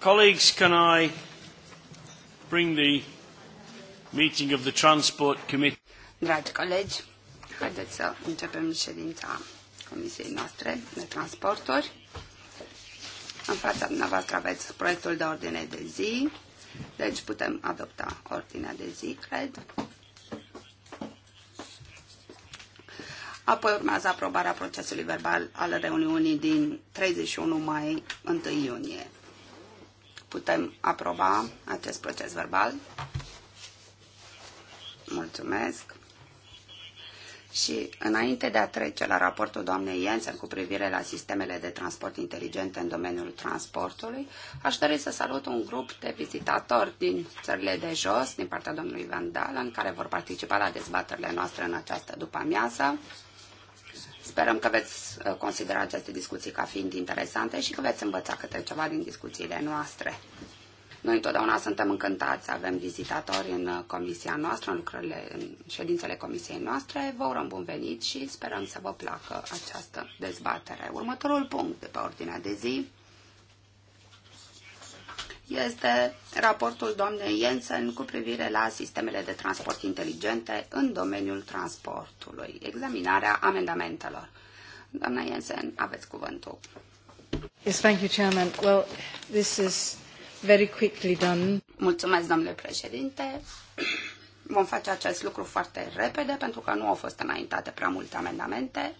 Colleagues, can I bring the meeting of the Transport Committee? Dragi colegi, haideți să începem ședința Comisiei noastre de transporturi. În fața dumneavoastră aveți proiectul de ordine de zi, deci putem adopta ordinea de zi, cred. Apoi urmează aprobarea procesului verbal al reuniunii din 31 mai 1 iunie. Putem aproba acest proces verbal. Mulțumesc. Și înainte de a trece la raportul doamnei Jensen cu privire la sistemele de transport inteligente în domeniul transportului, aș dori să salut un grup de vizitatori din țările de jos, din partea domnului Van Dalen, care vor participa la dezbaterile noastre în această după-amiază. Sperăm că veți uh, considera aceste discuții ca fiind interesante și că veți învăța câte ceva din discuțiile noastre. Noi întotdeauna suntem încântați, avem vizitatori în uh, comisia noastră, în lucrările, în ședințele comisiei noastre. Vă urăm bun venit și sperăm să vă placă această dezbatere. Următorul punct de pe ordinea de zi este raportul doamnei Jensen cu privire la sistemele de transport inteligente în domeniul transportului. Examinarea amendamentelor. Doamna Jensen, aveți cuvântul. Yes, thank you, Chairman. Well, this is very quickly done. Mulțumesc, domnule președinte. Vom face acest lucru foarte repede pentru că nu au fost înaintate prea multe amendamente.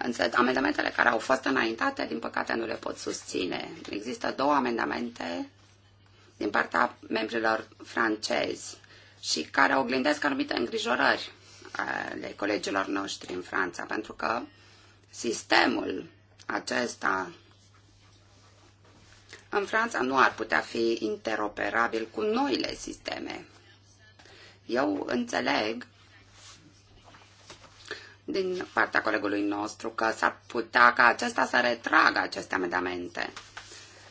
Însă amendamentele care au fost înaintate, din păcate, nu le pot susține. Există două amendamente din partea membrilor francezi și care oglindesc anumite îngrijorări eh, ale colegilor noștri în Franța, pentru că sistemul acesta în Franța nu ar putea fi interoperabil cu noile sisteme. Eu înțeleg din partea colegului nostru că s-ar putea ca acesta să retragă aceste amendamente.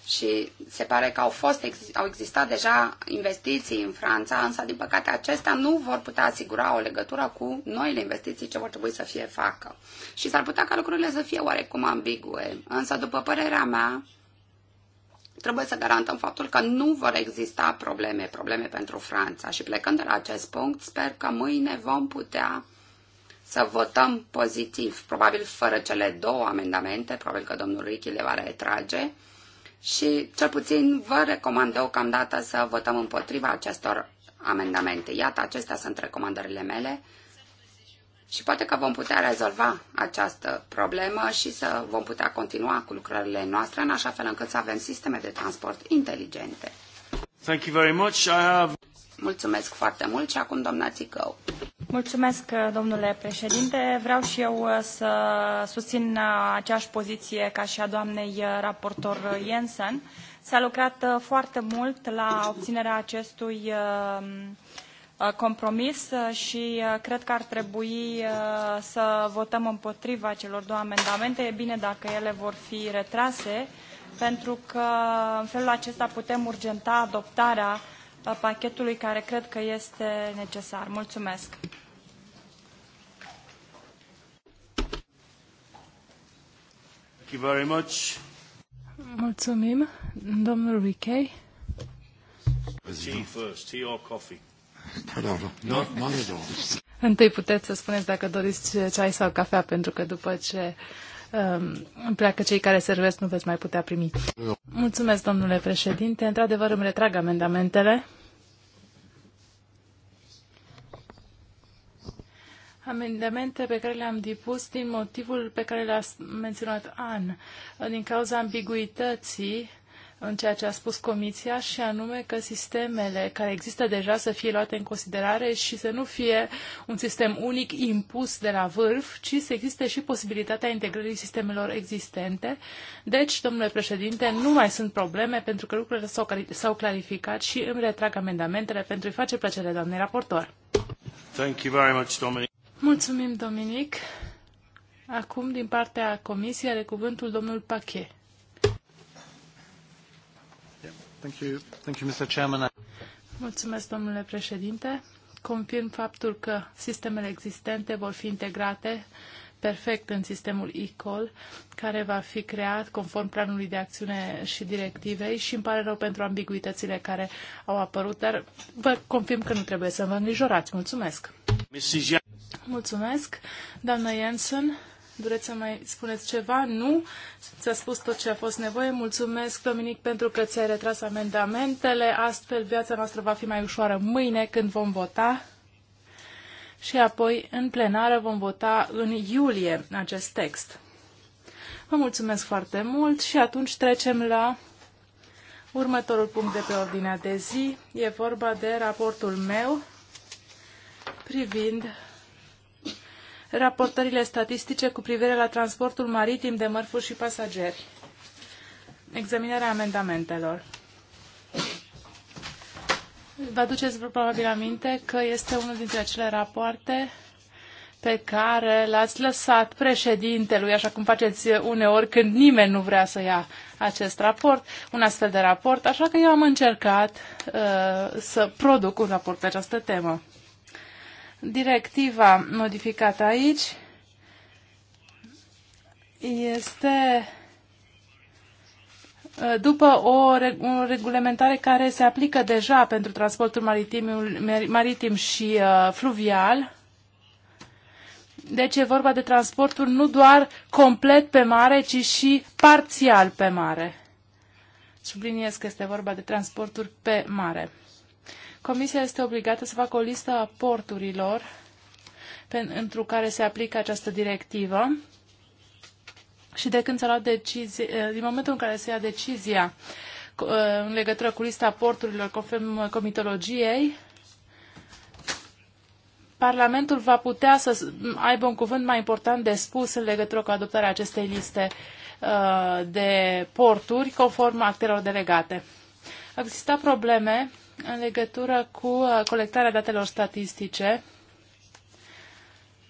Și se pare că au, fost, au existat deja investiții în Franța, însă, din păcate, acestea nu vor putea asigura o legătură cu noile investiții ce vor trebui să fie facă. Și s-ar putea ca lucrurile să fie oarecum ambigue. Însă, după părerea mea, trebuie să garantăm faptul că nu vor exista probleme, probleme pentru Franța. Și plecând de la acest punct, sper că mâine vom putea să votăm pozitiv, probabil fără cele două amendamente, probabil că domnul Richi le va retrage, și cel puțin vă recomand deocamdată să votăm împotriva acestor amendamente. Iată, acestea sunt recomandările mele și poate că vom putea rezolva această problemă și să vom putea continua cu lucrările noastre în așa fel încât să avem sisteme de transport inteligente. Thank you very much. I have... Mulțumesc foarte mult și acum domnații Cău. Mulțumesc, domnule președinte. Vreau și eu uh, să susțin uh, aceeași poziție ca și a doamnei uh, raportor Jensen. S-a lucrat foarte mult la obținerea acestui compromis și cred că ar trebui să votăm împotriva celor două amendamente. E bine dacă ele vor fi retrase, pentru că în felul acesta putem urgenta adoptarea pachetului care cred că este necesar. Mulțumesc! Thank you very much. Mulțumim, domnul Richei. Tea first, tea or coffee? Întâi puteți să spuneți dacă doriți ceai sau cafea, pentru că după ce um, pleacă cei care servesc, nu veți mai putea primi. Mulțumesc, domnule președinte. Într-adevăr, îmi retrag amendamentele. amendamente pe care le-am depus din motivul pe care l-a menționat An, din cauza ambiguității în ceea ce a spus Comisia și anume că sistemele care există deja să fie luate în considerare și să nu fie un sistem unic impus de la vârf, ci să existe și posibilitatea integrării sistemelor existente. Deci, domnule președinte, nu mai sunt probleme pentru că lucrurile s-au clarificat și îmi retrag amendamentele pentru a-i face plăcere doamnei raportor. Thank you very much, Dominic. Mulțumim, Dominic. Acum, din partea Comisiei, are cuvântul domnul Pachet. Thank you. Thank you, Mr. Chairman. Mulțumesc, domnule președinte. Confirm faptul că sistemele existente vor fi integrate perfect în sistemul ECOL, care va fi creat conform planului de acțiune și directivei și îmi pare rău pentru ambiguitățile care au apărut, dar vă confirm că nu trebuie să vă îngrijorați. Mulțumesc! Mulțumesc. Doamna Jensen, doreți să mai spuneți ceva? Nu? Ți-a spus tot ce a fost nevoie. Mulțumesc, Dominic, pentru că ți-ai retras amendamentele. Astfel, viața noastră va fi mai ușoară mâine când vom vota. Și apoi, în plenară, vom vota în iulie acest text. Vă mulțumesc foarte mult și atunci trecem la următorul punct de pe ordinea de zi. E vorba de raportul meu privind raportările statistice cu privire la transportul maritim de mărfuri și pasageri. Examinarea amendamentelor. Vă aduceți probabil aminte că este unul dintre acele rapoarte pe care l-ați lăsat președintelui, așa cum faceți uneori când nimeni nu vrea să ia acest raport, un astfel de raport, așa că eu am încercat uh, să produc un raport pe această temă. Directiva modificată aici este uh, după o, regulamentare reglementare care se aplică deja pentru transportul maritim, maritim și uh, fluvial. Deci e vorba de transportul nu doar complet pe mare, ci și parțial pe mare. Subliniez că este vorba de transporturi pe mare. Comisia este obligată să facă o listă a porturilor pentru care se aplică această directivă și de când s-a luat decizie, eh, din momentul în care se ia decizia eh, în legătură cu lista porturilor conform comitologiei, Parlamentul va putea să aibă un cuvânt mai important de spus în legătură cu adoptarea acestei liste eh, de porturi conform actelor delegate. Au existat probleme în legătură cu uh, colectarea datelor statistice,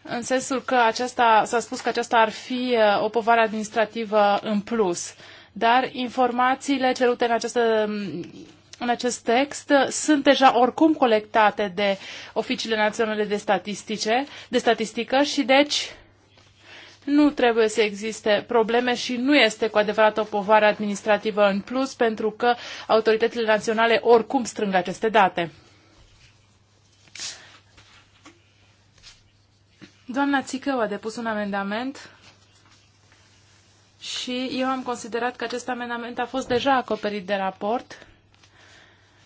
în sensul că aceasta, s-a spus că aceasta ar fi uh, o povară administrativă în plus, dar informațiile cerute în această mm, în acest text sunt deja oricum colectate de oficiile naționale de statistice, de statistică și deci nu trebuie să existe probleme și nu este cu adevărat o povară administrativă în plus, pentru că autoritățile naționale oricum strâng aceste date. Doamna Țicău a depus un amendament și eu am considerat că acest amendament a fost deja acoperit de raport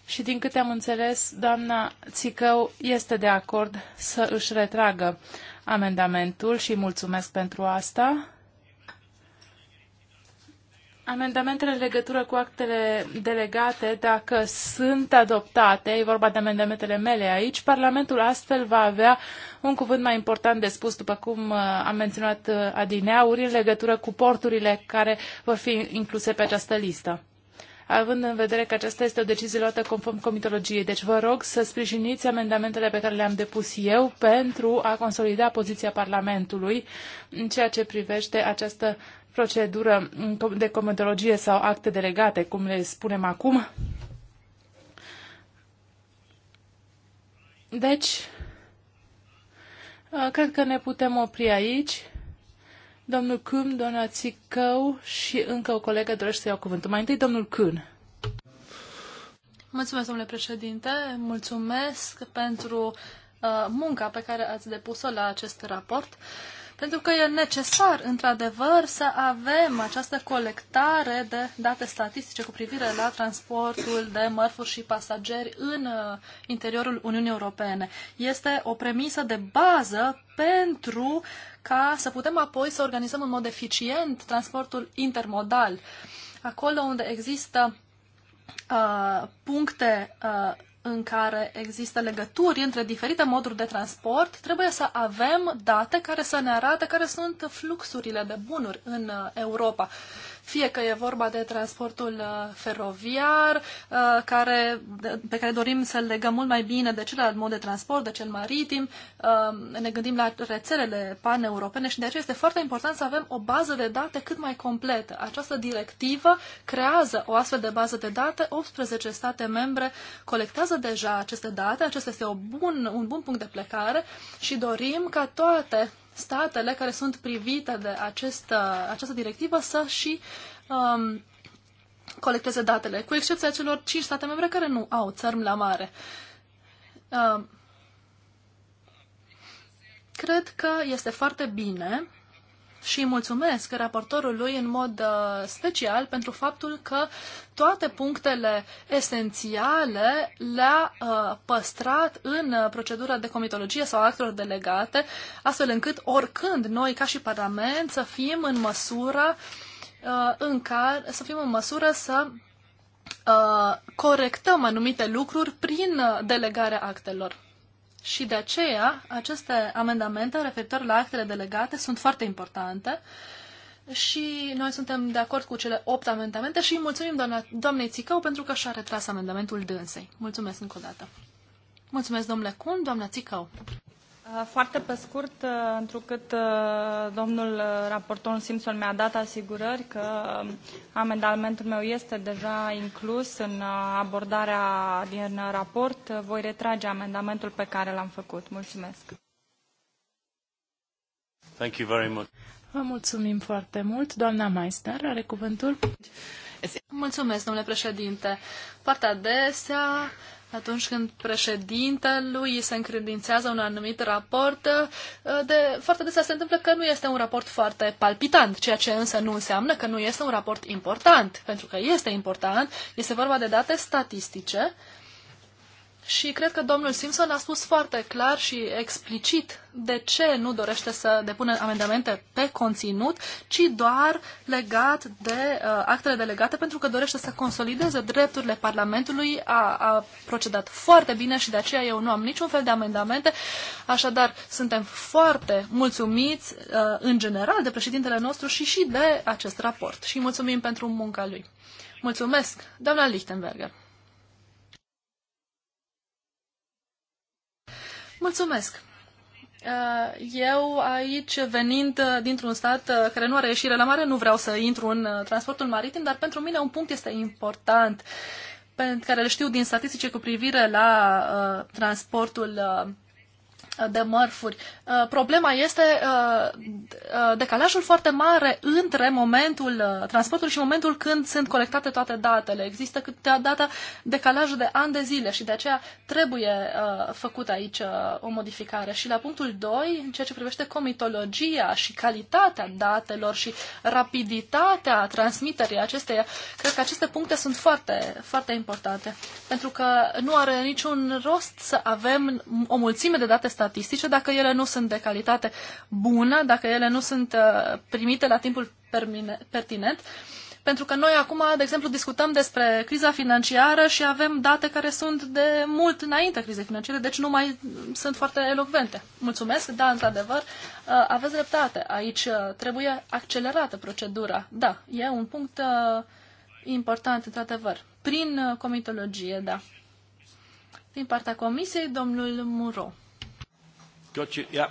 și din câte am înțeles, doamna Țicău este de acord să își retragă amendamentul și mulțumesc pentru asta. Amendamentele în legătură cu actele delegate, dacă sunt adoptate, e vorba de amendamentele mele aici, Parlamentul astfel va avea un cuvânt mai important de spus, după cum uh, am menționat uh, adineauri, în legătură cu porturile care vor fi incluse pe această listă având în vedere că aceasta este o decizie luată conform comitologiei. Deci vă rog să sprijiniți amendamentele pe care le-am depus eu pentru a consolida poziția Parlamentului în ceea ce privește această procedură de comitologie sau acte delegate, cum le spunem acum. Deci, cred că ne putem opri aici. Domnul Kuhn, doamna Țicău și încă o colegă dorește să iau cuvântul. Mai întâi domnul Kuhn. Mulțumesc, domnule președinte, mulțumesc pentru uh, munca pe care ați depus-o la acest raport. Uh, pentru că e necesar, într-adevăr, să avem această colectare de date statistice cu privire la transportul de mărfuri și pasageri în uh, interiorul Uniunii Europene. Este o premisă de bază pentru ca să putem apoi să organizăm în mod eficient transportul intermodal. Acolo unde există uh, puncte uh, în care există legături între diferite moduri de transport, trebuie să avem date care să ne arate care sunt fluxurile de bunuri în uh, Europa fie că e vorba de transportul uh, feroviar, uh, care, pe care dorim să-l legăm mult mai bine de celălalt mod de transport, de cel maritim, uh, ne gândim la rețelele paneuropene și de aceea este foarte important să avem o bază de date cât mai completă. Această directivă creează o astfel de bază de date, 18 state membre colectează deja aceste date, acesta este o bun, un bun punct de plecare și dorim ca toate statele care sunt privite de această, uh, această directivă să și um, colecteze datele, cu excepția celor 5 state membre care nu au țărm la mare. Um, cred că este foarte bine și mulțumesc raportorului în mod uh, special pentru faptul că toate punctele esențiale le-a uh, păstrat în uh, procedura de comitologie sau actelor delegate, astfel încât oricând noi, ca și Parlament, să fim în măsură în care, să fim în măsură să corectăm anumite lucruri prin delegarea actelor. Și de aceea, aceste amendamente referitor la actele delegate sunt foarte importante și noi suntem de acord cu cele opt amendamente și mulțumim doamna, doamnei Țicău pentru că și-a retras amendamentul dânsei. Mulțumesc încă o dată. Mulțumesc, domnule Cun, doamna Țicău. Uh, foarte pe scurt, uh, întrucât uh, domnul raportor Simpson mi-a dat asigurări că um, amendamentul meu este deja inclus în abordarea din raport, voi retrage amendamentul pe care l-am făcut. Mulțumesc. Thank you very much. Vă mulțumim foarte mult. Doamna Meister are cuvântul. Mulțumesc, domnule președinte. Foarte adesea atunci când președintelui se încredințează un anumit raport, uh, de, foarte des se întâmplă că nu este un raport foarte palpitant, ceea ce însă nu înseamnă că nu este un raport important, pentru că este important, este vorba de date statistice și cred că domnul Simpson a spus foarte clar și explicit de ce nu dorește să depună amendamente pe conținut, ci doar legat de uh, actele delegate, pentru că dorește să consolideze drepturile Parlamentului. A, a procedat foarte bine și de aceea eu nu am niciun fel de amendamente. Așadar, suntem foarte mulțumiți uh, în general de președintele nostru și și de acest raport. Și mulțumim pentru munca lui. Mulțumesc, doamna Lichtenberger. Mulțumesc! Uh, eu aici, venind uh, dintr-un stat uh, care nu are ieșire la mare, nu vreau să intru în transportul maritim, dar pentru mine un punct este important, pe care îl știu din statistice cu privire la uh, transportul de mărfuri. Uh, problema este uh, uh, decalajul foarte mare între momentul transportului și momentul când sunt colectate toate datele. Există câteodată decalajul de ani de zile și de aceea trebuie făcută aici o modificare. Și la punctul 2, în ceea ce privește comitologia și calitatea datelor și rapiditatea transmiterii acesteia, cred că aceste puncte sunt foarte, foarte importante. Pentru că nu are niciun rost să avem o mulțime de date statistice, dacă ele nu sunt de calitate bună, dacă ele nu sunt uh, primite la timpul pertinent. Pentru că noi acum, de exemplu, discutăm despre criza financiară și avem date care sunt de mult înainte crizei financiare, deci nu mai sunt foarte elocvente. Mulțumesc, da, într-adevăr, uh, aveți dreptate. Aici uh, trebuie accelerată procedura. Da, e un punct important, într-adevăr. Prin comitologie, da. Din partea comisiei, domnul Muro. Got you. Yeah.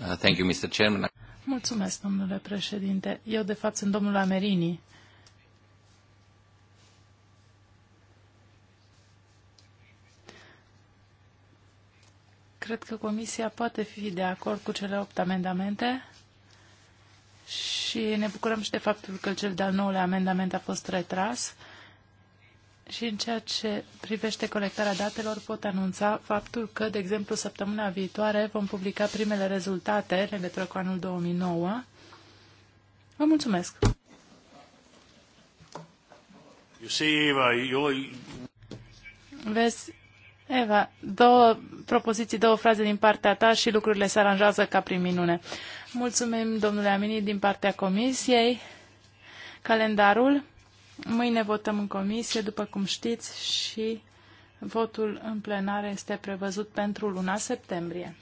Uh, thank you, Mr. Chairman. Mulțumesc, domnule președinte. Eu, de fapt, sunt domnul Amerini. Cred că Comisia poate fi de acord cu cele opt amendamente și ne bucurăm și de faptul că cel de-al nouălea amendament a fost retras. Și în ceea ce privește colectarea datelor, pot anunța faptul că, de exemplu, săptămâna viitoare vom publica primele rezultate în legătură cu anul 2009. Vă mulțumesc! You see, Eva, Vezi, Eva, două propoziții, două fraze din partea ta și lucrurile se aranjează ca prin minune. Mulțumim, domnule Amini, din partea comisiei. Calendarul Mâine votăm în comisie, după cum știți, și votul în plenare este prevăzut pentru luna septembrie.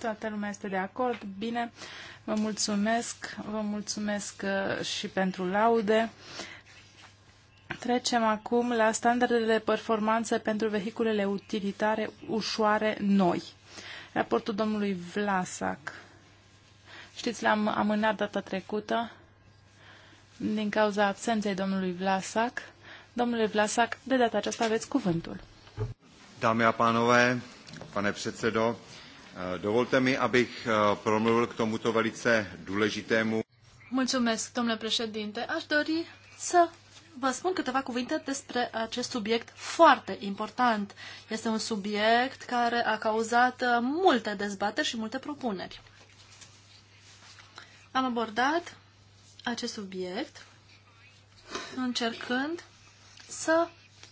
Toată lumea este de acord? Bine, vă mulțumesc, vă mulțumesc uh, și pentru laude. Trecem acum la standardele de performanță pentru vehiculele utilitare ușoare noi. Raportul domnului Vlasac. Știți, l-am amânat data trecută din cauza absenței domnului Vlasac. Domnule Vlasac, de data aceasta aveți cuvântul. Dámy a pánové, pane předsedo, eh, dovolte mi, abych eh, promluvil k tomuto velice důležitému. Mulțumesc, domnule președinte. Aș dori să vă spun câteva cuvinte despre acest subiect foarte important. Este un subiect care a cauzat eh, multe dezbateri și multe propuneri. Am abordat acest subiect, încercând să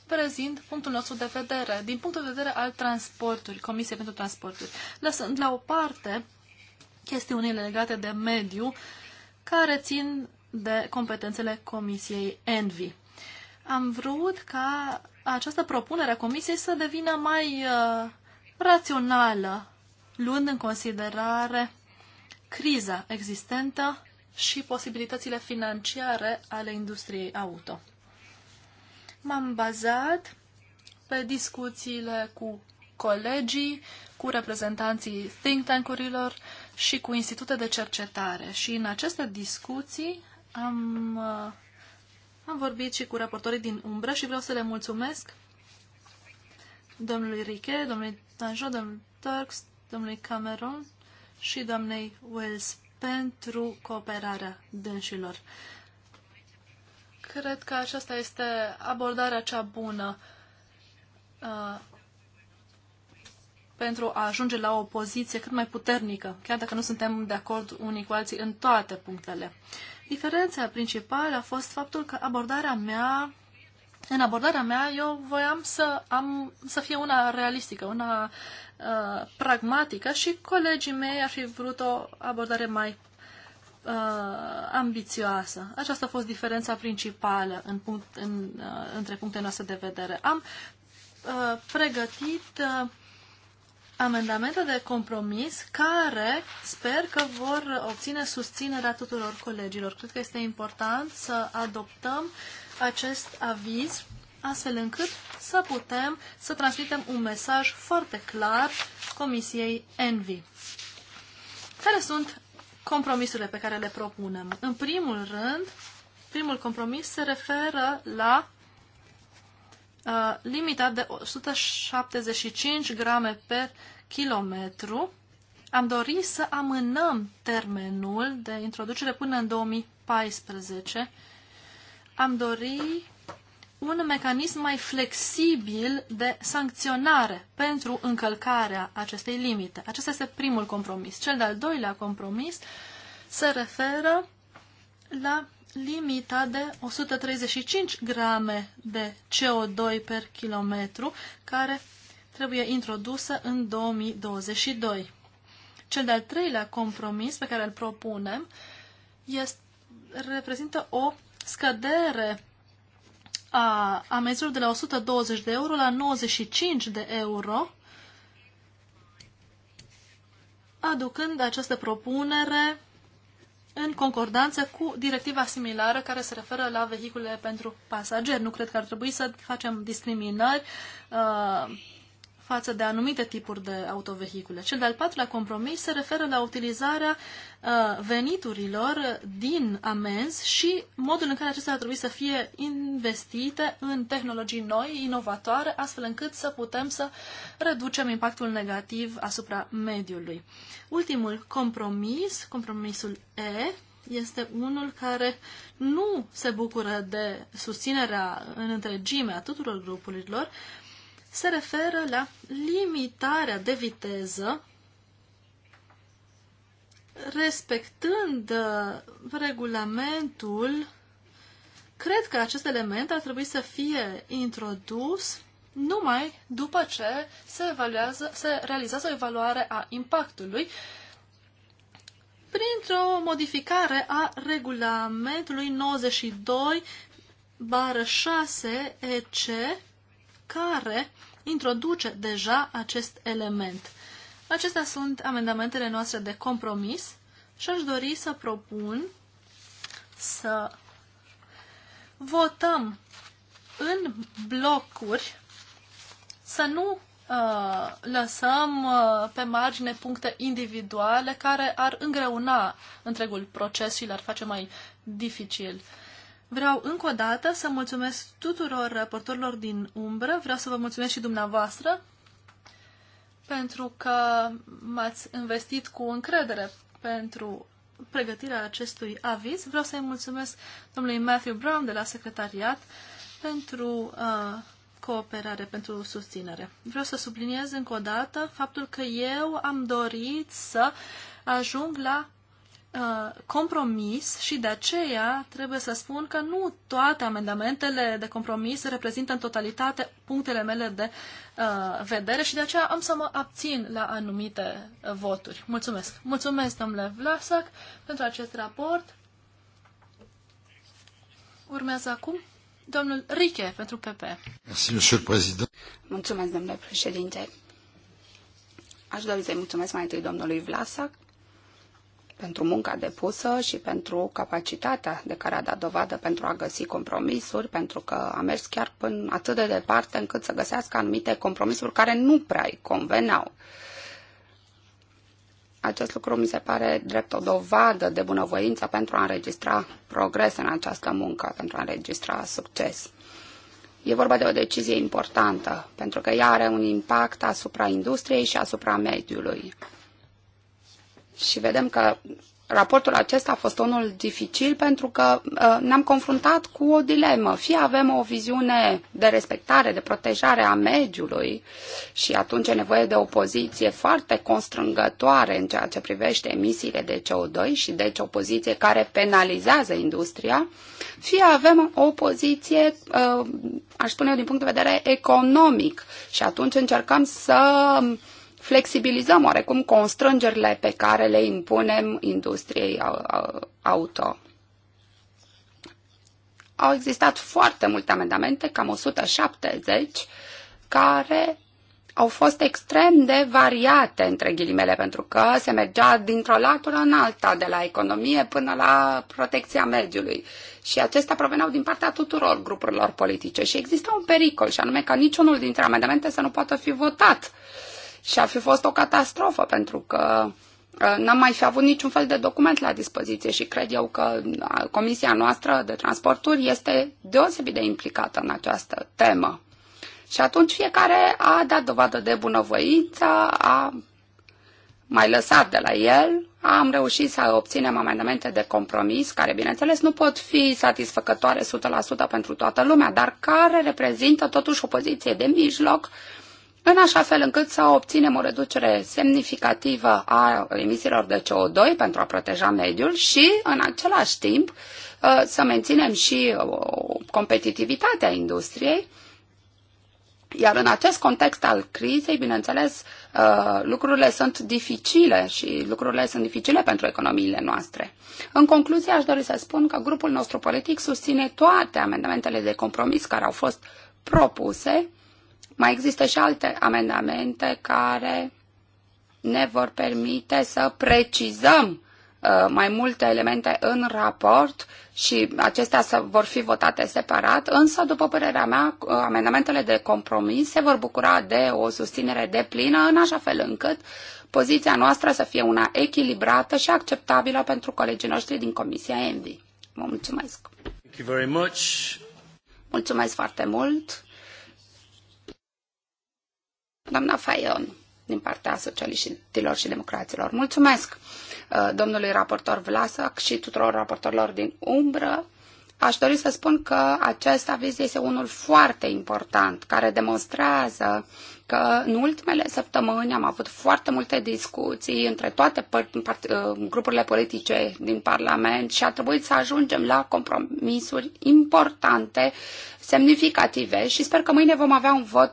prezint punctul nostru de vedere, din punctul de vedere al transporturi, Comisiei pentru Transporturi, lăsând la o parte chestiunile legate de mediu care țin de competențele Comisiei Envi. Am vrut ca această propunere a Comisiei să devină mai uh, rațională, luând în considerare criza existentă și posibilitățile financiare ale industriei auto. M-am bazat pe discuțiile cu colegii, cu reprezentanții think tank-urilor și cu institute de cercetare. Și în aceste discuții am, uh, am vorbit și cu raportorii din umbră și vreau să le mulțumesc domnului Riche, domnului Tanjo, domnului Turks, domnului Cameron și doamnei Wells pentru cooperarea dânșilor. Cred că aceasta este abordarea cea bună uh, pentru a ajunge la o poziție cât mai puternică, chiar dacă nu suntem de acord unii cu alții în toate punctele. Diferența principală a fost faptul că abordarea mea, în abordarea mea, eu voiam să, am, să fie una realistică, una Uh, pragmatică și colegii mei ar fi vrut o abordare mai uh, ambițioasă. Aceasta a fost diferența principală în punct, în, uh, între punctele noastre de vedere. Am uh, pregătit uh, amendamente de compromis care sper că vor obține susținerea tuturor colegilor. Cred că este important să adoptăm acest aviz astfel încât să putem să transmitem un mesaj foarte clar Comisiei Envy. Care sunt compromisurile pe care le propunem? În primul rând, primul compromis se referă la uh, limita de 175 grame pe kilometru. Am dorit să amânăm termenul de introducere până în 2014. Am dorit un mecanism mai flexibil de sancționare pentru încălcarea acestei limite. Acesta este primul compromis. Cel de-al doilea compromis se referă la limita de 135 grame de CO2 per kilometru care trebuie introdusă în 2022. Cel de-al treilea compromis pe care îl propunem este, reprezintă o scădere a, a de la 120 de euro la 95 de euro, aducând această propunere în concordanță cu directiva similară care se referă la vehicule pentru pasageri. Nu cred că ar trebui să facem discriminări uh, față de anumite tipuri de autovehicule. Cel de-al patrulea compromis se referă la utilizarea uh, veniturilor din amenzi și modul în care acestea ar trebui să fie investite în tehnologii noi, inovatoare, astfel încât să putem să reducem impactul negativ asupra mediului. Ultimul compromis, compromisul E, este unul care nu se bucură de susținerea în întregime a tuturor grupurilor, uh, se referă la limitarea de viteză respectând uh, regulamentul, cred că acest element ar trebui să fie introdus numai după ce se, evaluează, se realizează o evaluare a impactului printr-o modificare a regulamentului 92 bară 6 EC care introduce deja acest element. Acestea sunt amendamentele noastre de compromis și aș dori să propun să votăm în blocuri, să nu uh, lăsăm uh, pe margine puncte individuale care ar îngreuna întregul proces și l-ar face mai dificil. Uh, Vreau încă o dată să mulțumesc tuturor raportorilor din umbră, vreau să vă mulțumesc și dumneavoastră pentru că m-ați investit cu încredere pentru pregătirea acestui aviz. Vreau să-i mulțumesc domnului Matthew Brown de la secretariat pentru uh, cooperare, pentru susținere. Vreau să subliniez încă o dată faptul că eu am dorit să ajung la Uh, compromis și de aceea trebuie să spun că nu toate amendamentele de compromis reprezintă în totalitate punctele mele de uh, vedere și de aceea am să mă abțin la anumite uh, voturi. Mulțumesc! Mulțumesc, domnule Vlasac, pentru acest raport. Urmează acum domnul Riche pentru PP. Mulțumesc, domnule președinte. Aș dori să-i mulțumesc mai întâi domnului Vlasac pentru munca depusă și pentru capacitatea de care a dat dovadă pentru a găsi compromisuri, pentru că a mers chiar până atât de departe încât să găsească anumite compromisuri care nu prea îi conveneau. Acest lucru mi se pare drept o dovadă de bunăvoință pentru a înregistra progres în această muncă, pentru a înregistra succes. E vorba de o decizie importantă, pentru că ea are un impact asupra industriei și asupra mediului și vedem că raportul acesta a fost unul dificil pentru că uh, ne-am confruntat cu o dilemă. Fie avem o viziune de respectare, de protejare a mediului și atunci e nevoie de o poziție foarte constrângătoare în ceea ce privește emisiile de CO2 și deci o poziție care penalizează industria, fie avem o poziție, uh, aș spune eu, din punct de vedere economic și atunci încercăm să flexibilizăm oarecum constrângerile pe care le impunem industriei auto. Au existat foarte multe amendamente, cam 170, care au fost extrem de variate, între ghilimele, pentru că se mergea dintr-o latură în alta, de la economie până la protecția mediului. Și acestea proveneau din partea tuturor grupurilor politice. Și exista un pericol, și anume ca niciunul dintre amendamente să nu poată fi votat și ar fi fost o catastrofă pentru că ă, n-am mai fi avut niciun fel de document la dispoziție și cred eu că ă, Comisia noastră de transporturi este deosebit de implicată în această temă. Și atunci fiecare a dat dovadă de bunăvoință, a mai lăsat de la el, am reușit să obținem amendamente de compromis, care, bineînțeles, nu pot fi satisfăcătoare 100% pentru toată lumea, dar care reprezintă totuși o poziție de mijloc în așa fel încât să obținem o reducere semnificativă a emisiilor de CO2 pentru a proteja mediul și, în același timp, uh, să menținem și uh, competitivitatea industriei. Iar în acest context al crizei, bineînțeles, uh, lucrurile sunt dificile și lucrurile sunt dificile pentru economiile noastre. În concluzie, aș dori să spun că grupul nostru politic susține toate amendamentele de compromis care au fost propuse mai există și alte amendamente care ne vor permite să precizăm uh, mai multe elemente în raport și acestea să vor fi votate separat, însă, după părerea mea, uh, amendamentele de compromis se vor bucura de o susținere deplină în așa fel încât poziția noastră să fie una echilibrată și acceptabilă pentru colegii noștri din Comisia ENVI. Vă mulțumesc! Mulțumesc foarte mult! doamna Fayon din partea socialiștilor și democraților. Mulțumesc uh, domnului raportor Vlasac și tuturor raportorilor din umbră. Aș dori să spun că acest aviz este unul foarte important, care demonstrează că în ultimele săptămâni am avut foarte multe discuții între toate uh, grupurile politice din Parlament și a trebuit să ajungem la compromisuri importante, semnificative și sper că mâine vom avea un vot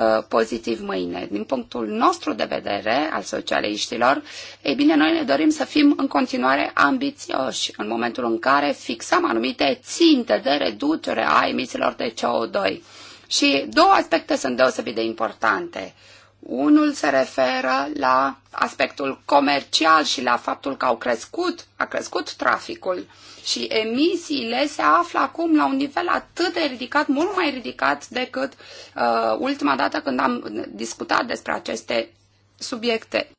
Uh, pozitiv mâine. Din punctul nostru de vedere al socialiștilor, ei bine, noi ne dorim să fim în continuare ambițioși în momentul în care fixăm anumite ținte de reducere a emisiilor de CO2. Și două aspecte sunt deosebit de importante. Unul se referă la aspectul comercial și la faptul că au crescut, a crescut traficul și emisiile se află acum la un nivel atât de ridicat, mult mai ridicat decât uh, ultima dată când am discutat despre aceste subiecte.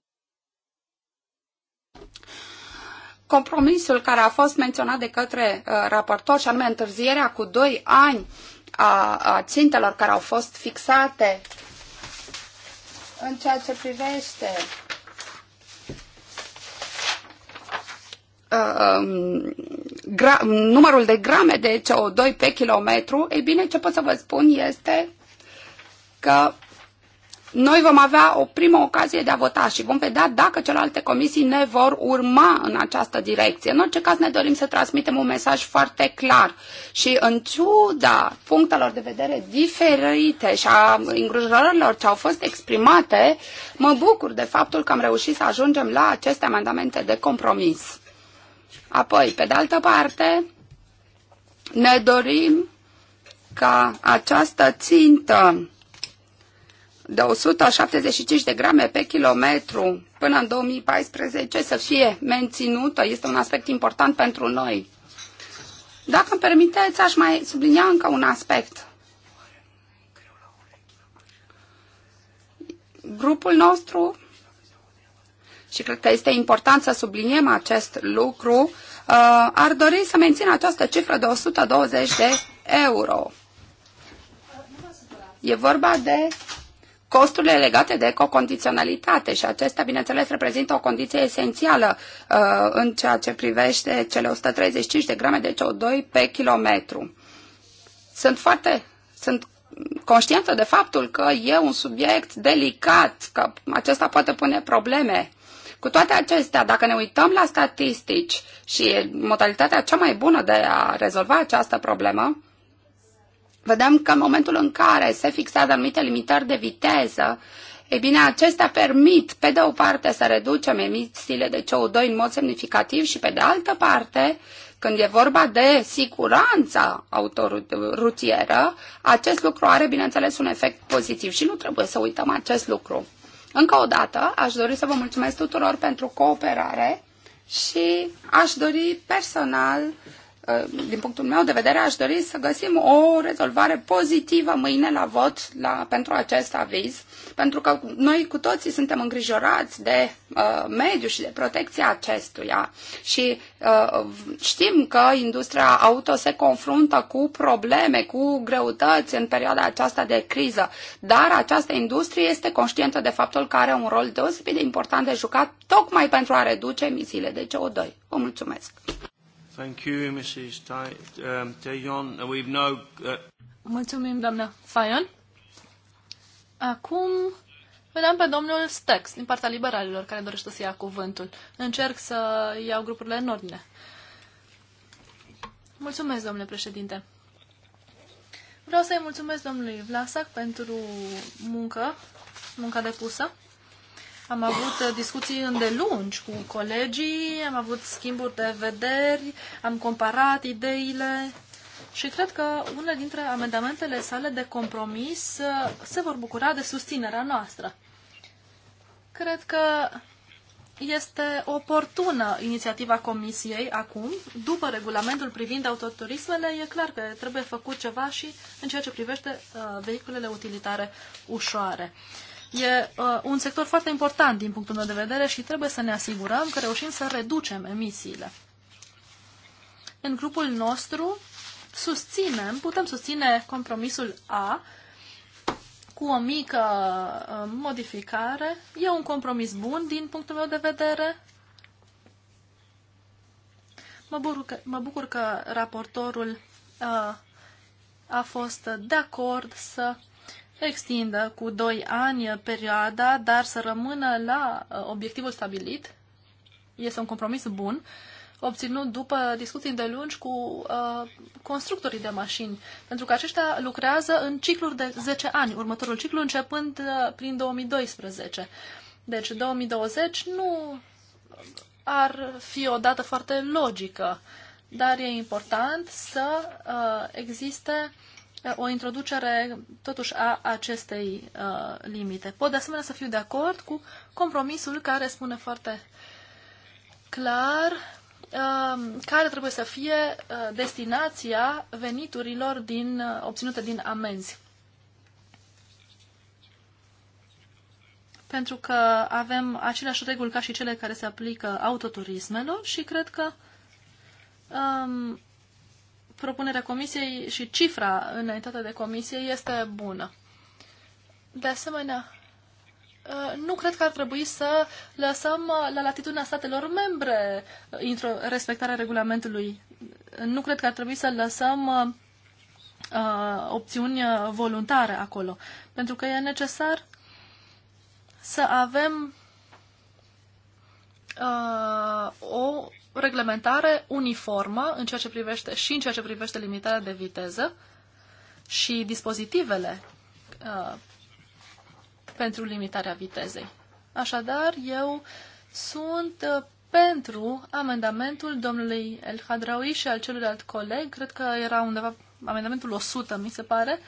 Compromisul care a fost menționat de către uh, raportor și anume întârzierea cu 2 ani a, a țintelor care au fost fixate în ceea ce privește um, gra, numărul de grame de CO2 pe kilometru, ei bine, ce pot să vă spun este că noi vom avea o primă ocazie de a vota și vom vedea dacă celelalte comisii ne vor urma în această direcție. În orice caz ne dorim să transmitem un mesaj foarte clar și în ciuda punctelor de vedere diferite și a îngrijorărilor ce au fost exprimate, mă bucur de faptul că am reușit să ajungem la aceste amendamente de compromis. Apoi, pe de altă parte, ne dorim ca această țintă de 175 de grame pe kilometru până în 2014 să fie menținută este un aspect important pentru noi. Dacă îmi permiteți, aș mai sublinia încă un aspect. Grupul nostru, și cred că este important să subliniem acest lucru, uh, ar dori să mențină această cifră de 120 de euro. E vorba de costurile legate de ecocondiționalitate și acestea, bineînțeles, reprezintă o condiție esențială uh, în ceea ce privește cele 135 de grame de CO2 pe kilometru. Sunt foarte, sunt conștientă de faptul că e un subiect delicat, că acesta poate pune probleme. Cu toate acestea, dacă ne uităm la statistici și modalitatea cea mai bună de a rezolva această problemă, vedem că în momentul în care se fixează anumite limitări de viteză, e bine, acestea permit, pe de o parte, să reducem emisiile de CO2 în mod semnificativ și, pe de altă parte, când e vorba de siguranța autorutieră, acest lucru are, bineînțeles, un efect pozitiv și nu trebuie să uităm acest lucru. Încă o dată, aș dori să vă mulțumesc tuturor pentru cooperare și aș dori personal Uh, din punctul meu de vedere, aș dori să găsim o rezolvare pozitivă mâine la vot la, pentru acest aviz, pentru că noi cu toții suntem îngrijorați de uh, mediu și de protecția acestuia și uh, știm că industria auto se confruntă cu probleme, cu greutăți în perioada aceasta de criză, dar această industrie este conștientă de faptul că are un rol deosebit de important de jucat tocmai pentru a reduce emisiile de CO2. Vă mulțumesc! Thank you, Mrs. Tayon. Um, we've uh, Mulțumim, doamna Fayon. Acum vedem pe domnul Stex, din partea liberalilor, care dorește să ia cuvântul. Încerc să iau grupurile în ordine. Mulțumesc, domnule președinte. Vreau să-i mulțumesc domnului Vlasac pentru muncă, munca depusă. Am avut uh, discuții îndelungi cu colegii, am avut schimburi de vederi, am comparat ideile și cred că unele dintre amendamentele sale de compromis uh, se vor bucura de susținerea noastră. Cred că este oportună inițiativa Comisiei acum, după regulamentul privind autoturismele, e clar că trebuie făcut ceva și în ceea ce privește uh, vehiculele utilitare ușoare. Uh, E uh, un sector foarte important din punctul meu de vedere și trebuie să ne asigurăm că reușim să reducem emisiile. În grupul nostru susținem, putem susține compromisul A cu o mică uh, modificare. E un compromis bun din punctul meu de vedere. Mă bucur că, mă bucur că raportorul uh, a fost de acord să extindă cu 2 ani perioada, dar să rămână la uh, obiectivul stabilit. Este un compromis bun, obținut după discuții îndelungi cu uh, constructorii de mașini, pentru că aceștia lucrează în cicluri de 10 ani, următorul ciclu începând uh, prin 2012. Deci 2020 nu ar fi o dată foarte logică, dar e important să uh, existe o introducere totuși a acestei uh, limite. Pot de asemenea să fiu de acord cu compromisul care spune foarte clar uh, care trebuie să fie uh, destinația veniturilor din, uh, obținute din amenzi. Pentru că avem aceleași reguli ca și cele care se aplică autoturismelor și cred că um, propunerea comisiei și cifra înaintată de comisie este bună. De asemenea, ă, nu cred că ar trebui să lăsăm la latitudinea statelor membre ă, respectare respectarea regulamentului. Nu cred că ar trebui să lăsăm uh, opțiuni voluntare acolo, pentru că e necesar să avem uh, o reglementare uniformă în ceea ce privește, și în ceea ce privește limitarea de viteză și dispozitivele uh, pentru limitarea vitezei. Așadar, eu sunt uh, pentru amendamentul domnului El Hadraui și al celuilalt coleg, cred că era undeva amendamentul 100, mi se pare.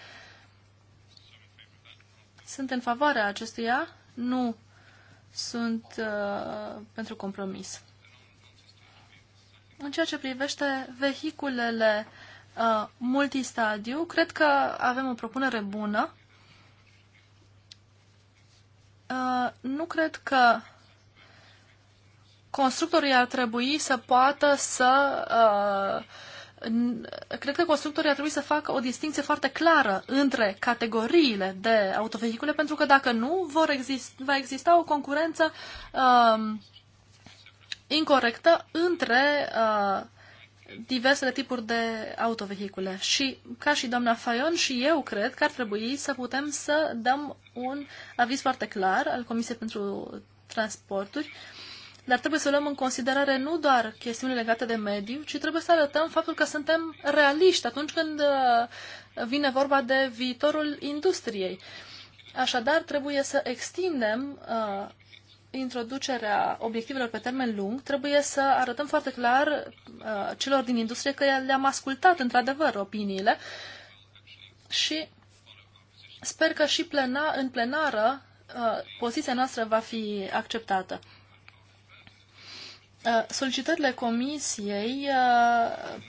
Sunt în favoarea acestuia, nu sunt uh, pentru compromis. În ceea ce privește vehiculele uh, multistadiu, cred că avem o propunere bună. Uh, nu cred că constructorii ar trebui să poată să uh, cred că constructorii ar trebui să facă o distinție foarte clară între categoriile de autovehicule, pentru că dacă nu, vor exist, va exista o concurență uh, incorrectă între uh, diversele tipuri de autovehicule. Și ca și doamna Fayon și eu cred că ar trebui să putem să dăm un aviz foarte clar al Comisiei pentru Transporturi, dar trebuie să luăm în considerare nu doar chestiuni legate de mediu, ci trebuie să arătăm faptul că suntem realiști atunci când uh, vine vorba de viitorul industriei. Așadar, trebuie să extindem uh, introducerea obiectivelor pe termen lung, trebuie să arătăm foarte clar uh, celor din industrie că le-am ascultat într-adevăr opiniile și sper că și plena, în plenară uh, poziția noastră va fi acceptată. Uh, solicitările comisiei uh,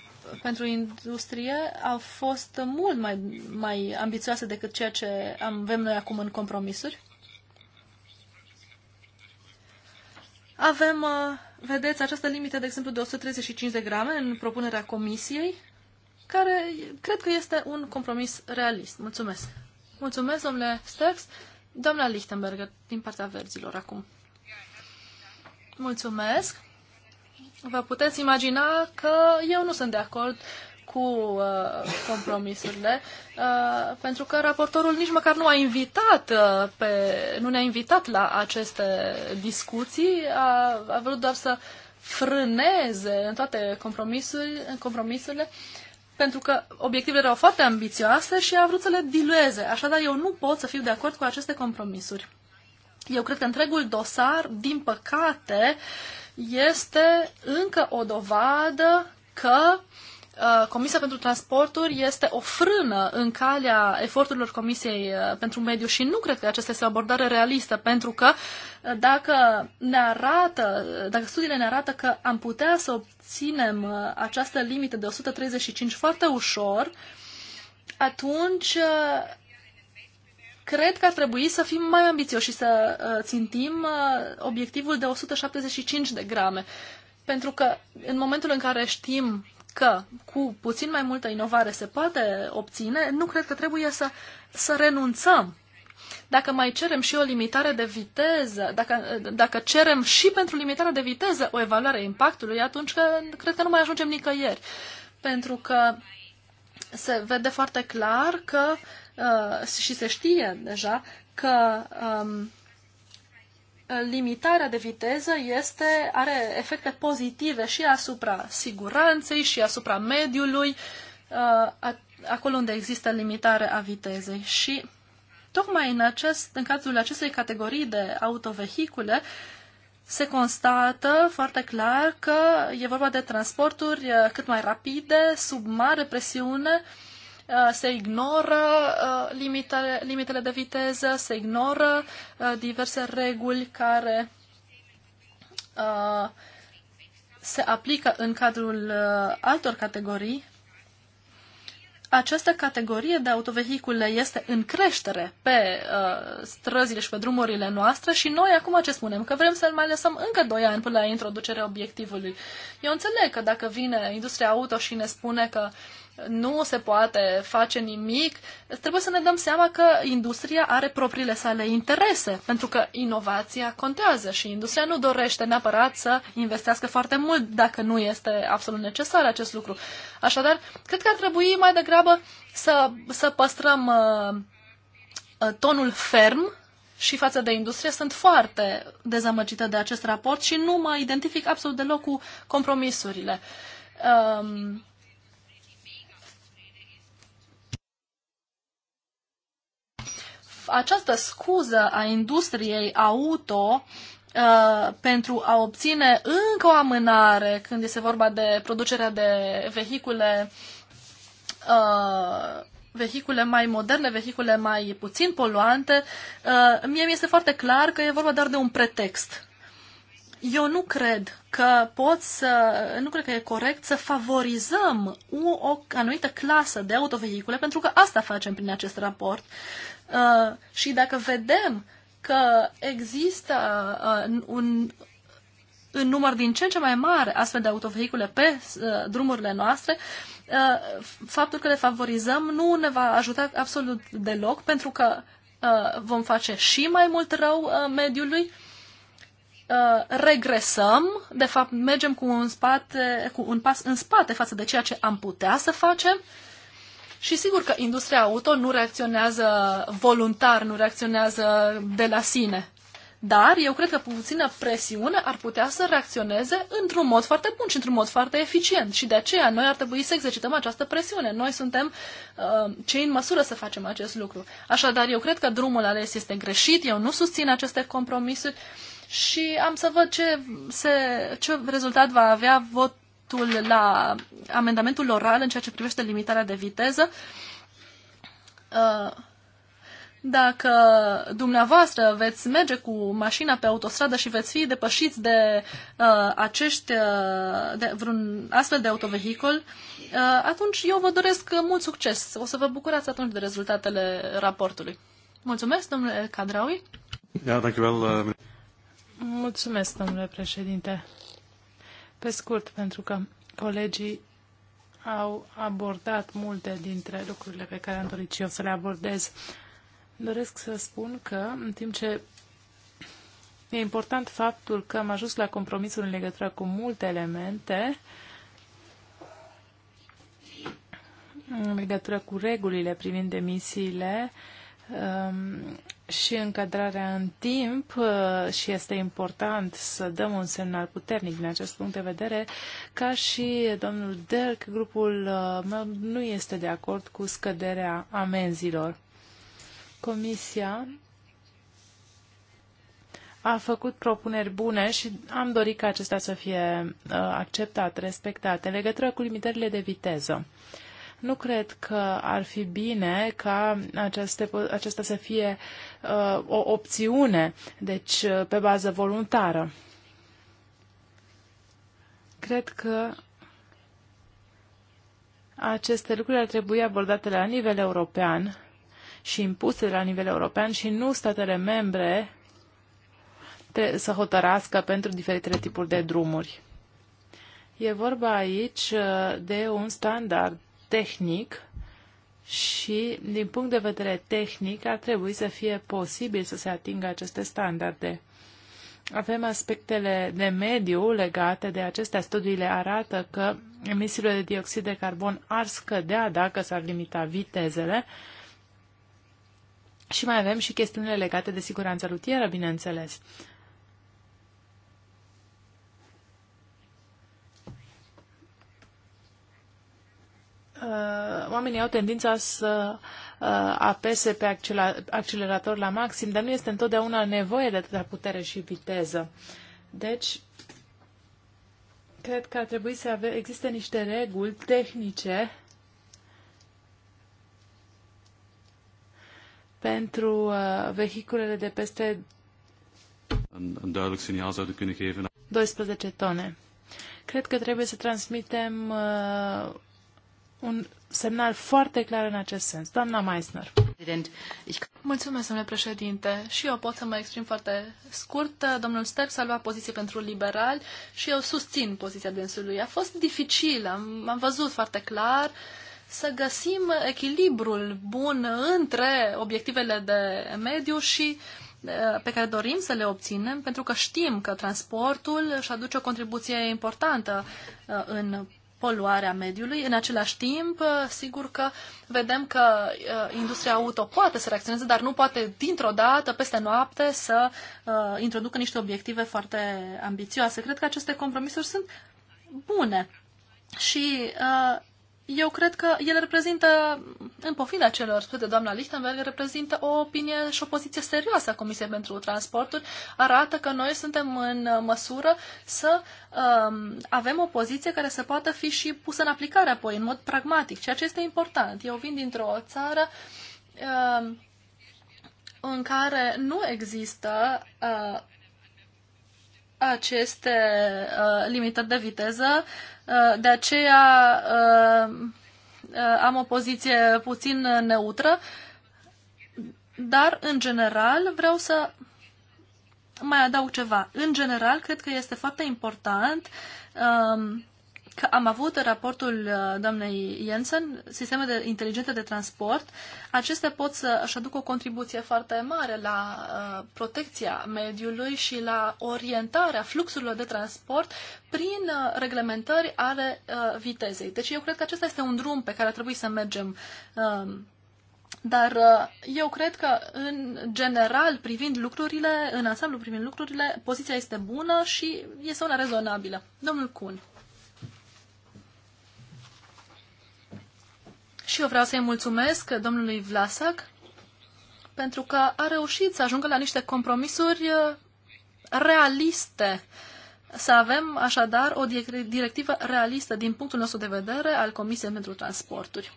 pentru industrie au fost mult mai, mai ambițioase decât ceea ce avem noi acum în compromisuri. Avem, uh, vedeți, această limită, de exemplu, de 135 de grame în propunerea comisiei, care cred că este un compromis realist. Mulțumesc! Mulțumesc, domnule Stex. Doamna Lichtenberger, din partea verzilor, acum. Mulțumesc! Vă puteți imagina că eu nu sunt de acord cu uh, compromisurile, uh, pentru că raportorul nici măcar nu a invitat uh, pe, nu ne-a invitat la aceste discuții, a, a vrut doar să frâneze în toate compromisurile, în compromisurile pentru că obiectivele erau foarte ambițioase și a vrut să le dilueze. Așadar, eu nu pot să fiu de acord cu aceste compromisuri. Eu cred că întregul dosar, din păcate, este încă o dovadă că uh, Uh, Comisia pentru Transporturi este o frână în calea eforturilor Comisiei uh, pentru Mediu și nu cred că aceasta este o abordare realistă, pentru că uh, dacă ne arată, dacă studiile ne arată că am putea să obținem această limită de 135 foarte ușor, atunci cred că ar trebui să fim mai ambițioși și să țintim obiectivul de 175 de grame. Pentru că în momentul în care știm că cu puțin mai multă inovare se poate obține, nu cred că trebuie să, să renunțăm. Dacă mai cerem și o limitare de viteză, dacă, dacă cerem și pentru limitarea de viteză o evaluare a impactului, atunci că, cred că nu mai ajungem nicăieri. Pentru că se vede foarte clar că uh, și se știe deja că um, limitarea de viteză este, are efecte pozitive și asupra siguranței și asupra mediului, uh, acolo unde există limitare a vitezei. Și tocmai în, acest, în cazul acestei categorii de autovehicule, se constată foarte clar că e vorba de transporturi uh, cât mai rapide, sub mare presiune, uh, Uh, se ignoră uh, limitele, limitele de viteză, se ignoră uh, diverse reguli care se aplică în cadrul altor categorii. Această categorie de autovehicule este în creștere pe uh, străzile și pe drumurile noastre și noi acum ce spunem? Că vrem să mai lăsăm încă 2 ani până la introducerea obiectivului. Eu înțeleg că dacă vine industria auto și ne spune că uh, nu se poate face nimic, trebuie să ne dăm seama că industria are propriile sale interese, pentru că inovația contează și industria nu dorește neapărat să investească foarte mult dacă nu este absolut necesar acest lucru. Așadar, cred că ar trebui mai degrabă să, să păstrăm uh, uh tonul ferm și față de industrie sunt foarte dezamăgită de acest raport și nu mă identific absolut deloc cu compromisurile. Uh, această scuză a industriei auto uh, pentru a obține încă o amânare când este vorba de producerea de vehicule uh, vehicule mai moderne, vehicule mai puțin poluante, uh, mie mi este foarte clar că e vorba doar de un pretext. Eu nu cred că poți să, nu cred că e corect să favorizăm o, o anumită clasă de autovehicule, pentru că asta facem prin acest raport. Uh, și dacă vedem că există uh, un, un număr din ce în ce mai mare astfel de autovehicule pe uh, drumurile noastre, uh, faptul că le favorizăm nu ne va ajuta absolut deloc, pentru că uh, vom face și mai mult rău uh, mediului, uh, regresăm, de fapt mergem cu un, spate, cu un pas în spate față de ceea ce am putea să facem, uh, și sigur că industria auto nu reacționează voluntar, nu reacționează de la sine. Dar eu cred că puțină presiune ar putea să reacționeze într-un mod foarte bun și într-un mod foarte eficient. Și de aceea noi ar trebui să exercităm această presiune. Noi suntem uh, cei în măsură să facem acest lucru. Așadar, eu cred că drumul ales este greșit, eu nu susțin aceste compromisuri și am să văd ce, se, ce rezultat va avea vot, dreptul la amendamentul oral în ceea ce privește limitarea de viteză. Uh, dacă dumneavoastră veți merge cu mașina pe autostradă și veți fi depășiți de uh, acești, uh, de vreun astfel de autovehicol, uh, atunci eu vă doresc mult succes. O să vă bucurați atunci de rezultatele raportului. Mulțumesc, domnule Cadraui. Da, Mulțumesc, domnule președinte pe scurt, pentru că colegii au abordat multe dintre lucrurile pe care am dorit și eu să le abordez. Doresc să spun că, în timp ce e important faptul că am ajuns la compromisul în legătură cu multe elemente, în legătură cu regulile privind emisiile, um, și încadrarea în timp uh, și este important să dăm un semnal puternic din acest punct de vedere, ca și domnul Derk, grupul uh, meu nu este de acord cu scăderea amenzilor. Comisia a făcut propuneri bune și am dorit ca acestea să fie uh, acceptate, respectate, legătură cu limitările de viteză. Nu cred că ar fi bine ca aceste, acesta să fie uh, o opțiune, deci uh, pe bază voluntară. Cred că aceste lucruri ar trebui abordate la nivel european și impuse la nivel european și nu statele membre să hotărască pentru diferitele tipuri de drumuri. E vorba aici uh, de un standard tehnic și, din punct de vedere tehnic, ar trebui să fie posibil să se atingă aceste standarde. Avem aspectele de mediu legate de acestea. Studiile arată că emisiile de dioxid de carbon ar scădea dacă s-ar limita vitezele. Și mai avem și chestiunile legate de siguranța rutieră, bineînțeles. Uh, Uh, oamenii au tendința să uh, apese pe accelerator la maxim, dar nu este întotdeauna nevoie de atâta putere și viteză. Deci, cred că ar trebui să avem, existe niște reguli tehnice pentru uh, vehiculele de peste 12 tone. Cred că trebuie să transmitem uh, un semnal foarte clar în acest sens. Doamna Meisner. Mulțumesc, domnule președinte. Și eu pot să mă exprim foarte scurt. Domnul s a luat poziție pentru liberal și eu susțin poziția dânsului. A fost dificil, am, am văzut foarte clar să găsim echilibrul bun între obiectivele de mediu și eh, pe care dorim să le obținem, pentru că știm că transportul își aduce o contribuție importantă eh, în poluarea mediului. În același timp, uh, sigur că vedem că uh, industria auto poate să reacționeze, dar nu poate dintr-o dată, peste noapte, să uh, introducă niște obiective foarte ambițioase. Cred că aceste compromisuri sunt bune și uh, eu cred că el reprezintă, în pofida celor spuse de doamna Lichtenberg, reprezintă o opinie și o poziție serioasă a Comisiei pentru Transporturi. Arată că noi suntem în măsură să um, avem o poziție care să poată fi și pusă în aplicare apoi, în mod pragmatic, ceea ce este important. Eu vin dintr-o țară um, în care nu există uh, aceste uh, limitări de viteză. Uh, de aceea uh, uh, am o poziție puțin neutră, dar în general vreau să mai adaug ceva. În general, cred că este foarte important uh, că am avut în raportul uh, doamnei Jensen sisteme de inteligente de transport. Acestea pot să își aducă o contribuție foarte mare la uh, protecția mediului și la orientarea fluxurilor de transport prin uh, reglementări ale vitezei. Deci eu cred că acesta este un drum pe care ar trebui să mergem. Um, dar eu cred că, în general, privind lucrurile, în ansamblu privind lucrurile, poziția este bună și este una rezonabilă. Domnul Kun. Și eu vreau să-i mulțumesc domnului Vlasac pentru că a reușit să ajungă la niște compromisuri uh, realiste. Să avem așadar o directivă realistă din punctul nostru de vedere al Comisiei pentru Transporturi.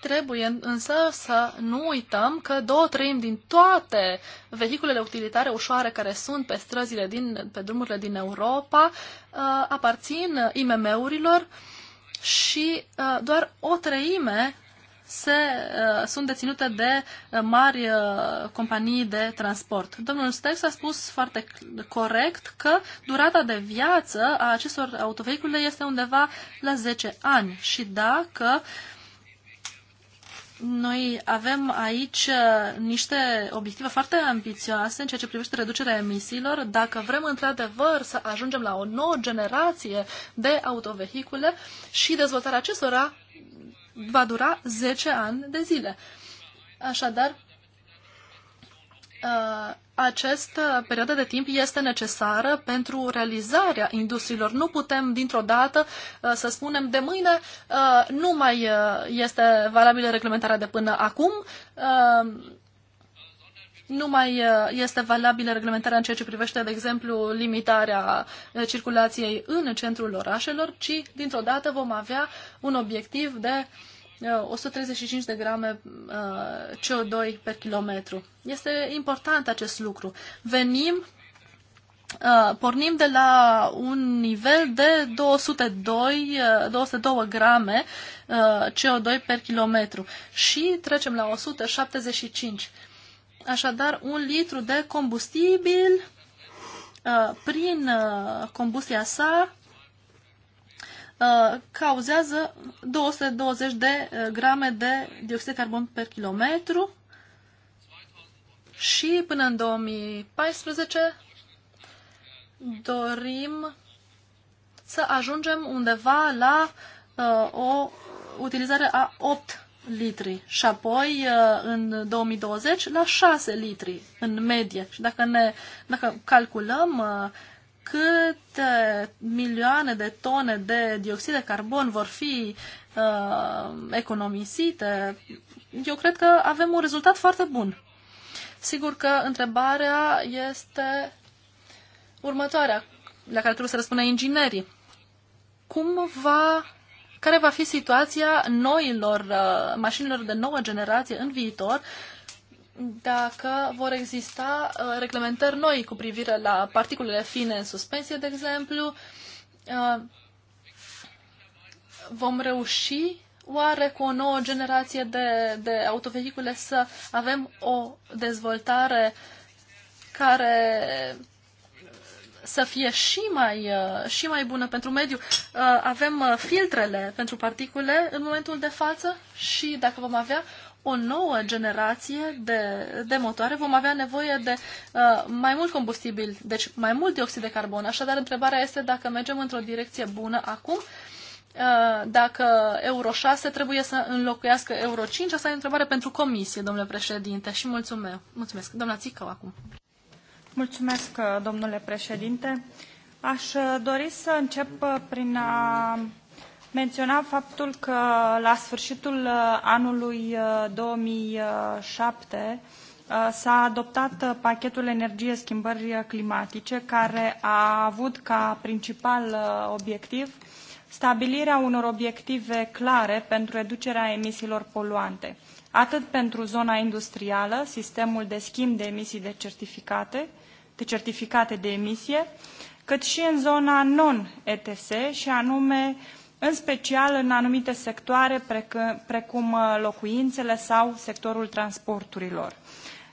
Trebuie însă să nu uităm că două treimi din toate vehiculele utilitare ușoare care sunt pe străzile, din, pe drumurile din Europa, uh, aparțin IMM-urilor și uh, doar o treime se, uh, sunt deținute de uh, mari uh, companii de transport. Domnul Stex a spus foarte corect că durata de viață a acestor autovehicule este undeva la 10 ani și dacă uh, noi avem aici uh, niște obiective foarte ambițioase în ceea ce privește reducerea emisiilor. Dacă vrem într-adevăr să ajungem la o nouă generație de autovehicule și dezvoltarea acestora va dura 10 ani de zile. Așadar, Uh, această perioadă de timp este necesară pentru realizarea industriilor. Nu putem dintr-o dată uh, să spunem de mâine uh, nu mai este valabilă reglementarea de până acum. nu mai este valabilă reglementarea în ceea ce privește, de exemplu, limitarea circulației în centrul orașelor, ci dintr-o dată vom avea un obiectiv de uh, 135 uh, de grame uh, CO2 pe kilometru. Este important acest lucru. Venim, uh, pornim de la un nivel de 202, 202 grame CO2 pe kilometru și trecem la 175. Așadar, un litru de combustibil prin combustia sa Uh, cauzează 220 de uh, grame de dioxid de carbon per kilometru și până în 2014 dorim să ajungem undeva la uh, o utilizare a 8 litri și apoi uh, în 2020 la 6 litri în medie. Și dacă, ne, dacă calculăm câte uh, milioane de tone de dioxid de carbon vor fi uh, economisite, eu cred că avem un rezultat foarte bun. Sigur că întrebarea este următoarea, la care trebuie să răspundă inginerii. Cum va, care va fi situația noilor uh, mașinilor de nouă generație în viitor dacă vor exista uh, reglementări noi cu privire la particulele fine în suspensie, de exemplu, uh, vom reuși oare cu o nouă generație de, de autovehicule să avem o dezvoltare care să fie și mai, uh, și mai bună pentru mediu. Avem filtrele pentru particule în momentul de față și dacă vom avea o nouă generație de, de motoare vom avea nevoie de uh, mai mult combustibil, deci mai mult dioxid de carbon. Așadar, întrebarea este dacă mergem într-o direcție bună acum, uh, dacă Euro 6 trebuie să înlocuiască Euro 5. Asta e o întrebare pentru comisie, domnule președinte, și mulțumesc. Mulțumesc. Doamna Țicău, acum. Mulțumesc, uh, domnule președinte. Aș uh, dori să încep uh, prin a menționa faptul că la sfârșitul uh, anului 2007 uh, uh, s-a adoptat pachetul energie schimbări climatice, care a avut ca principal obiectiv stabilirea unor obiective clare pentru reducerea emisiilor poluante, atât pentru zona industrială, sistemul de schimb de emisii de certificate, de certificate de emisie, cât și în zona non-ETS, și anume uh, în special în anumite sectoare precum uh, locuințele sau sectorul transporturilor.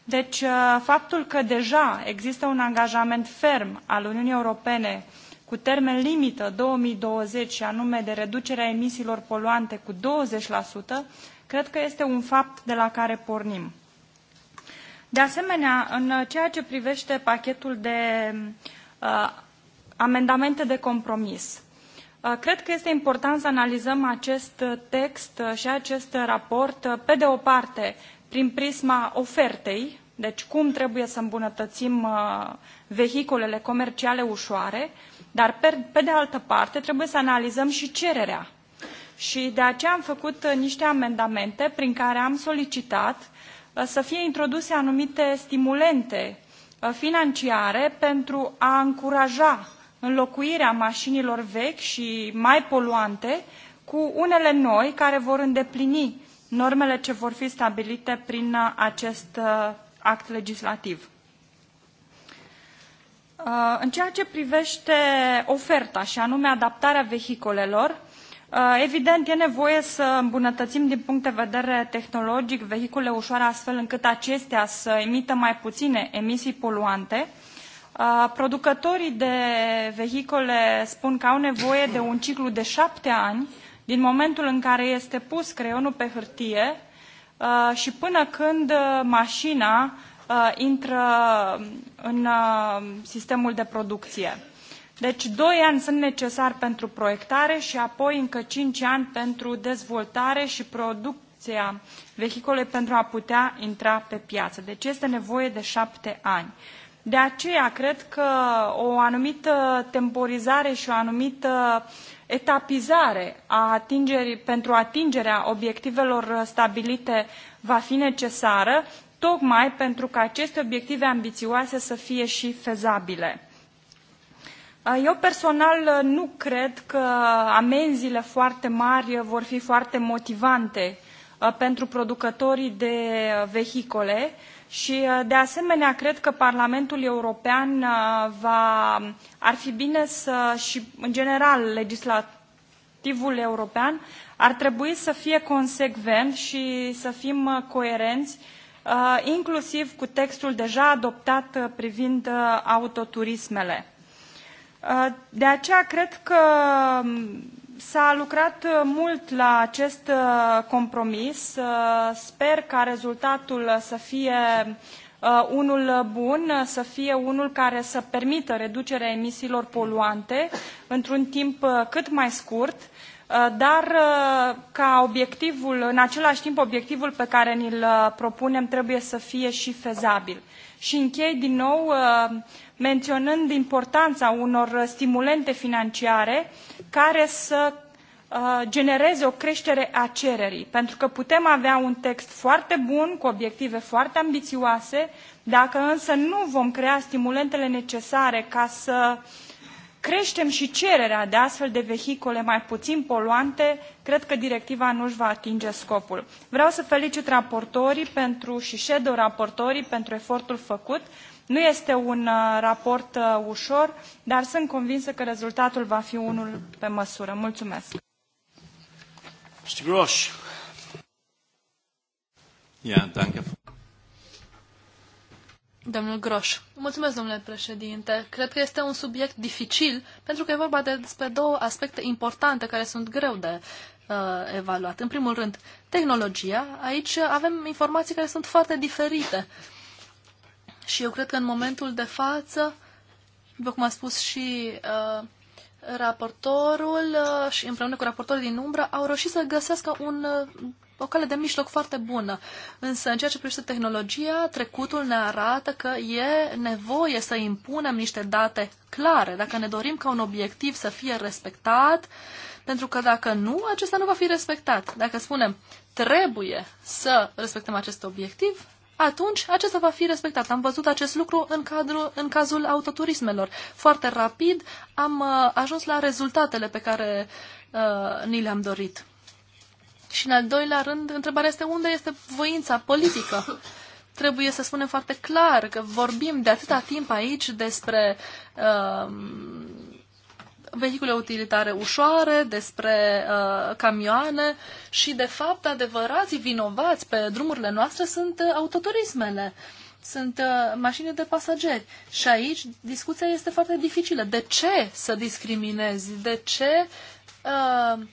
Deci, uh, faptul că deja există un angajament ferm al Uniunii Europene cu termen limită 2020 și anume de reducerea emisiilor poluante cu 20%, cred că este un fapt de la care pornim. De asemenea, în ceea ce privește pachetul de uh, amendamente de compromis, Uh, cred că este important să analizăm acest uh, text uh, și acest raport, pe de o parte, prin prisma ofertei, deci cum trebuie să îmbunătățim vehiculele comerciale ușoare, dar pe de altă parte trebuie să analizăm și cererea. Și de aceea am făcut niște amendamente prin care am solicitat să fie introduse anumite stimulente financiare pentru a încuraja înlocuirea mașinilor vechi și mai poluante cu unele noi care vor îndeplini normele ce vor fi stabilite prin uh, acest uh, act legislativ. Uh, în ceea ce privește oferta și anume adaptarea vehiculelor, evident e nevoie să îmbunătățim din punct de vedere tehnologic vehicule ușoare astfel încât acestea să emită mai puține emisii poluante, Producătorii de vehicole spun că au nevoie de un ciclu de șapte ani din momentul în care este pus creionul pe hârtie și până când mașina intră în sistemul de producție. Deci doi ani sunt necesari pentru proiectare și apoi încă cinci ani pentru dezvoltare și producția vehiculei pentru a putea intra pe piață. Deci este nevoie de șapte ani. De aceea, cred că o anumită temporizare și o anumită etapizare a atingerii, pentru atingerea obiectivelor stabilite va fi necesară, tocmai pentru ca aceste obiective ambițioase să fie și fezabile. Eu personal nu cred că amenziile foarte mari vor fi foarte motivante uh, pentru producătorii de vehicole, uh, și, uh, de asemenea, cred că Parlamentul European uh, va, ar fi bine să, și, în general, legislativul european ar trebui să fie consecvent și să fim uh, coerenți, inclusiv cu textul deja adoptat privind autoturismele. De aceea, cred că um, S-a lucrat uh, mult la acest uh, compromis. Uh, sper ca rezultatul să fie unul bun, să fie unul care să permită reducerea emisiilor poluante într-un timp cât mai scurt, dar ca obiectivul, în același timp obiectivul pe care ni-l propunem trebuie să fie și fezabil. Și închei din nou uh, menționând importanța unor stimulente financiare care să uh, genereze o creștere a cererii, pentru că putem avea un text foarte bun, cu obiective foarte ambițioase, dacă însă nu vom crea stimulentele necesare ca să creștem și cererea de astfel de vehicule mai puțin poluante, cred că directiva nu își va atinge scopul. Vreau să felicit raportorii pentru, și shadow raportorii pentru efortul făcut, nu este un uh, raport uh, ușor, dar sunt convinsă că rezultatul va fi unul pe măsură. Mulțumesc! Domnul Groș. Mulțumesc, domnule președinte. Cred că este un subiect dificil, pentru că e vorba despre două aspecte importante care sunt greu de uh, evaluat. În primul rând, tehnologia. Aici avem informații care sunt foarte diferite. Uh, și eu cred că în momentul de față, după cum a spus și uh, raportorul uh, și împreună cu raportorii din umbră, au reușit să găsească un, uh, o cale de mijloc foarte bună. Însă, în ceea ce privește tehnologia, trecutul ne arată că e nevoie să impunem niște date clare. Dacă ne dorim ca un obiectiv să fie respectat, pentru că dacă nu, acesta nu va fi respectat. Dacă spunem trebuie să respectăm acest obiectiv, atunci acesta va fi respectat. Am văzut acest lucru în, cadru, în cazul autoturismelor. Foarte rapid am uh, ajuns la rezultatele pe care uh, ni le-am dorit. Și în al doilea rând, întrebarea este unde este voința politică. Trebuie să spunem foarte clar că vorbim de atâta timp aici despre uh, vehicule utilitare ușoare, despre uh, camioane și, de fapt, adevărații vinovați pe drumurile noastre sunt uh, autoturismele, sunt uh, mașini de pasageri. Și aici discuția este foarte dificilă. De ce să discriminezi? De ce uh,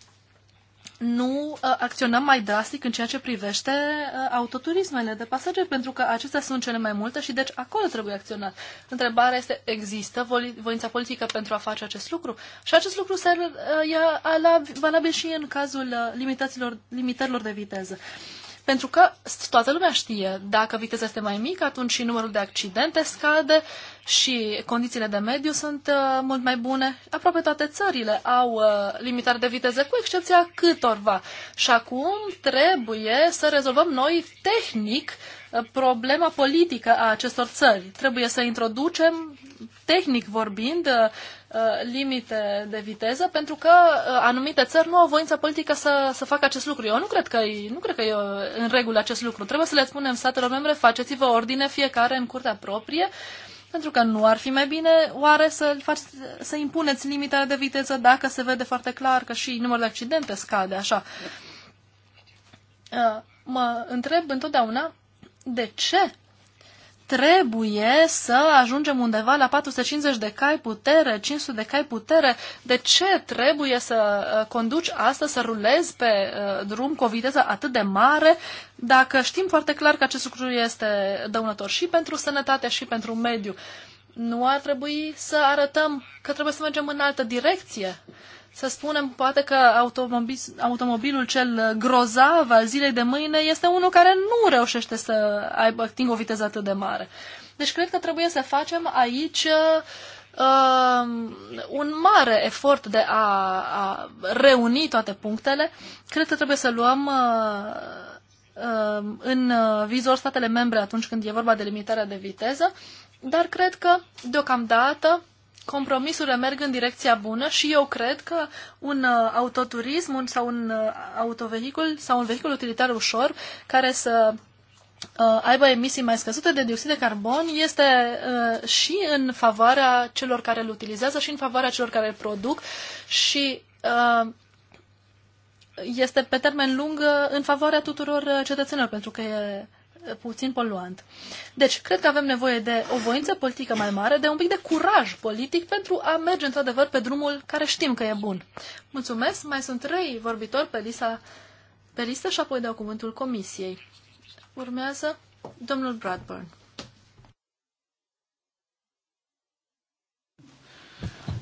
nu uh, acționăm mai drastic în ceea ce privește uh, autoturismele de pasageri, pentru că acestea sunt cele mai multe și deci acolo trebuie acționat. Întrebarea este, există voința politică pentru a face acest lucru? Și acest lucru se, e uh, valabil și în cazul limitațiilor, limitărilor de viteză. Pentru că toată lumea știe, dacă viteza este mai mică, atunci și numărul de accidente scade și condițiile de mediu sunt uh, mult mai bune. Aproape toate țările au uh, limitare de viteză, cu excepția câtorva. Și acum trebuie să rezolvăm noi tehnic uh, problema politică a acestor țări. Trebuie să introducem, tehnic vorbind, uh, Uh, limite de viteză pentru că uh, anumite țări nu au voință politică să, să facă acest lucru. Eu nu cred că e, nu cred că e uh, în regulă acest lucru. Trebuie să le spunem statelor membre, faceți-vă ordine fiecare în curtea proprie, pentru că nu ar fi mai bine oare să, faci, să impuneți limitele de viteză dacă se vede foarte clar că și numărul de accidente scade, așa. Mă întreb întotdeauna de ce trebuie să ajungem undeva la 450 de cai putere, 500 de cai putere. De ce trebuie să uh, conduci asta, să rulezi pe uh, drum cu o viteză atât de mare, dacă știm foarte clar că acest lucru este dăunător și pentru sănătate și pentru mediu? Nu ar trebui să arătăm că trebuie să mergem în altă direcție să spunem, poate că automobil, automobilul cel grozav al zilei de mâine este unul care nu reușește să aibă, atingă o viteză atât de mare. Deci cred că trebuie să facem aici uh, un mare efort de a, a reuni toate punctele. Cred că trebuie să luăm uh, uh, în vizor statele membre atunci când e vorba de limitarea de viteză, dar cred că deocamdată compromisurile merg în direcția bună și eu cred că un uh, autoturism un, sau un uh, autovehicul sau un vehicul utilitar ușor care să uh, aibă emisii mai scăzute de dioxid de carbon este uh, și în favoarea celor care îl utilizează și în favoarea celor care îl produc și uh, este pe termen lung uh, în favoarea tuturor cetățenilor pentru că e puțin poluant. Deci, cred că avem nevoie de o voință politică mai mare, de un pic de curaj politic pentru a merge într-adevăr pe drumul care știm că e bun. Mulțumesc, mai sunt trei vorbitori pe lista, pe listă și apoi dau cuvântul comisiei. Urmează domnul Bradburn.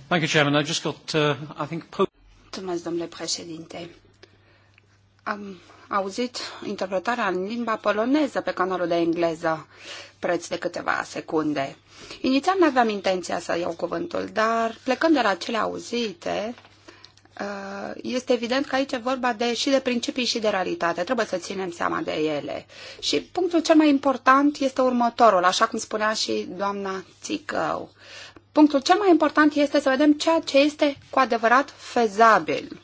Thank you, Chairman. I just got, uh, I think... Mulțumesc, domnule președinte. Am auzit interpretarea în limba poloneză pe canalul de engleză, preț de câteva secunde. Inițial nu aveam intenția să iau cuvântul, dar plecând de la cele auzite, uh, este evident că aici e vorba de, și de principii și de realitate. Trebuie să ținem seama de ele. Și punctul cel mai important este următorul, așa cum spunea și doamna Țicău. Punctul cel mai important este să vedem ceea ce este cu adevărat fezabil.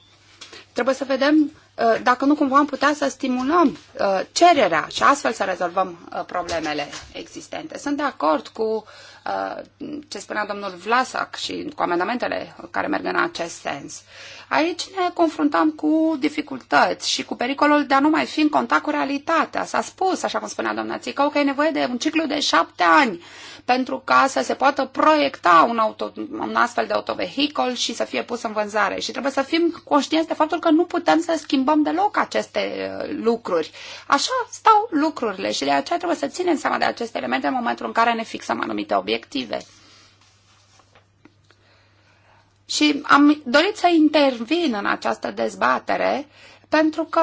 Trebuie să vedem Uh, dacă nu cumva am putea să stimulăm uh, cererea și astfel să rezolvăm uh, problemele existente. Sunt de acord cu Uh, ce spunea domnul Vlasac și cu amendamentele care merg în acest sens. Aici ne confruntăm cu dificultăți și cu pericolul de a nu mai fi în contact cu realitatea. S-a spus, așa cum spunea doamna Țică, că e nevoie de un ciclu de șapte ani pentru ca să se poată proiecta un, auto, un astfel de autovehicol și să fie pus în vânzare. Și trebuie să fim conștienți de faptul că nu putem să schimbăm deloc aceste uh, lucruri. Așa stau lucrurile și de aceea trebuie să ținem seama de aceste elemente în momentul în care ne fixăm anumite obiective obiective. Și am dorit să intervin în această dezbatere pentru că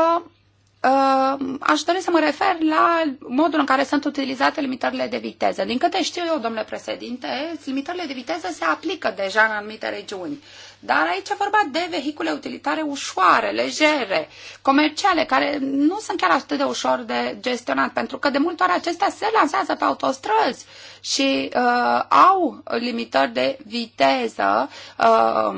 uh, aș dori să mă refer la modul în care sunt utilizate limitările de viteză. Din câte știu eu, domnule președinte, limitările de viteză se aplică deja în anumite regiuni. Dar aici e vorba de vehicule utilitare ușoare, legere, comerciale, care nu sunt chiar atât de ușor de gestionat, pentru că de multe ori acestea se lansează pe autostrăzi și uh, au limitări de viteză. Uh,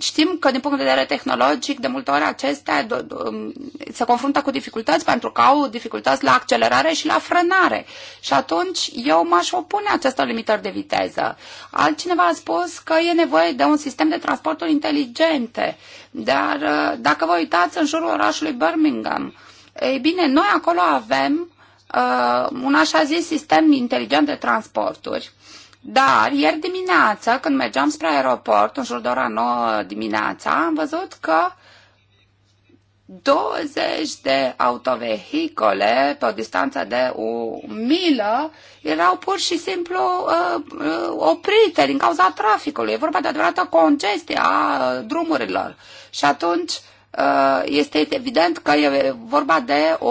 știm că din punct de vedere tehnologic, de multe ori acestea um, se confruntă cu dificultăți pentru că au dificultăți la accelerare și la frânare. Și atunci eu m-aș opune acestor limitări de viteză. Altcineva a spus că e nevoie de un sistem de transport transporturi inteligente. Dar uh, dacă vă uitați în jurul orașului Birmingham, ei bine, noi acolo avem uh, un așa zis sistem inteligent de transporturi. Dar ieri dimineața, când mergeam spre aeroport, în jur de ora 9 dimineața, am văzut că 20 de autovehicole pe o distanță de o milă erau pur și simplu uh, uh oprite din cauza traficului. E vorba de adevărată congestie a uh, drumurilor. Și atunci Uh, este evident că e vorba de o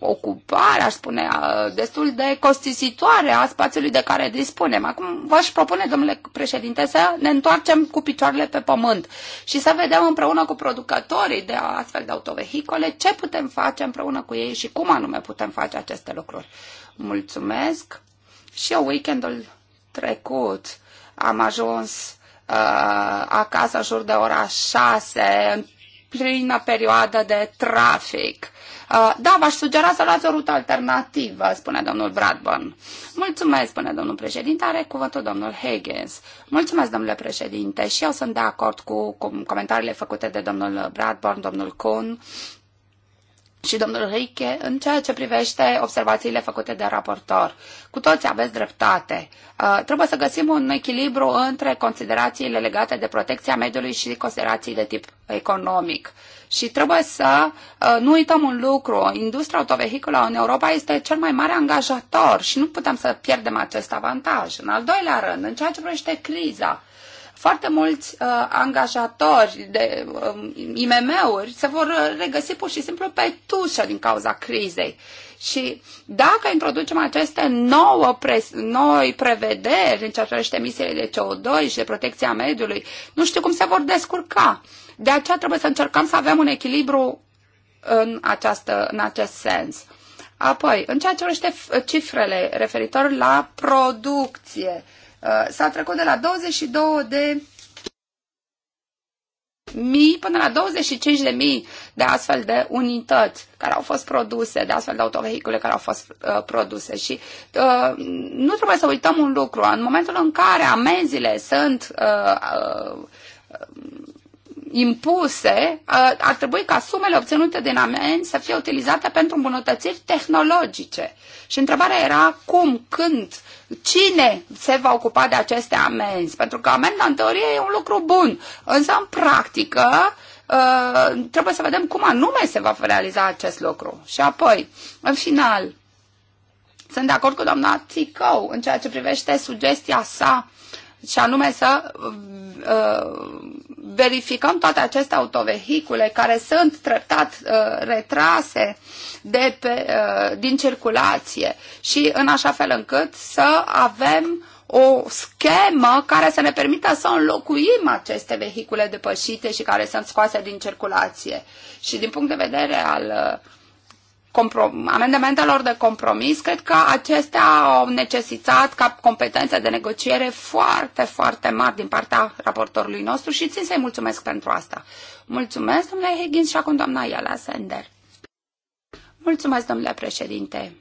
ocupare, aș spune, destul de costisitoare a spațiului de care dispunem. Acum v-aș propune, domnule președinte, să ne întoarcem cu picioarele pe pământ și să vedem împreună cu producătorii de astfel de autovehicole ce putem face împreună cu ei și cum anume putem face aceste lucruri. Mulțumesc și eu weekendul trecut am ajuns uh, acasă în jur de ora 6, plină perioadă de trafic. Uh, da, v-aș sugera să luați o rută alternativă, spune domnul Bradburn. Mulțumesc, spune domnul președinte, are cuvântul domnul Higgins. Mulțumesc, domnule președinte, și eu sunt de acord cu, cu comentariile făcute de domnul Bradburn, domnul Kuhn și domnul Riche în ceea ce privește observațiile făcute de raportor. Cu toți aveți dreptate. Uh, trebuie să găsim un echilibru între considerațiile legate de protecția mediului și considerații de tip economic. Și trebuie să uh, nu uităm un lucru. Industria autovehiculă în Europa este cel mai mare angajator și nu putem să pierdem acest avantaj. În al doilea rând, în ceea ce privește criza, foarte mulți uh, angajatori de uh, um, IMM-uri se vor uh, regăsi pur și simplu pe tușă din cauza crizei. Și dacă introducem aceste nouă pre- noi prevederi în ceea ce privește emisiile de CO2 și de protecția mediului, nu știu cum se vor descurca. De aceea trebuie să încercăm să avem un echilibru în, această, în acest sens. Apoi, în ceea ce privește cifrele referitor la producție, uh, Uh, s-a trecut de la 22 de mii până la 25 de mii de astfel de unități care au fost produse, de astfel de autovehicule care au fost uh, produse și uh, nu trebuie să uităm un lucru, în momentul în care amenziile sunt uh, uh, impuse, ar trebui ca sumele obținute din amenzi să fie utilizate pentru îmbunătățiri tehnologice. Și întrebarea era cum, când, cine se va ocupa de aceste amenzi. Pentru că amenda în teorie e un lucru bun, însă în practică trebuie să vedem cum anume se va realiza acest lucru. Și apoi, în final, sunt de acord cu doamna Țicău în ceea ce privește sugestia sa și anume să verificăm toate aceste autovehicule care sunt treptat uh, retrase de pe, uh, din circulație și în așa fel încât să avem o schemă care să ne permită să înlocuim aceste vehicule depășite și care sunt scoase din circulație. Și din punct de vedere al uh, amendamentelor de compromis, cred că acestea au necesitat ca competențe de negociere foarte, foarte mari din partea raportorului nostru și țin să-i mulțumesc pentru asta. Mulțumesc, domnule Higgins, și acum doamna Iala Sender. Mulțumesc, domnule președinte.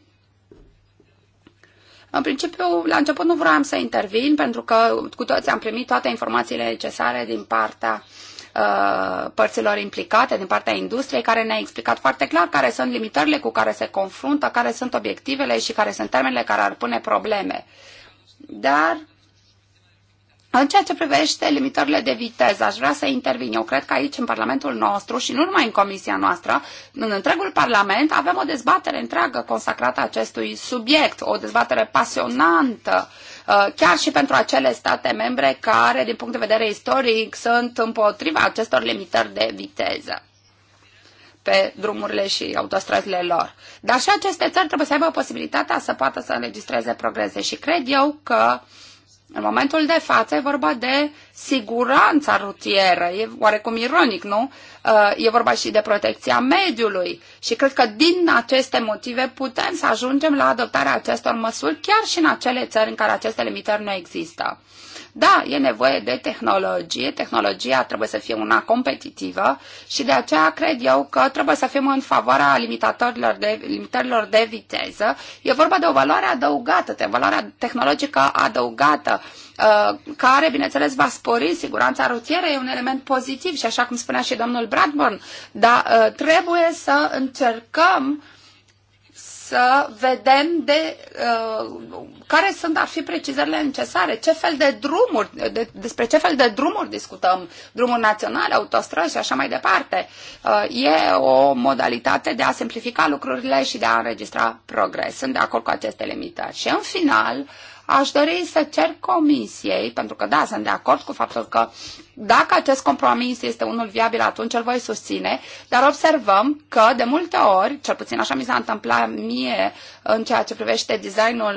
În principiu, la început nu vroiam să intervin, pentru că cu toți am primit toate informațiile necesare din partea uh, Uh, părților implicate, din partea industriei, care ne-a explicat foarte clar care sunt limitările cu care se confruntă, care sunt obiectivele și care sunt termenele care ar pune probleme. Dar în ceea ce privește limitările de viteză, aș vrea să intervin. Eu cred că aici, în Parlamentul nostru și nu numai în Comisia noastră, în întregul Parlament, avem o dezbatere întreagă consacrată acestui subiect, o dezbatere pasionantă uh, Uh, chiar și pentru acele state membre care, din punct de vedere istoric, sunt împotriva acestor limitări de viteză pe drumurile și autostrăzile lor. Dar și aceste țări trebuie să aibă posibilitatea să poată să înregistreze progrese și cred eu că în momentul de față e vorba de siguranța rutieră, e oarecum ironic, nu? Uh, e vorba și de protecția mediului și cred că din aceste motive putem să ajungem la adoptarea acestor măsuri chiar și în acele țări în care aceste limitări nu există. Da, e nevoie de tehnologie, tehnologia trebuie să fie una competitivă și de aceea cred eu că trebuie să fim în favoarea limitatorilor de, limitărilor de viteză. E vorba de o valoare adăugată, de valoarea tehnologică adăugată uh, care, bineînțeles, va spori siguranța rutieră, e un element pozitiv și așa cum spunea și domnul Bradburn, dar uh, trebuie să încercăm uh, să vedem de, uh, care sunt ar fi precizările necesare, ce fel de drumuri, de, despre ce fel de drumuri discutăm, drumuri naționale, autostrăzi și așa mai departe. Uh, e o modalitate de a simplifica lucrurile și de a înregistra progres. Sunt de acord cu aceste limitări. Și în final, aș dori să cer comisiei, pentru că da, sunt de acord cu faptul că uh, dacă acest compromis este unul viabil, atunci îl voi susține, dar observăm că de multe ori, cel puțin așa mi s-a întâmplat mie în ceea ce privește designul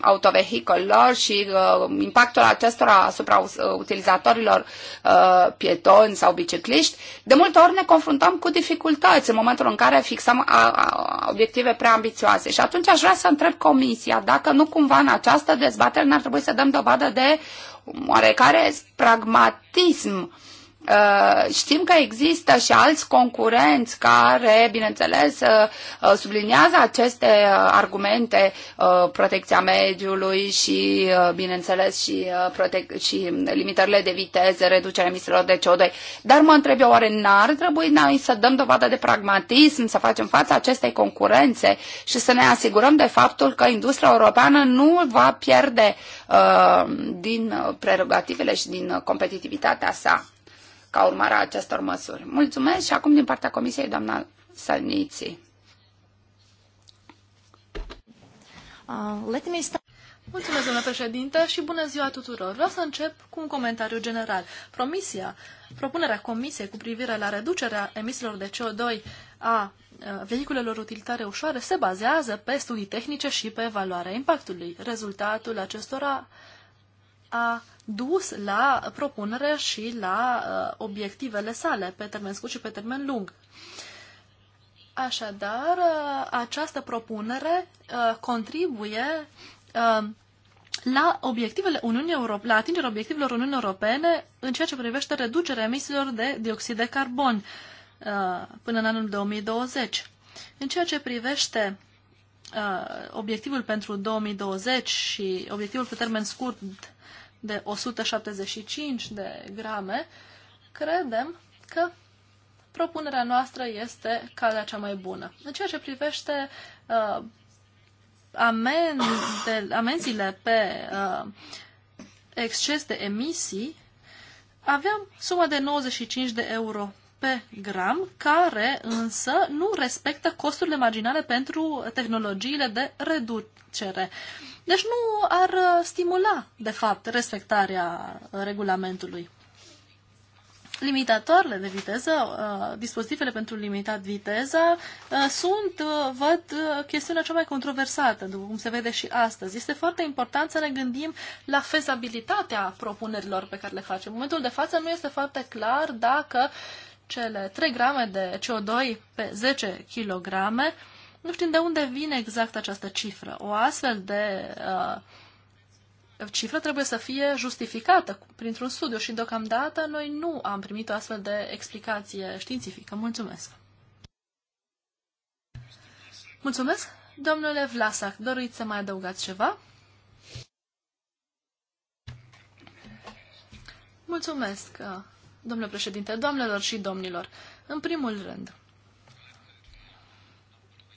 uh, um, și uh, impactul acestora asupra uh, utilizatorilor uh, pietoni sau bicicliști, de multe ori ne confruntăm cu dificultăți în momentul în care fixăm a, a, obiective prea ambițioase. Și atunci aș vrea să întreb Comisia dacă nu cumva în această dezbatere n-ar trebui să dăm dovadă de oarecare pragmatism Uh, știm că există și alți concurenți care, bineînțeles, uh, uh, subliniază aceste argumente, protecția mediului și, bineînțeles, și, protec- și um, limitările de viteză, reducerea emisiilor de CO2. Dar mă întreb eu, oare n-ar trebui noi să dăm dovadă de pragmatism, să facem față acestei concurențe și să ne asigurăm de faptul că industria europeană nu va pierde uh, din prerogativele și din competitivitatea sa? ca urmare a acestor măsuri. Mulțumesc și acum din partea Comisiei, doamna Salniții. Uh, Mulțumesc, doamnă președintă, și bună ziua tuturor. Vreau să încep cu un comentariu general. Promisia, propunerea Comisiei cu privire la reducerea emisiilor de CO2 a uh, vehiculelor utilitare ușoare se bazează pe studii tehnice și pe evaluarea impactului. Rezultatul acestora a dus la propunere și la uh, obiectivele sale pe termen scurt și pe termen lung. Așadar, uh, această propunere uh, contribuie uh, la obiectivele Uniunii Europene, la atingerea obiectivelor Uniunii Europene în ceea ce privește reducerea emisiilor de dioxid de carbon uh, până în anul 2020. În ceea ce privește uh, obiectivul pentru 2020 și obiectivul pe termen scurt de 175 de grame, credem că propunerea noastră este calea cea mai bună. În ceea ce privește uh, amenzile, amenzile pe uh, exces de emisii, aveam suma de 95 de euro pe gram, care însă nu respectă costurile marginale pentru tehnologiile de reducere. Deci nu ar stimula, de fapt, respectarea regulamentului. Limitatoarele de viteză, uh, dispozitivele pentru limitat viteza, uh, sunt, uh, văd, chestiunea cea mai controversată, după cum se vede și astăzi. Este foarte important să ne gândim la fezabilitatea propunerilor pe care le facem. În momentul de față nu este foarte clar dacă uh, cele 3 grame de CO2 pe 10 kg, nu știm de unde vine exact această cifră. O astfel de uh, cifră trebuie să fie justificată printr-un studiu și deocamdată noi nu am primit o astfel de explicație științifică. Mulțumesc! Mulțumesc! Domnule Vlasac, doriți să mai adăugați ceva? Mulțumesc! Uh, domnule președinte, doamnelor și domnilor. În primul rând,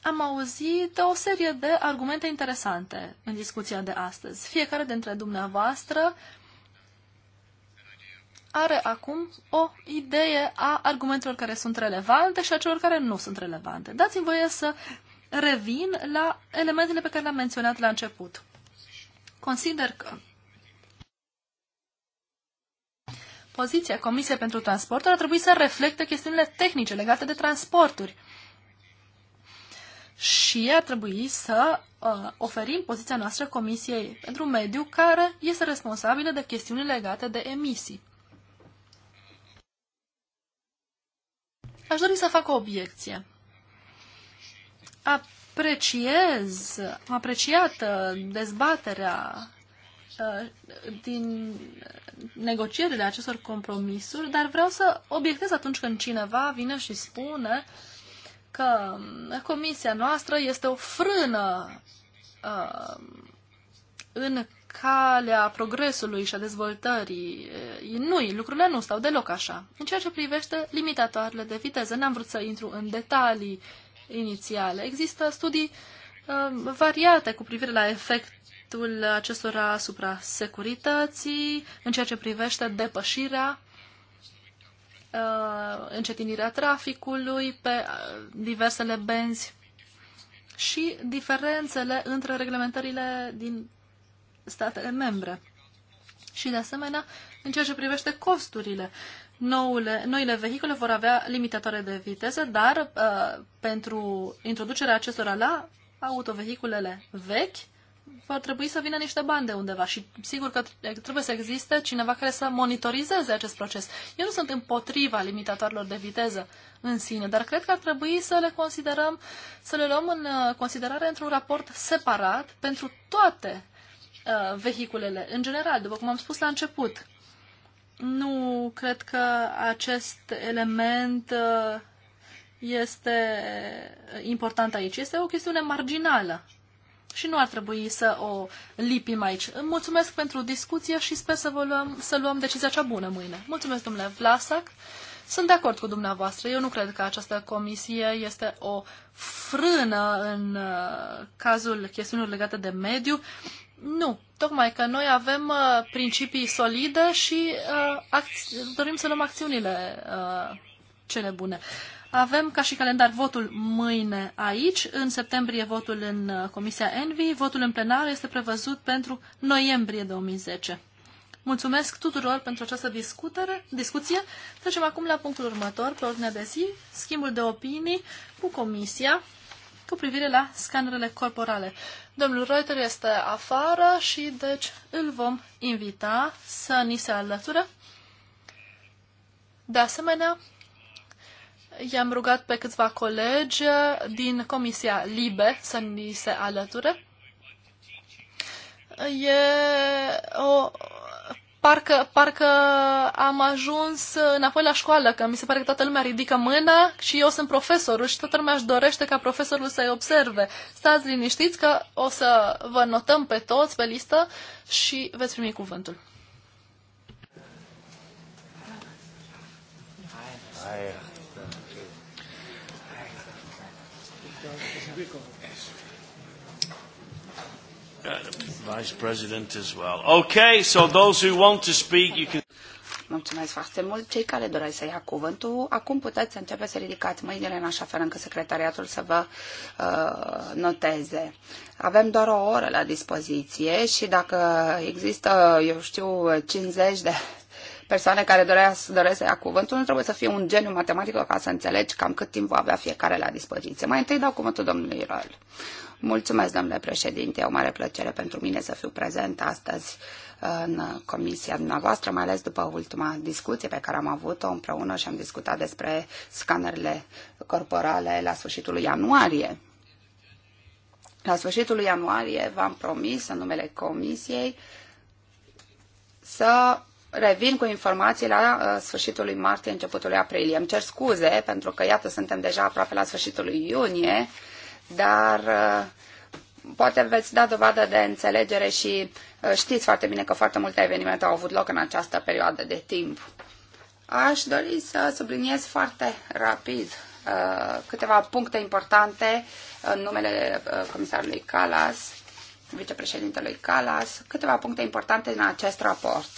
am auzit o serie de argumente interesante în discuția de astăzi. Fiecare dintre dumneavoastră are acum o idee a argumentelor care sunt relevante și a celor care nu sunt relevante. Dați-mi voie să revin la elementele pe care le-am menționat la început. Consider că poziția Comisiei pentru Transporturi ar trebui să reflecte chestiunile tehnice legate de transporturi. Și ar trebui să uh, oferim poziția noastră Comisiei pentru Mediu, care este responsabilă de chestiuni legate de emisii. Aș dori să fac o obiecție. Apreciez, am apreciat uh, dezbaterea Uh, din negocierile acestor compromisuri, dar vreau să obiectez atunci când cineva vine și spune că uh, comisia noastră este o frână uh, în calea progresului și a dezvoltării. Uh, nu, lucrurile nu stau deloc așa. În ceea ce privește limitatoarele de viteză, n-am vrut să intru în detalii inițiale. Există studii uh, variate cu privire la efect impactul acestora asupra securității, în ceea ce privește depășirea, uh, încetinirea traficului pe uh, diversele benzi și diferențele între reglementările din statele membre. Și, de asemenea, în ceea ce privește costurile, noule, noile vehicule vor avea limitatoare de viteză, dar uh, pentru introducerea acestora la autovehiculele vechi, va trebui să vină niște bani de undeva și sigur că trebuie să existe cineva care să monitorizeze acest proces. Eu nu sunt împotriva limitatorilor de viteză în sine, dar cred că ar trebui să le considerăm, să le luăm în uh, considerare într-un raport separat pentru toate uh, vehiculele, în general, după cum am spus la început. Nu cred că acest element uh, este important aici. Este o chestiune marginală și nu ar trebui să o lipim aici. Mulțumesc pentru discuție și sper să, vă luăm, să luăm decizia cea bună mâine. Mulțumesc, domnule Vlasac. Sunt de acord cu dumneavoastră. Eu nu cred că această comisie este o frână în uh, cazul chestiunilor legate de mediu. Nu, tocmai că noi avem uh, principii solide și uh, dorim să luăm acțiunile uh, cele bune. Avem ca și calendar votul mâine aici, în septembrie votul în uh, Comisia Envi, votul în plenar este prevăzut pentru noiembrie 2010. Mulțumesc tuturor pentru această discutere, discuție. Trecem acum la punctul următor, pe ordinea de zi, schimbul de opinii cu Comisia cu privire la scanerele corporale. Domnul Reuter este afară și deci îl vom invita să ni se alăture. De asemenea, I-am rugat pe câțiva colegi din Comisia Libe să ni se alăture. E o... Parcă, parcă am ajuns înapoi la școală, că mi se pare că toată lumea ridică mâna și eu sunt profesorul și toată lumea își dorește ca profesorul să-i observe. Stați liniștiți că o să vă notăm pe toți pe listă și veți primi cuvântul. Hai. Vice President as well. Okay, so those who want to speak, you can... Mulțumesc foarte mult. Cei care doresc să ia cuvântul, acum puteți să începe să ridicați mâinile în așa fel încât secretariatul să vă uh, noteze. Avem doar o oră la dispoziție și dacă există, eu știu, 50 de persoane care doresc, doresc să ia cuvântul, nu trebuie să fie un geniu matematic ca să înțelegi cam cât timp va avea fiecare la dispoziție. Mai întâi dau cuvântul domnului Rol. Mulțumesc, domnule președinte, e o mare plăcere pentru mine să fiu prezent astăzi în comisia dumneavoastră, mai ales după ultima discuție pe care am avut-o împreună și am discutat despre scanerele corporale la sfârșitul ianuarie. La sfârșitul ianuarie v-am promis, în numele comisiei, să revin cu informații la uh, sfârșitul lui martie, începutul lui aprilie. Îmi cer scuze pentru că, iată, suntem deja aproape la sfârșitul lui iunie, dar uh, poate veți da dovadă de înțelegere și uh, știți foarte bine că foarte multe evenimente au avut loc în această perioadă de timp. Aș dori să subliniez foarte rapid câteva puncte importante în numele comisarului Calas, vicepreședintelui Calas, câteva puncte importante în acest raport.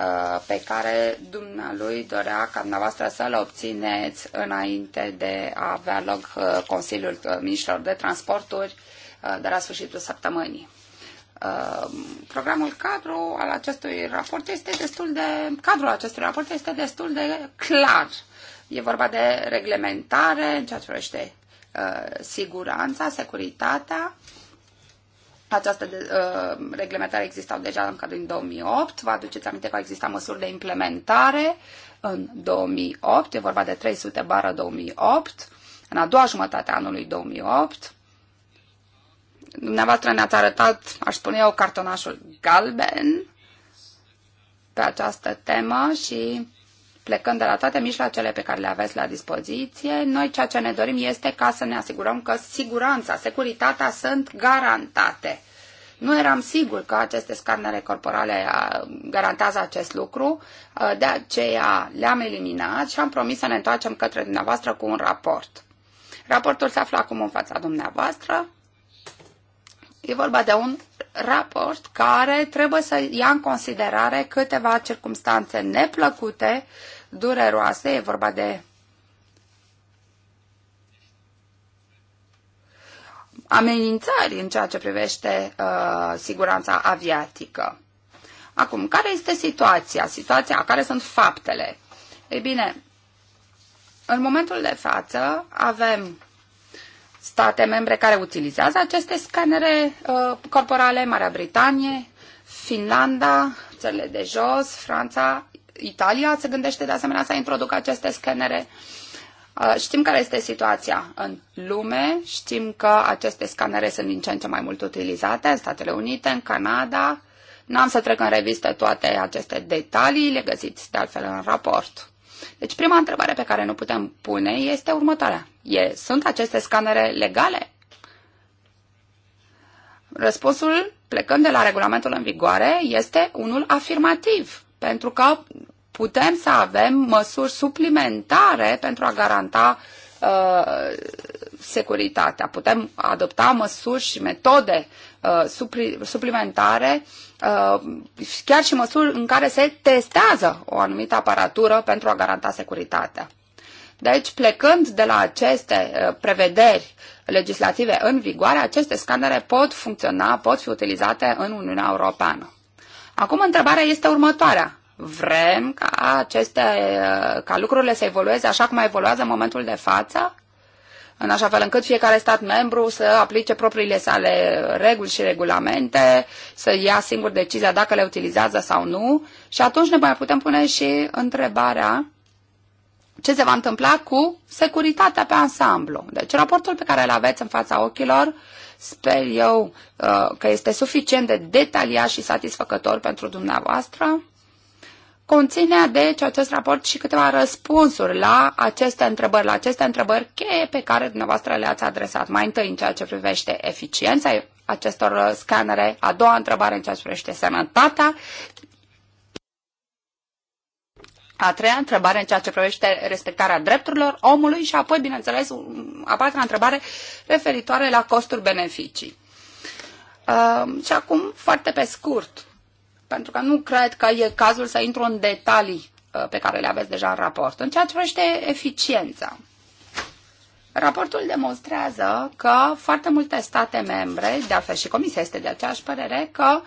Uh, pe care dumnealui dorea ca dumneavoastră să-l obțineți înainte de a avea loc uh, Consiliul uh, Ministrilor de Transporturi de la sfârșitul săptămânii. Programul cadru al acestui raport este destul de, cadrul acestui raport este destul de clar. E vorba de reglementare în ceea ce privește siguranța, securitatea, această de, uh, reglementare existau deja cadrul din 2008. Vă aduceți aminte că exista măsuri de implementare în 2008. E vorba de 300 bară 2008. În a doua jumătate a anului 2008. Dumneavoastră ne-ați arătat, aș spune eu, cartonașul galben pe această temă și plecând de la toate mijloacele pe care le aveți la dispoziție, noi ceea ce ne dorim este ca să ne asigurăm că siguranța, securitatea sunt garantate. Nu eram sigur că aceste scanere corporale garantează acest lucru, de aceea le-am eliminat și am promis să ne întoarcem către dumneavoastră cu un raport. Raportul se află acum în fața dumneavoastră. E vorba de un raport care trebuie să ia în considerare câteva circumstanțe neplăcute, dureroase, e vorba de amenințări în ceea ce privește uh, siguranța aviatică. Acum, care este situația? Situația, care sunt faptele? Ei bine, în momentul de față avem state membre care utilizează aceste scanere uh, corporale, Marea Britanie, Finlanda, țările de jos, Franța, Italia se gândește de asemenea să introducă aceste scanere. Uh, știm care este situația în lume, știm că aceste scanere sunt din ce în ce mai mult utilizate în Statele Unite, în Canada. N-am să trec în revistă toate aceste detalii, le găsiți de altfel în raport. Deci prima întrebare pe care nu putem pune este următoarea. E, sunt aceste scanere legale? Răspunsul, plecând de la regulamentul în vigoare, este unul afirmativ, pentru că putem să avem măsuri suplimentare pentru a garanta uh, securitatea. Putem adopta măsuri și metode Uh, suplimentare, uh, chiar și măsuri în care se testează o anumită aparatură pentru a garanta securitatea. Deci, plecând de la aceste uh, prevederi legislative în vigoare, aceste scanere pot funcționa, pot fi utilizate în Uniunea Europeană. Acum, întrebarea este următoarea. Vrem ca, aceste, ca lucrurile să evolueze așa cum evoluează în momentul de față? în așa fel încât fiecare stat membru să aplice propriile sale reguli și regulamente, să ia singur decizia dacă le utilizează sau nu și atunci ne mai putem pune și întrebarea ce se va întâmpla cu securitatea pe ansamblu. Deci raportul pe care îl aveți în fața ochilor, sper eu uh, că este suficient de detaliat și satisfăcător pentru dumneavoastră conține, deci, acest raport și câteva răspunsuri la aceste întrebări, la aceste întrebări cheie pe care dumneavoastră le-ați adresat. Mai întâi, în ceea ce privește eficiența acestor scanere, a doua întrebare în ceea ce privește sănătatea, a treia întrebare în ceea ce privește respectarea drepturilor omului și apoi, bineînțeles, a patra întrebare referitoare la costuri-beneficii. Uh, și acum, foarte pe scurt, pentru că nu cred că e cazul să intru în detalii uh, pe care le aveți deja în raport. În ceea ce privește eficiența, raportul demonstrează că foarte multe state membre, de altfel și Comisia este de aceeași părere, că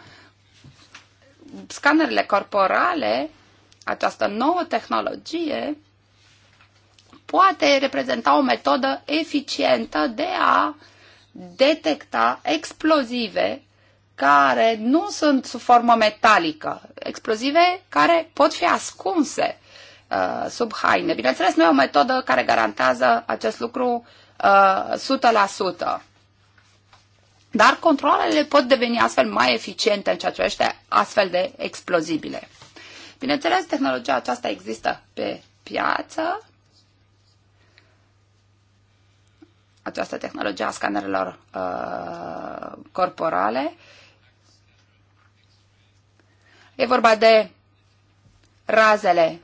scanerele corporale, această nouă tehnologie, poate reprezenta o metodă eficientă de a detecta explozive care nu sunt sub formă metalică, explozive care pot fi ascunse uh, sub haine. Bineînțeles, nu e o metodă care garantează acest lucru uh, 100%. Dar controlele pot deveni astfel mai eficiente în ceea ce este astfel de explozibile. Bineînțeles, tehnologia aceasta există pe piață. Această tehnologie a scanerelor uh, corporale. Uh, E vorba de razele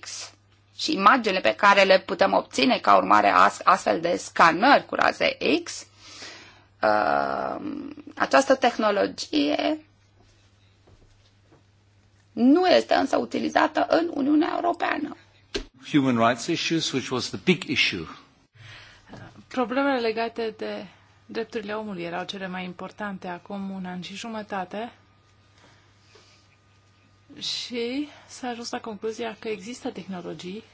X și imaginele pe care le putem obține ca urmare a astfel de scanări cu raze X. Uh, această tehnologie nu este însă utilizată în Uniunea Europeană. Human rights issues, which was the big issue. Problemele legate de drepturile omului erau cele mai importante acum un an și jumătate și s-a ajuns la concluzia că există tehnologii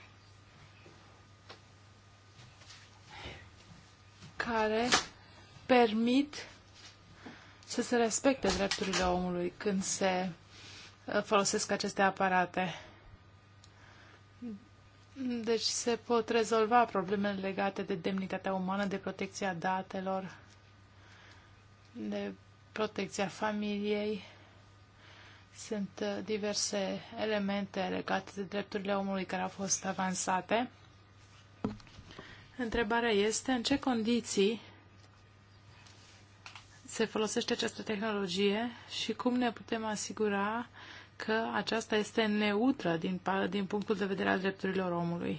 care permit să se respecte drepturile omului când se uh, folosesc aceste aparate. Deci se pot rezolva problemele legate de demnitatea umană, de protecția datelor, de protecția familiei. Sunt uh, diverse elemente legate de drepturile omului care au fost avansate. Întrebarea este în ce condiții se folosește această tehnologie și cum ne putem asigura că aceasta este neutră din, din punctul de vedere al drepturilor omului.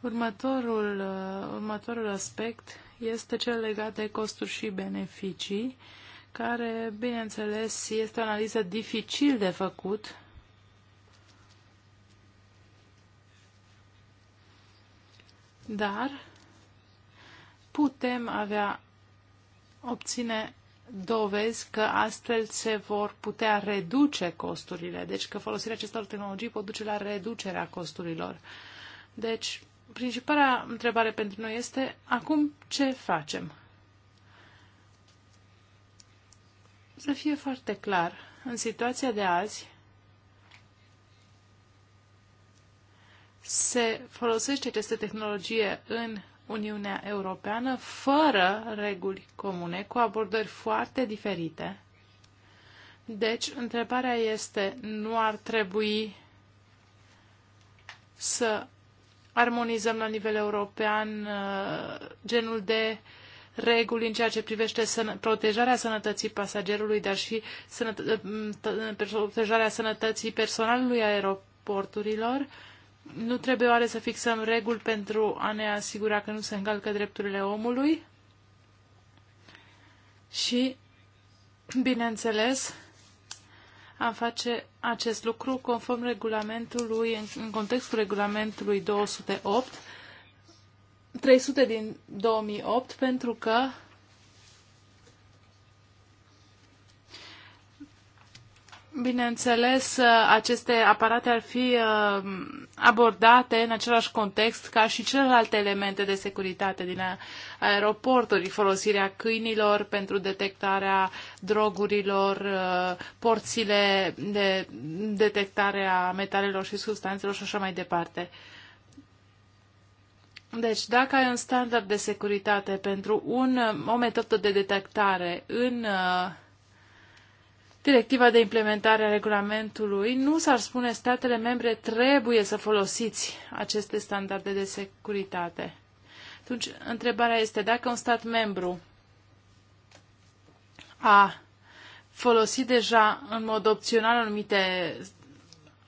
Următorul, uh, următorul aspect este cel legat de costuri și beneficii, care, bineînțeles, este o analiză dificil de făcut. Dar putem avea, obține dovezi că astfel se vor putea reduce costurile, deci că folosirea acestor tehnologii pot duce la reducerea costurilor. Deci, principala întrebare pentru noi este acum ce facem? Să fie foarte clar, în situația de azi se folosește această tehnologie în Uniunea Europeană fără reguli comune, cu abordări foarte diferite. Deci, întrebarea este, nu ar trebui să armonizăm la nivel european uh, genul de reguli în ceea ce privește sănă protejarea sănătății pasagerului, dar și sănătă uh, uh, protejarea sănătății personalului aeroporturilor. Nu trebuie oare să fixăm reguli pentru a ne asigura că nu se încalcă drepturile omului? Și, bineînțeles, am face acest lucru conform regulamentului, în contextul regulamentului 208, 300 din 2008, pentru că Bineînțeles, aceste aparate ar fi uh, abordate în același context ca și celelalte elemente de securitate din aeroporturi, folosirea câinilor pentru detectarea drogurilor, uh, porțile de detectare a metalelor și substanțelor și așa mai departe. Deci, dacă ai un standard de securitate pentru un, o metodă de detectare în uh, directiva de implementare a regulamentului, nu s-ar spune statele membre trebuie să folosiți aceste standarde de securitate. Atunci, întrebarea este dacă un stat membru a folosit deja în mod opțional anumite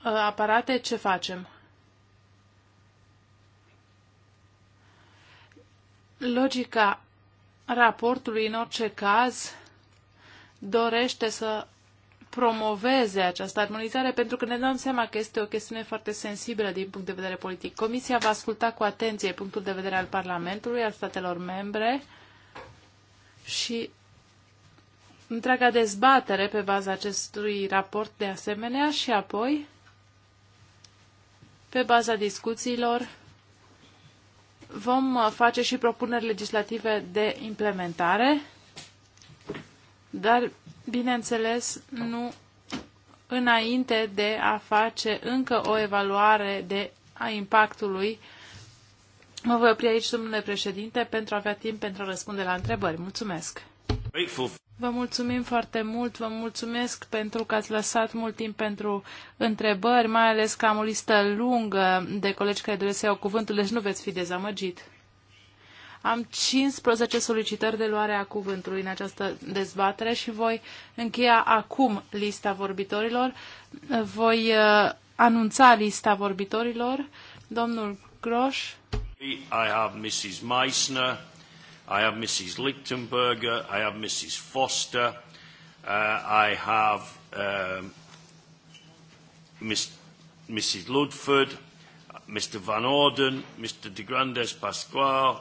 uh, aparate, ce facem? Logica raportului, în orice caz, dorește să promoveze această armonizare, pentru că ne dăm seama că este o chestiune foarte sensibilă din punct de vedere politic. Comisia va asculta cu atenție punctul de vedere al Parlamentului, al statelor membre și întreaga dezbatere pe baza acestui raport de asemenea și apoi pe baza discuțiilor vom face și propuneri legislative de implementare dar, bineînțeles, nu înainte de a face încă o evaluare de, a impactului. Mă voi opri aici, domnule președinte, pentru a avea timp pentru a răspunde la întrebări. Mulțumesc! Vă mulțumim foarte mult, vă mulțumesc pentru că ați lăsat mult timp pentru întrebări, mai ales că am o listă lungă de colegi care doresc să iau cuvântul, deci nu veți fi dezamăgit. Am 15 solicitări de luare a cuvântului în această dezbatere și voi încheia acum lista vorbitorilor. Voi uh, anunța lista vorbitorilor. Domnul Groș. I have Mrs. Meissner, I have Mrs. Lichtenberger, I have Mrs. Foster, uh, I have um, Miss, Mrs. Ludford, Mr. Van Orden, Mr. de Grandes Pasquale,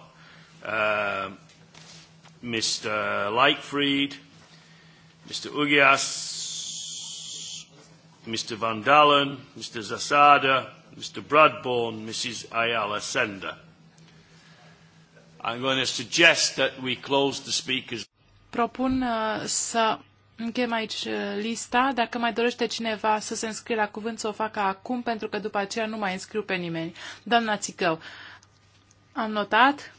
Uh, Mr. Lightfried, Mr. Ugias, Mr. Van Dalen, Mr. Zasada, Mr. Bradbourne, Mrs. Ayala Sender. I'm going to suggest that we close the speakers. Propun uh, să Închem aici uh, lista. Dacă mai dorește cineva să se înscrie la cuvânt, să o facă acum, pentru că după aceea nu mai înscriu pe nimeni. Doamna Țicău, am notat.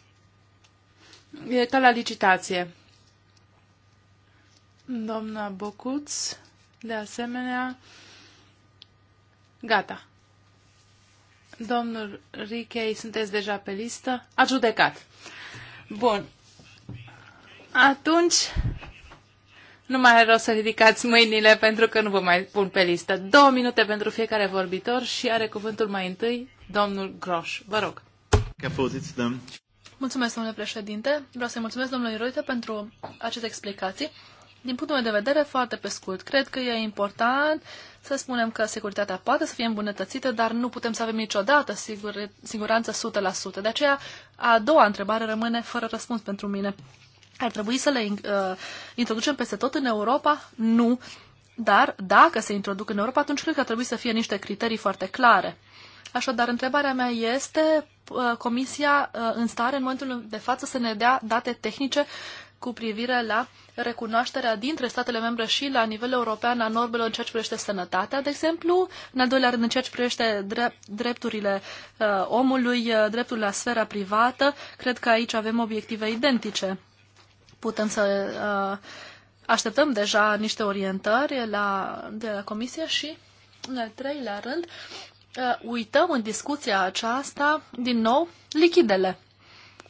E ca la licitație. Doamna Bocuț, de asemenea, gata. Domnul Richei, sunteți deja pe listă? A judecat. Bun. Atunci, nu mai are rost să ridicați mâinile pentru că nu vă mai pun pe listă. Două minute pentru fiecare vorbitor și are cuvântul mai întâi domnul Groș. Vă rog. Mulțumesc, domnule președinte. Vreau să-i mulțumesc domnului Roite pentru aceste explicații. Din punctul meu de vedere, foarte pe scurt, cred că e important să spunem că securitatea poate să fie îmbunătățită, dar nu putem să avem niciodată sigur, siguranță 100%. De aceea, a doua întrebare rămâne fără răspuns pentru mine. Ar trebui să le uh, introducem peste tot în Europa? Nu. Dar dacă se introduc în Europa, atunci cred că ar trebui să fie niște criterii foarte clare. Așadar, întrebarea mea este, Comisia ă, în stare în momentul de față să ne dea date tehnice cu privire la recunoașterea dintre statele membre și la nivel european a normelor în ceea ce privește sănătatea, de exemplu, în al doilea rând în ceea ce privește drepturile ă, omului, ă, dreptul la sfera privată, cred că aici avem obiective identice. Putem să așteptăm deja niște orientări la, de la Comisie și, în al treilea rând, Uh, uităm în discuția aceasta, din nou, lichidele.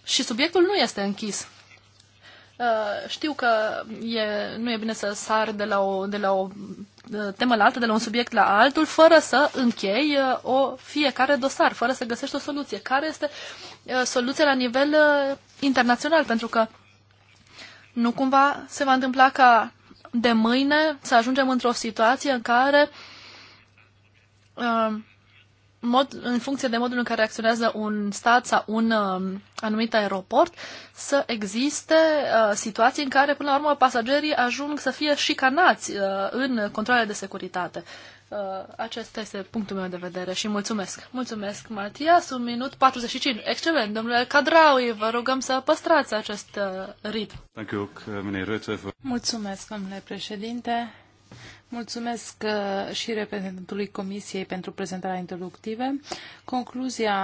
Și subiectul nu este închis. Uh, știu că e, nu e bine să sar de la, o, de la o uh, temă la altă, de la un subiect la altul, fără să închei o fiecare dosar, fără să găsești o soluție. Care este soluția la nivel internațional? Pentru că nu cumva se va întâmpla ca de mâine să ajungem într-o situație în care uh, mod, în funcție de modul în care acționează un stat sau un uh, anumit aeroport, să existe uh, situații în care, până la urmă, pasagerii ajung să fie șicanați uh, în controle de securitate. Uh, acesta este punctul meu de vedere și mulțumesc. Mulțumesc, Matias. Un minut 45. Excelent. Domnule Cadraui, vă rugăm să păstrați acest uh, rit. Uh, mulțumesc, domnule președinte. Mulțumesc uh, și reprezentantului Comisiei pentru prezentarea introductivă. Concluzia,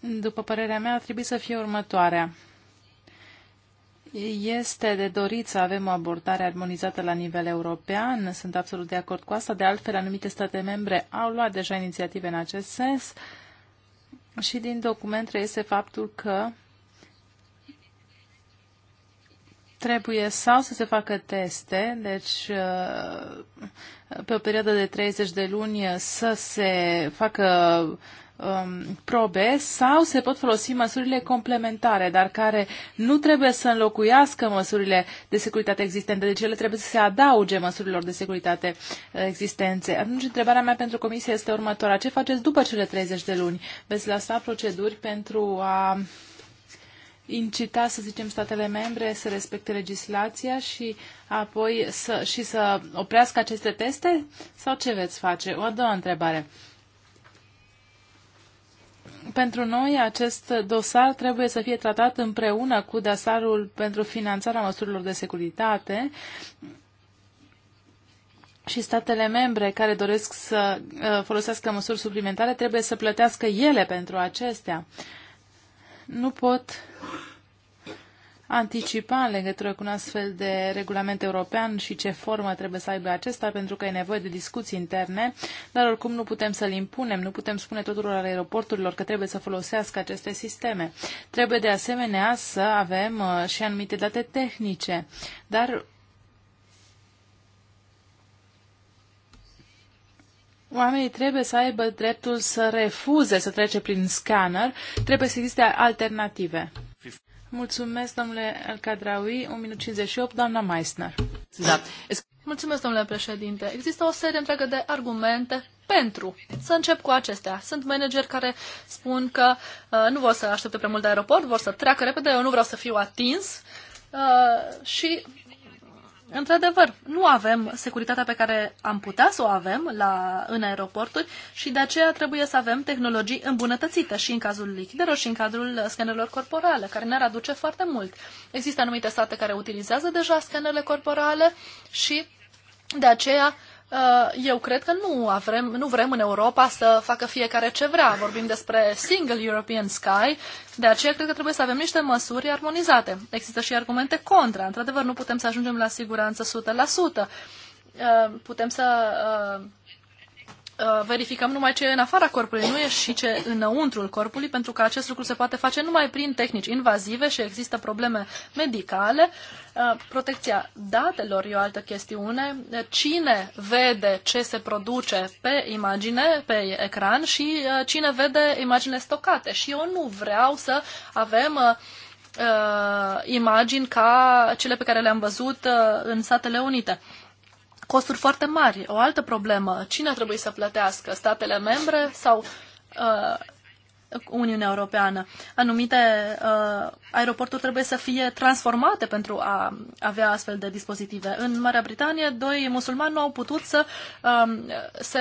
după părerea mea, ar trebui să fie următoarea. Este de dorit să avem o abordare armonizată la nivel european. Sunt absolut de acord cu asta. De altfel, anumite state membre au luat deja inițiative în acest sens. Și din document reiese faptul că trebuie sau să se facă teste, deci uh, pe o perioadă de 30 de luni să se facă um, probe sau se pot folosi măsurile complementare, dar care nu trebuie să înlocuiască măsurile de securitate existente, deci ele trebuie să se adauge măsurilor de securitate uh, existențe. Atunci, întrebarea mea pentru comisie este următoarea. Ce faceți după cele 30 de luni? Veți lăsa proceduri pentru a uh, incita, să zicem, statele membre să respecte legislația și apoi să, și să oprească aceste teste? Sau ce veți face? O a doua întrebare. Pentru noi, acest dosar trebuie să fie tratat împreună cu dosarul pentru finanțarea măsurilor de securitate și statele membre care doresc să uh, folosească măsuri suplimentare trebuie să plătească ele pentru acestea. Uh, nu pot anticipa în legătură cu un astfel de regulament european și ce formă trebuie să aibă acesta, pentru că e nevoie de discuții interne, dar oricum nu putem să-l impunem, nu putem spune tuturor aeroporturilor că trebuie să folosească aceste sisteme. Trebuie de asemenea să avem uh, și anumite date tehnice, dar Oamenii trebuie să aibă dreptul să refuze să trece prin scanner. Trebuie să existe alternative. Mulțumesc, domnule Cadraui, 1 minut 58, doamna Meissner. Da. Mulțumesc, domnule președinte. Există o serie întreagă de argumente pentru. Să încep cu acestea. Sunt manageri care spun că uh, nu vor să aștepte prea mult de aeroport, vor să treacă repede, eu nu vreau să fiu atins. Uh, și Într-adevăr, nu avem securitatea pe care am putea să o avem la, în aeroporturi și de aceea trebuie să avem tehnologii îmbunătățite și în cazul lichidelor și în cadrul scanerelor corporale, care ne-ar aduce foarte mult. Există anumite state care utilizează deja scanerele corporale și de aceea Uh, eu cred că nu, avrem, nu vrem în Europa să facă fiecare ce vrea. Vorbim despre Single European Sky, de aceea cred că trebuie să avem niște măsuri armonizate. Există și argumente contra. Într-adevăr, nu putem să ajungem la siguranță 100%. Uh, putem să uh, Uh, verificăm numai ce e în afara corpului, nu e și ce înăuntrul corpului, pentru că acest lucru se poate face numai prin tehnici invazive și există probleme medicale. Uh, protecția datelor e o altă chestiune. Cine vede ce se produce pe imagine, pe ecran și uh, cine vede imagine stocate. Și eu nu vreau să avem imagini ca cele pe care le-am văzut în Statele Unite costuri foarte mari. O altă problemă, cine trebuie să plătească? Statele membre sau uh, Uniunea Europeană. Anumite uh, aeroporturi trebuie să fie transformate pentru a avea astfel de dispozitive. În Marea Britanie, doi musulmani nu au putut să uh, se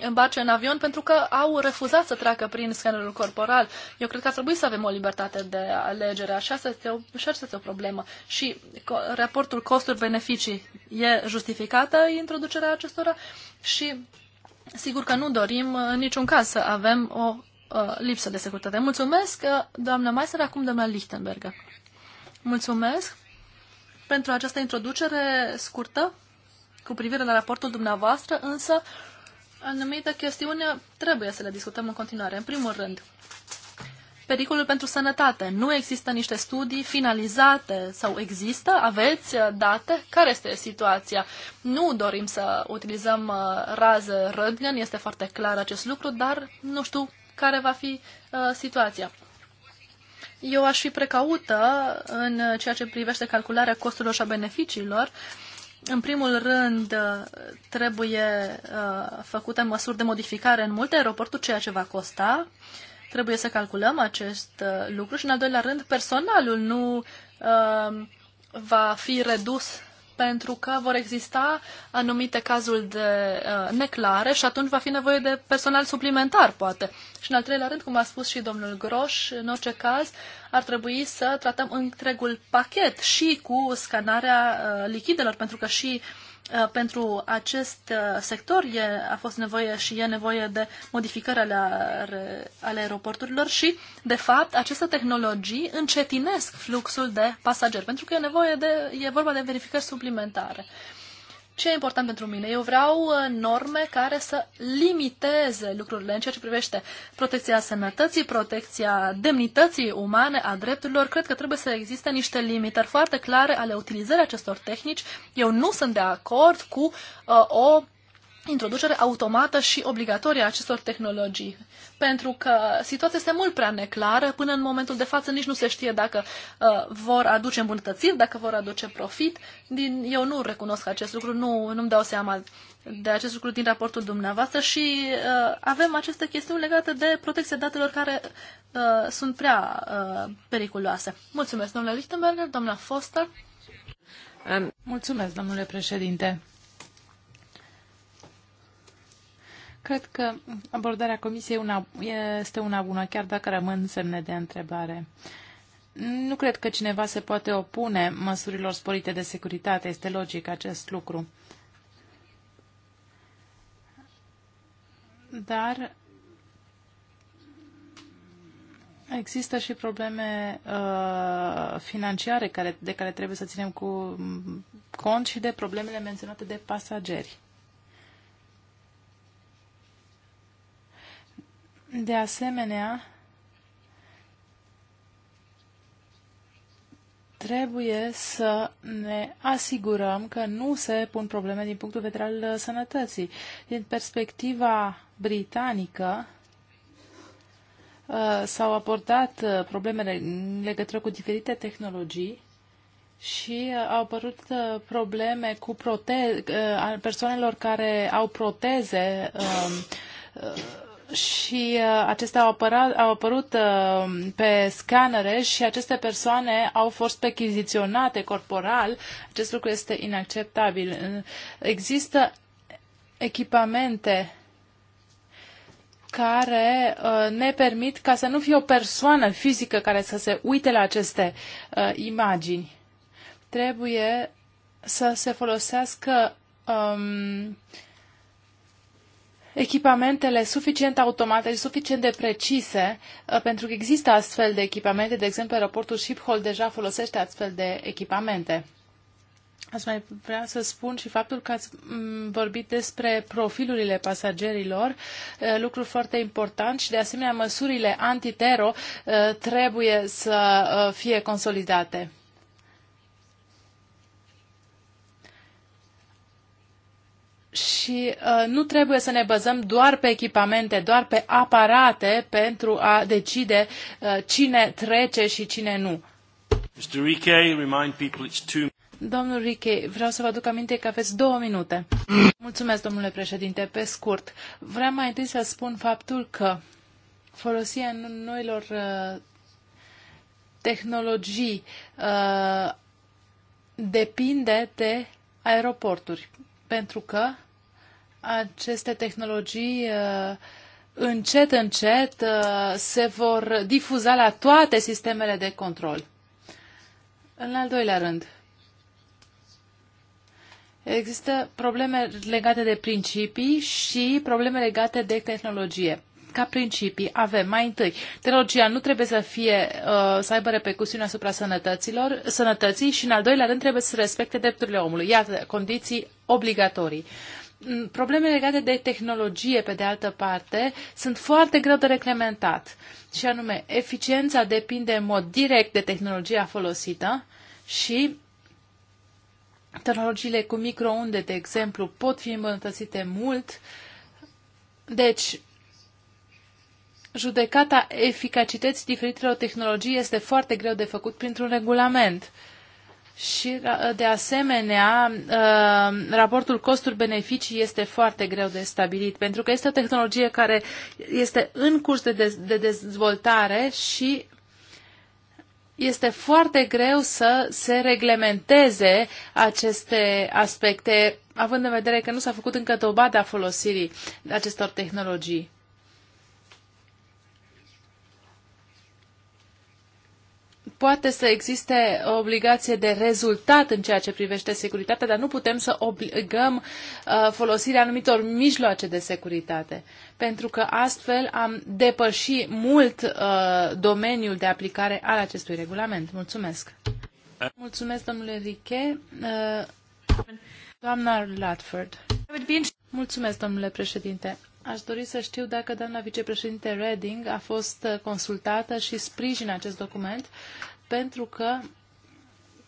îmbarce în avion pentru că au refuzat să treacă prin scanerul corporal. Eu cred că ar trebui să avem o libertate de alegere. Așa este o, așa este o problemă. Și co- raportul costuri-beneficii e justificată introducerea acestora și Sigur că nu dorim în uh, niciun caz să avem o Uh, lipsă de securitate. Mulțumesc, uh, doamna Meister, acum doamna Lichtenberger. Mulțumesc pentru această introducere scurtă cu privire la raportul dumneavoastră, însă anumite chestiuni trebuie să le discutăm în continuare. În primul rând, pericolul pentru sănătate. Nu există niște studii finalizate sau există? Aveți uh, date? Care este situația? Nu dorim să utilizăm raze Röntgen, este foarte clar acest lucru, dar nu știu care va fi uh, situația. Eu aș fi precaută în ceea ce privește calcularea costurilor și a beneficiilor. În primul rând, uh, trebuie uh, făcute măsuri de modificare în multe aeroporturi, ceea ce va costa. Trebuie să calculăm acest uh, lucru și, în al doilea rând, personalul nu uh, va fi redus pentru că vor exista anumite cazuri de uh, neclare și atunci va fi nevoie de personal suplimentar, poate. Și în al treilea rând, cum a spus și domnul Groș, în orice caz, ar trebui să tratăm întregul pachet și cu scanarea uh, lichidelor, pentru că și uh, Uh, pentru acest uh, sector e, a fost nevoie și e nevoie de modificări ale, ale aeroporturilor și, de fapt, aceste tehnologii încetinesc fluxul de pasageri, pentru că e, nevoie de, e vorba de verificări suplimentare. Ce e important pentru mine? Eu vreau uh, norme care să limiteze lucrurile în ceea ce privește protecția sănătății, protecția demnității umane, a drepturilor. Cred că trebuie să existe niște limitări foarte clare ale utilizării acestor tehnici. Eu nu sunt de acord cu uh, o introducere automată și obligatorie a acestor tehnologii. Pentru că situația este mult prea neclară, până în momentul de față nici nu se știe dacă uh, vor aduce îmbunătățiri, dacă vor aduce profit. Din, eu nu recunosc acest lucru, nu, nu-mi dau seama de acest lucru din raportul dumneavoastră și uh, avem aceste chestiuni legate de protecția datelor care uh, sunt prea uh, periculoase. Mulțumesc, domnule Lichtenberger, doamna Foster. Mulțumesc, domnule președinte. Cred că abordarea comisiei una, este una bună, chiar dacă rămân semne de întrebare. Nu cred că cineva se poate opune măsurilor sporite de securitate. Este logic acest lucru. Dar Există și probleme uh, financiare care, de care trebuie să ținem cu cont și de problemele menționate de pasageri. De asemenea, trebuie să ne asigurăm că nu se pun probleme din punctul de vedere al uh, sănătății. Din perspectiva britanică, uh, s-au abordat uh, probleme în legătură cu diferite tehnologii și au apărut probleme cu prote- persoanelor care au proteze um, și uh, acestea au, apărat, au apărut uh, pe scanere și aceste persoane au fost pechiziționate corporal. Acest lucru este inacceptabil. Există echipamente care uh, ne permit ca să nu fie o persoană fizică care să se uite la aceste uh, imagini. Trebuie să se folosească um, echipamentele suficient automate și suficient de precise, uh, pentru că există astfel de echipamente, de exemplu, aeroportul Schiphol deja folosește astfel de echipamente. Aș mai vrea să spun și faptul că ați mm, vorbit despre profilurile pasagerilor, uh, lucru foarte important și de asemenea măsurile antitero uh, trebuie să fie consolidate. și uh, nu trebuie să ne bazăm doar pe echipamente, doar pe aparate pentru a decide uh, cine trece și cine nu. Mr. Rike, remind people it's two... Domnul Riche, vreau să vă aduc aminte că aveți două minute. Mulțumesc, domnule președinte, pe scurt. Vreau mai întâi să spun faptul că folosirea noilor uh, tehnologii uh, depinde de aeroporturi, pentru că aceste tehnologii uh, încet, încet uh, se vor difuza la toate sistemele de control. În al doilea rând, există probleme legate de principii și probleme legate de tehnologie. Ca principii avem mai întâi, tehnologia nu trebuie să fie uh, să aibă repercusiuni asupra sănătăților, sănătății și în al doilea rând trebuie să respecte drepturile omului. Iată, condiții obligatorii. Uh, Mm, Probleme legate de tehnologie, pe de altă parte, sunt foarte greu de reclementat. Și anume, eficiența depinde în mod direct de tehnologia folosită și tehnologiile cu microunde, de exemplu, pot fi îmbunătățite mult. Deci, judecata eficacității diferitelor tehnologii este foarte greu de făcut printr-un regulament. Uh, și, uh, de asemenea, uh, raportul costuri-beneficii este foarte greu de stabilit, pentru că este o tehnologie care este în curs de dezvoltare și este foarte greu să se reglementeze aceste aspecte, având în vedere că nu s-a făcut încă dobada folosirii acestor tehnologii. poate să existe o obligație de rezultat în ceea ce privește securitatea, dar nu putem să obligăm uh, folosirea anumitor mijloace de securitate, pentru că astfel am depăși mult uh, domeniul de aplicare al acestui regulament. Mulțumesc! Mulțumesc, domnule Riche. Uh, doamna Latford. Mulțumesc, domnule președinte. Aș dori să știu dacă doamna vicepreședinte Reding a fost uh, consultată și sprijină acest document, pentru că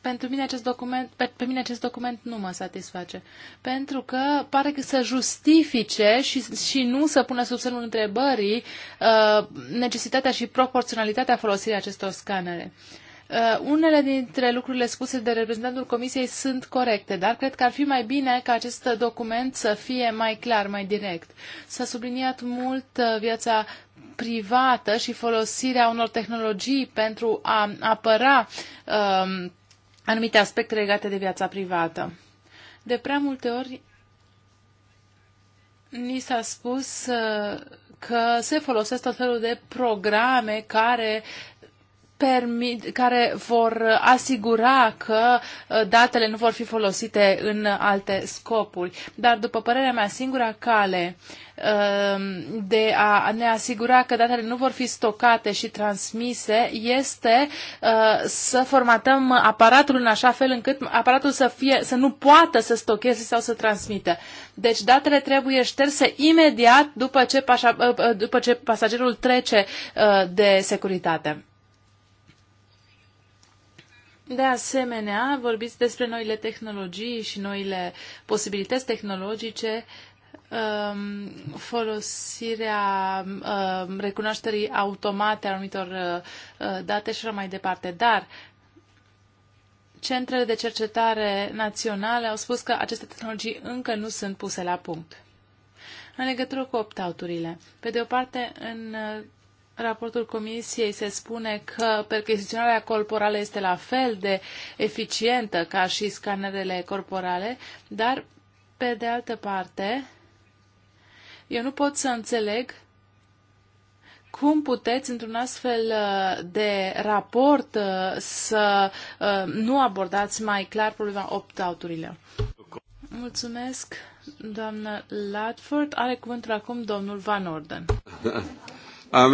pentru mine acest document, pe, pe mine acest document nu mă satisface. Pentru că pare că să justifice și, și nu să pună sub semnul întrebării uh, necesitatea și proporționalitatea folosirii acestor scanere. Uh, Uh, unele dintre lucrurile spuse de reprezentantul Comisiei sunt corecte, dar cred că ar fi mai bine ca acest document să fie mai clar, mai direct. S-a subliniat mult uh, viața privată și folosirea unor tehnologii pentru a apăra uh, anumite aspecte legate de viața privată. De prea multe ori ni s-a spus uh, că se folosesc tot felul de programe care permit, care vor asigura că uh, datele nu vor fi folosite în alte scopuri. Dar, după părerea mea, singura cale um, de a ne asigura că datele nu vor fi stocate și transmise este uh, să formatăm aparatul în așa fel încât aparatul să, fie, să nu poată să stocheze sau să transmită. Deci datele trebuie șterse imediat după ce, pașa, uh, după ce pasagerul trece de securitate. De asemenea, vorbiți despre noile tehnologii și noile posibilități tehnologice, um, folosirea um, recunoașterii automate a anumitor uh, uh, date și așa mai departe. Dar centrele de cercetare naționale au spus că aceste tehnologii încă nu sunt puse la punct. În legătură cu opt out pe de o parte, în uh, raportul Comisiei se spune că percheziționarea corporală este la fel de eficientă ca și scanerele corporale, dar, pe de altă parte, eu nu pot să înțeleg cum puteți, într-un astfel uh, de raport, uh, să uh, nu abordați mai clar problema opt out Mulțumesc, doamnă Latford. Are cuvântul acum domnul Van Orden. Uh,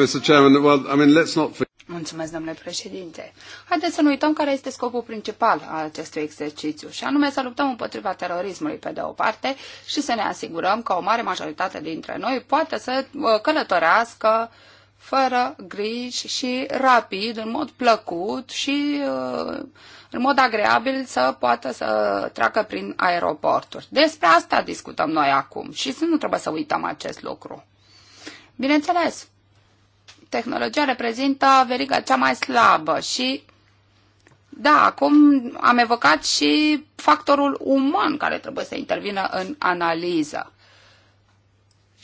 Mulțumesc, domnule președinte. Haideți să nu uităm care este scopul principal al acestui exercițiu, și anume să luptăm împotriva terorismului pe de o parte și să ne asigurăm că o mare majoritate dintre noi poate să uh, călătorească fără griji și rapid, în mod plăcut și uh, în mod agreabil să poată să treacă prin aeroporturi. Despre asta discutăm noi acum și să nu trebuie să uităm acest lucru. Bineînțeles, tehnologia reprezintă veriga cea mai slabă și da, acum am evocat și factorul uman care trebuie să intervină în analiză.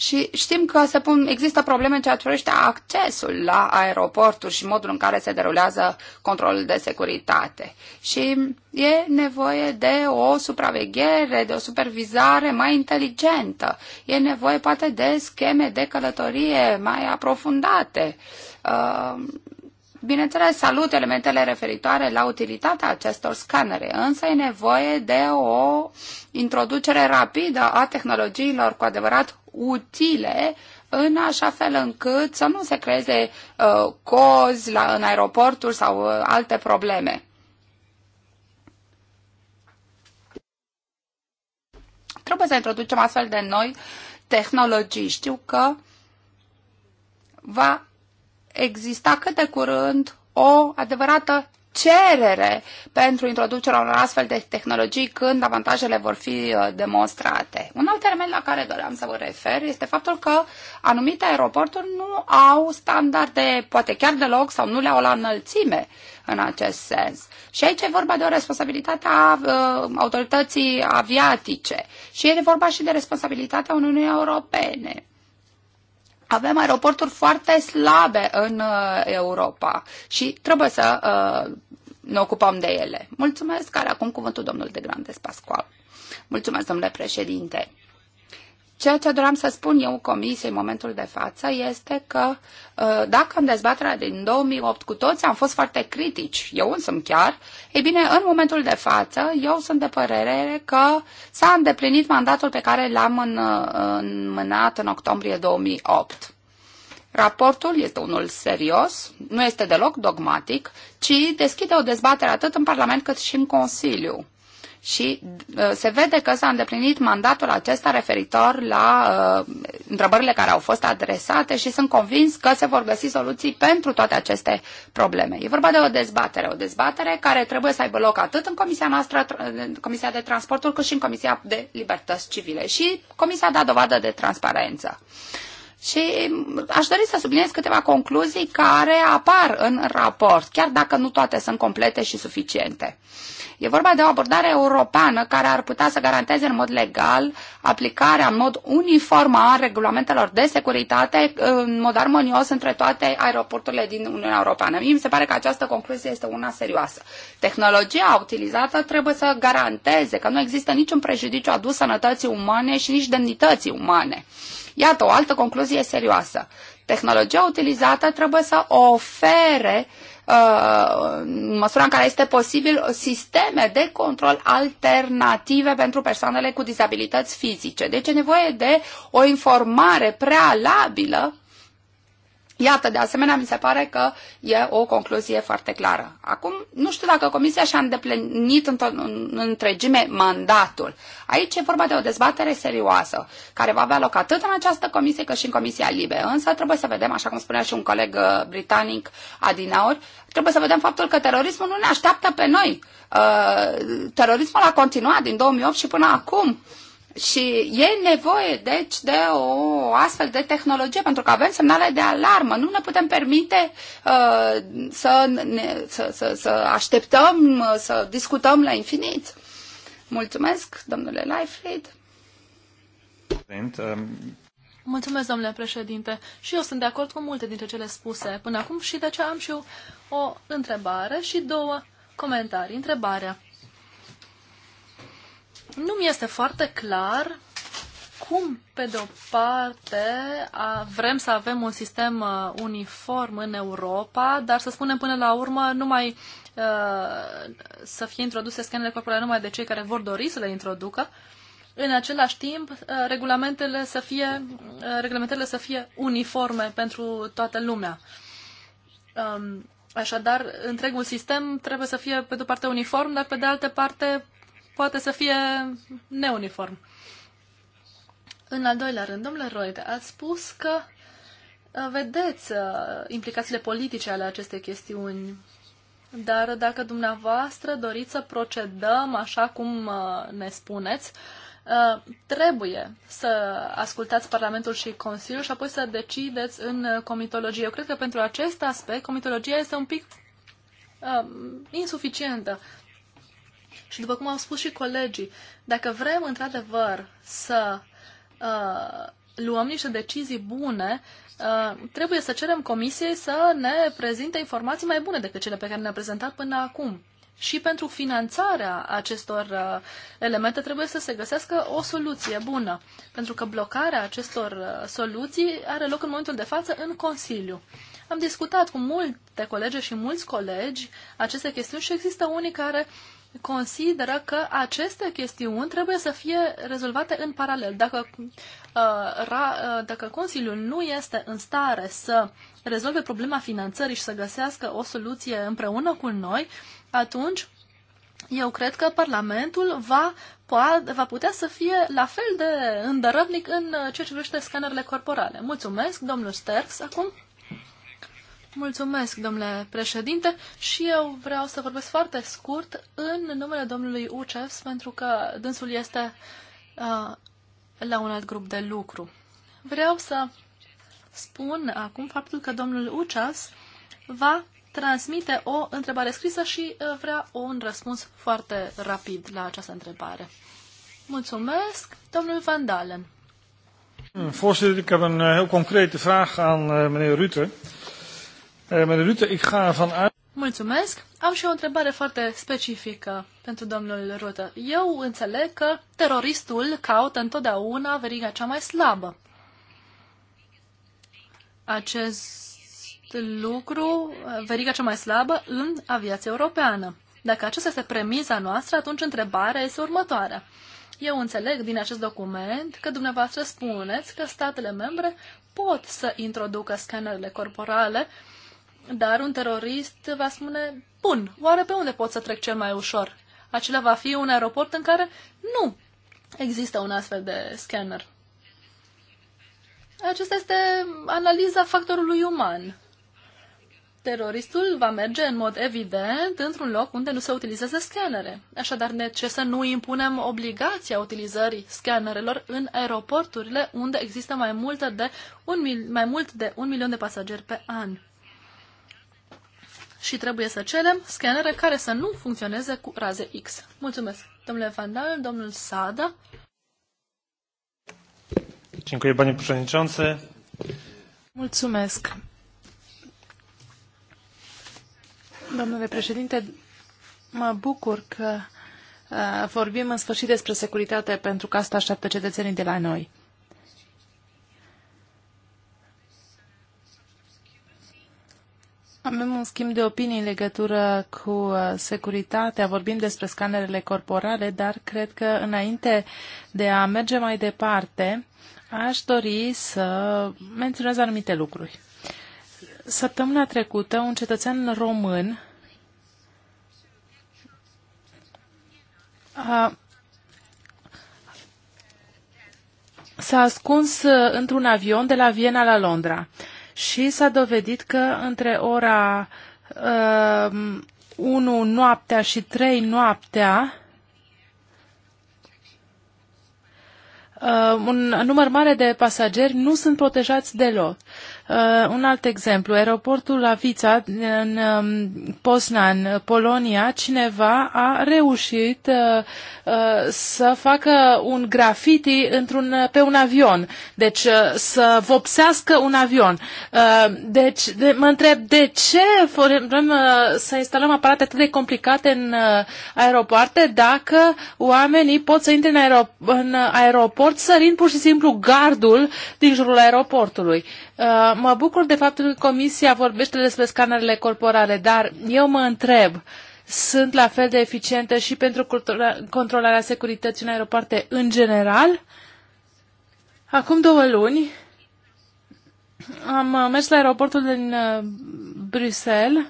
Și știm că se pun, există probleme în ceea ce privește accesul la aeroporturi și modul în care se derulează controlul de securitate. Și e nevoie de o supraveghere, de o supervizare mai inteligentă. E nevoie poate de scheme de călătorie mai aprofundate. Uh, Bineînțeles, salut elementele referitoare la utilitatea acestor scanere, însă e nevoie de o introducere rapidă a tehnologiilor cu adevărat utile în așa fel încât să nu se creeze uh, cozi la, în aeroporturi sau uh, alte probleme. Trebuie să introducem astfel de noi tehnologii. Știu că va exista cât de curând o adevărată cerere pentru introducerea unor astfel de tehnologii când avantajele vor fi uh, demonstrate. Un alt termen la care doream să vă refer este faptul că anumite aeroporturi nu au standarde, poate chiar deloc, sau nu le-au la înălțime în acest sens. Și aici e vorba de o responsabilitate a uh, autorității aviatice și e vorba și de responsabilitatea Uniunii Europene avem aeroporturi foarte slabe în uh, Europa și trebuie să uh, ne ocupăm de ele. Mulțumesc, care acum cuvântul domnul de Grandes Pascual. Mulțumesc, domnule președinte. Ceea ce doream să spun eu comisiei în momentul de față este că uh, dacă în dezbaterea din 2008 cu toți am fost foarte critici, eu însă chiar, e bine, în momentul de față eu sunt de părere că s-a îndeplinit mandatul pe care l-am uh, înmânat în octombrie 2008. Raportul este unul serios, nu este deloc dogmatic, ci deschide o dezbatere atât în Parlament cât și în Consiliu și uh, se vede că s-a îndeplinit mandatul acesta referitor la uh, întrebările care au fost adresate și sunt convins că se vor găsi soluții pentru toate aceste probleme. E vorba de o dezbatere, o dezbatere care trebuie să aibă loc atât în Comisia noastră, în Comisia de Transporturi, cât și în Comisia de Libertăți Civile și Comisia a dat dovadă de transparență. Și aș dori să subliniez câteva concluzii care apar în raport, chiar dacă nu toate sunt complete și suficiente. Uh, E vorba de o abordare europeană care ar putea să garanteze în mod legal aplicarea în mod uniform a regulamentelor de securitate în mod armonios între toate aeroporturile din Uniunea Europeană. Mie mi se pare că această concluzie este una serioasă. Tehnologia utilizată trebuie să garanteze că nu există niciun prejudiciu adus sănătății umane și nici demnității umane. Iată o altă concluzie serioasă. Tehnologia utilizată trebuie să ofere Uh, în măsura în care este posibil, sisteme de control alternative pentru persoanele cu dizabilități fizice. Deci e nevoie de o informare prealabilă Iată, de asemenea, mi se pare că e o concluzie foarte clară. Acum, nu știu dacă Comisia și-a îndeplinit în, în întregime mandatul. Aici e vorba de o dezbatere serioasă, care va avea loc atât în această comisie cât și în Comisia Libe. Însă trebuie să vedem, așa cum spunea și un coleg uh, britanic, Adinaur, trebuie să vedem faptul că terorismul nu ne așteaptă pe noi. Uh, terorismul a continuat din 2008 și până acum. Și e nevoie, deci, de o astfel de tehnologie, pentru că avem semnale de alarmă. Nu ne putem permite uh, să, ne, să, să, să așteptăm, să discutăm la infinit. Mulțumesc, domnule Leifried. Um, Mulțumesc, domnule președinte. Și eu sunt de acord cu multe dintre cele spuse până acum și de aceea am și eu o întrebare și două comentarii. Întrebarea. Nu mi este foarte clar cum, pe de o parte, a, vrem să avem un sistem uh, uniform în Europa, dar să spunem până la urmă numai uh, să fie introduse scanele corporale numai de cei care vor dori să le introducă, în același timp, uh, regulamentele să fie, uh, reglementările să fie uniforme pentru toată lumea. Um, Așadar, întregul sistem trebuie să fie, pe de-o parte, uniform, dar, pe de altă parte, poate să fie neuniform. În al doilea rând, domnule Roide, ați spus că uh, vedeți uh, implicațiile politice ale acestei chestiuni, dar dacă dumneavoastră doriți să procedăm așa cum uh, ne spuneți, trebuie să ascultați Parlamentul și Consiliul și apoi să decideți în comitologie. Eu cred că pentru acest aspect comitologia este un pic uh, insuficientă. Și după cum au spus și colegii, dacă vrem într-adevăr să uh, luăm niște decizii bune, uh, trebuie să cerem comisiei să ne prezinte informații mai bune decât cele pe care le-a prezentat până acum. Și pentru finanțarea acestor uh, elemente trebuie să se găsească o soluție bună, pentru că blocarea acestor uh, soluții are loc în momentul de față în Consiliu. Am discutat cu multe colege și mulți colegi aceste chestiuni și există unii care uh, consideră că aceste chestiuni trebuie să fie rezolvate în paralel. Dacă, uh, ra, uh, dacă Consiliul nu este în stare să rezolve problema finanțării și să găsească o soluție împreună cu noi, atunci eu cred că Parlamentul va, va putea să fie la fel de îndărăvnic în uh, ceea ce privește scanerele corporale. Mulțumesc, domnul Sterks. Acum Mulțumesc, domnule președinte, și eu vreau să vorbesc foarte scurt în numele domnului Ucevs, pentru că dânsul este uh, la un alt grup de lucru. Vreau să spun acum faptul că domnul Ucevs va transmite o întrebare scrisă și uh, vrea un răspuns foarte rapid la această întrebare. Mulțumesc, domnul Van Dalen. Voorzitter, ik heb een uh, heel concrete vraag aan uh, meneer Rutte. Eh, meneer Rutte, ik ga Mulțumesc. Am și o întrebare foarte specifică pentru domnul Rută. Eu înțeleg că teroristul caută întotdeauna veriga cea mai slabă. Acest lucru, eh, veriga cea mai slabă în aviația europeană. Dacă aceasta este premiza noastră, atunci întrebarea este următoarea. Eu înțeleg din acest document că dumneavoastră spuneți că statele membre pot să introducă scanerele corporale uh, dar un terorist va spune, bun, oare pe unde pot să trec cel mai ușor? Acela va fi un aeroport în care nu există un astfel de scanner. Acesta este analiza factorului uman. Teroristul va merge în mod evident într-un loc unde nu se utilizează scanere. Așadar, ne ce să nu impunem obligația utilizării scanerelor în aeroporturile unde există mai, multă de un mil- mai mult de un milion de pasageri pe an și trebuie să cerem scanere care să nu funcționeze cu raze X. Mulțumesc. Domnule Vandal, domnul Sada. Mulțumesc. Domnule președinte, mă bucur că uh, vorbim în sfârșit despre securitate, pentru că asta așteaptă cetățenii de la noi. Avem un schimb de opinii în legătură cu uh, securitatea. Vorbim despre scanerele corporale, dar cred că înainte de a merge mai departe, aș dori să menționez anumite lucruri. Săptămâna trecută, un cetățean român a s-a ascuns uh, într-un avion de la Viena la Londra și s-a dovedit că între ora uh, um, 1 noaptea și 3 noaptea uh, un număr mare de pasageri nu sunt protejați deloc. Uh, Uh, un alt exemplu, aeroportul Lavița în um, Poznan, Polonia, cineva a reușit uh, uh, să facă un graffiti într-un, pe un avion, deci să vopsească un avion. Deci de, mă întreb de ce vrem să instalăm aparate atât de complicate în aeropoarte dacă oamenii pot să intre în, aerop- în aeroport sărind pur și simplu gardul din jurul aeroportului. Uh, mă bucur de faptul că Comisia vorbește despre scanerele corporale, dar eu mă întreb, sunt la fel de eficiente și pentru controlarea securității în aeroporte în general? Acum două luni am uh, mers la aeroportul din uh, Bruxelles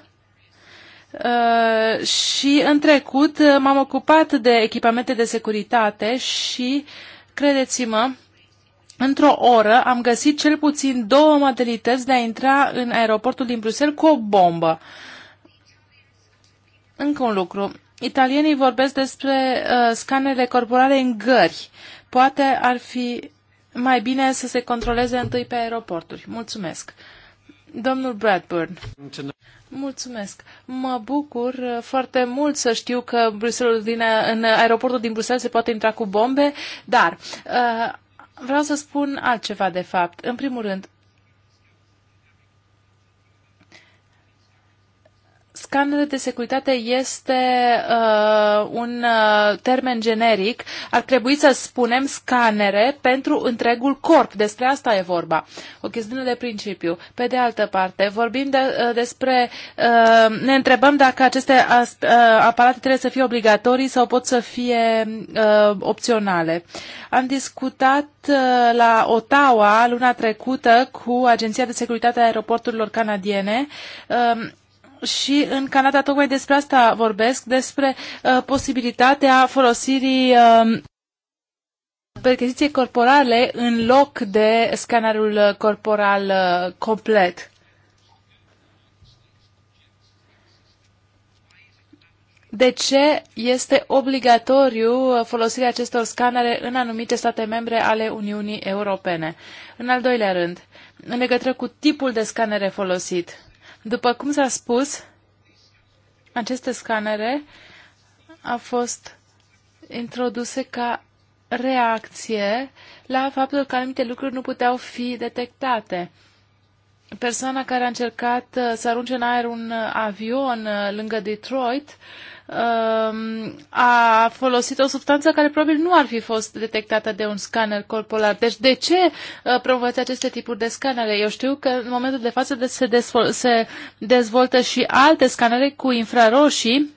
și în trecut m-am ocupat de echipamente de securitate și, credeți-mă, Într-o oră am găsit cel puțin două modalități de a intra în aeroportul din Bruxelles cu o bombă. Încă un lucru. Italienii vorbesc despre uh, scanele corporale în gări. Poate ar fi mai bine să se controleze întâi pe aeroporturi. Mulțumesc. Domnul Bradburn. Mulțumesc. Mă bucur uh, foarte mult să știu că Bruxelles din, uh, în aeroportul din Bruxelles se poate intra cu bombe, dar uh, Vreau să spun altceva, de fapt. În primul rând, Scanele de securitate este uh, un uh, termen generic. Ar trebui să spunem scanere pentru întregul corp. Despre asta e vorba. O chestiune de principiu. Pe de altă parte, vorbim de, uh, despre. Uh, ne întrebăm dacă aceste as, uh, aparate trebuie să fie obligatorii sau pot să fie uh, opționale. Am discutat uh, la Ottawa luna trecută cu Agenția de Securitate a Aeroporturilor Canadiene. Uh, și în Canada tocmai despre asta vorbesc, despre uh, posibilitatea folosirii uh, percheziției corporale în loc de scanerul uh, corporal uh, complet. De ce este obligatoriu uh, folosirea acestor scanere în anumite state membre ale Uniunii Europene? În al doilea rând, în legătură cu tipul de scanere folosit. După cum s-a spus, aceste scanere au fost introduse ca reacție la faptul că anumite lucruri nu puteau fi detectate. Persoana care a încercat uh, să arunce în aer un uh, avion uh, lângă Detroit Um, a folosit o substanță care probabil nu ar fi fost detectată de un scanner corporal. Deci de ce uh, promovați aceste tipuri de scanere? Eu știu că în momentul de față se, se dezvoltă și alte scanere cu infraroșii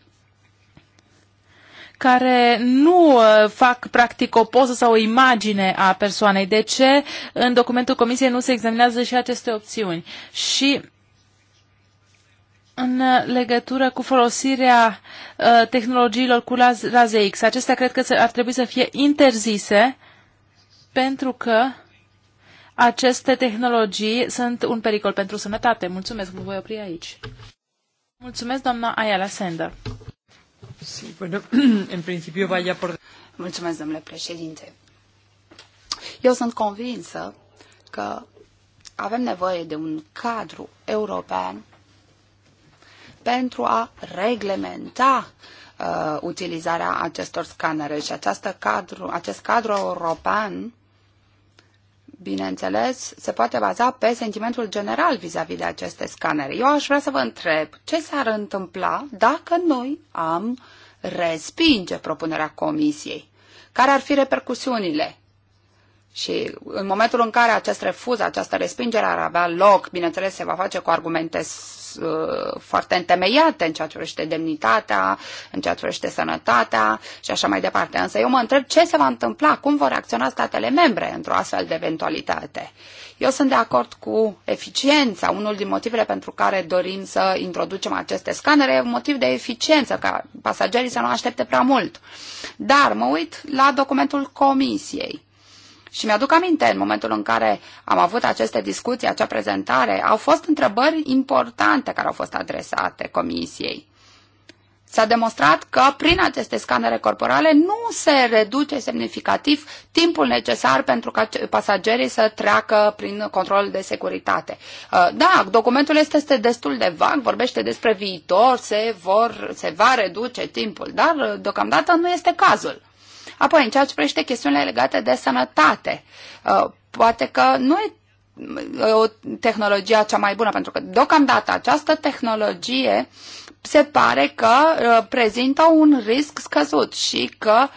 care nu uh, fac practic o poză sau o imagine a persoanei. De ce în documentul comisiei nu se examinează și aceste opțiuni? Și în legătură cu folosirea uh, tehnologiilor cu raze X. Acestea cred că ar trebui să fie interzise pentru că aceste tehnologii sunt un pericol pentru sănătate. Mulțumesc, vă voi opri aici. Mulțumesc, doamna Ayala Sender. Sí, bueno, en principio vaya por... Mulțumesc, domnule președinte. Eu sunt convinsă că avem nevoie de un cadru european pentru a reglementa uh, utilizarea acestor scanere și cadru, acest cadru european, bineînțeles, se poate baza pe sentimentul general vis-a-vis -vis de aceste scanere. Eu aș vrea să vă întreb ce s-ar întâmpla dacă noi am respinge propunerea comisiei. Care ar fi repercusiunile? Și în momentul în care acest refuz, această respingere ar avea loc, bineînțeles, se va face cu argumente Uh, foarte întemeiate în ceea ce vrește demnitatea, în ceea ce vrește sănătatea și așa mai departe. Însă eu mă întreb ce se va întâmpla, cum vor acționa statele membre într-o astfel de eventualitate. Eu sunt de acord cu eficiența, unul din motivele pentru care dorim să introducem aceste scanere, un motiv de eficiență, ca pasagerii să nu aștepte prea mult. Dar mă uit la documentul comisiei și mi-aduc aminte, în momentul în care am avut aceste discuții, acea prezentare, au fost întrebări importante care au fost adresate comisiei. S-a demonstrat că prin aceste scanere corporale nu se reduce semnificativ timpul necesar pentru ca pasagerii să treacă prin control de securitate. Uh, da, documentul este, este destul de vag, vorbește despre viitor, se, vor, se va reduce timpul, dar uh, deocamdată nu este cazul. Apoi, în ceea ce privește chestiunile legate de sănătate, uh, poate că nu e tehnologia cea mai bună, pentru că deocamdată această tehnologie se pare că prezintă un risc scăzut și că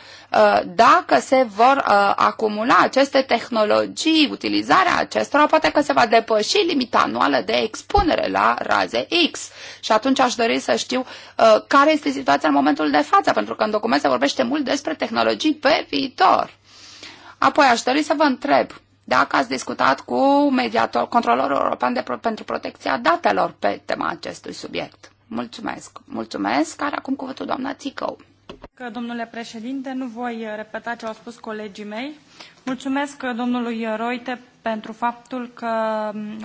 dacă se vor acumula aceste tehnologii, utilizarea acestora, poate că se va depăși limita anuală de expunere la raze X. Și atunci aș dori să știu care este situația în momentul de față, pentru că în document se vorbește mult despre tehnologii pe viitor. Apoi aș dori să vă întreb, dacă ați discutat cu mediator, controlorul european de, Pro pentru protecția datelor pe tema acestui subiect. Mulțumesc. Mulțumesc. Care acum cuvântul doamna Țicău. Că, domnule președinte, nu voi repeta ce au spus colegii mei. Mulțumesc domnului Roite pentru faptul că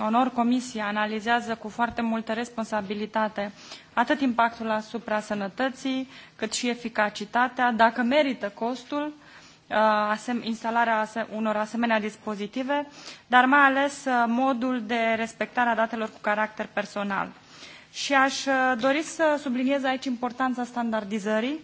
Onor Comisia analizează cu foarte multă responsabilitate atât impactul asupra sănătății, cât și eficacitatea, dacă merită costul Uh, instalarea unor asemenea dispozitive, dar mai ales uh, modul de respectare a datelor cu caracter personal. Și aș uh, dori să subliniez aici importanța standardizării,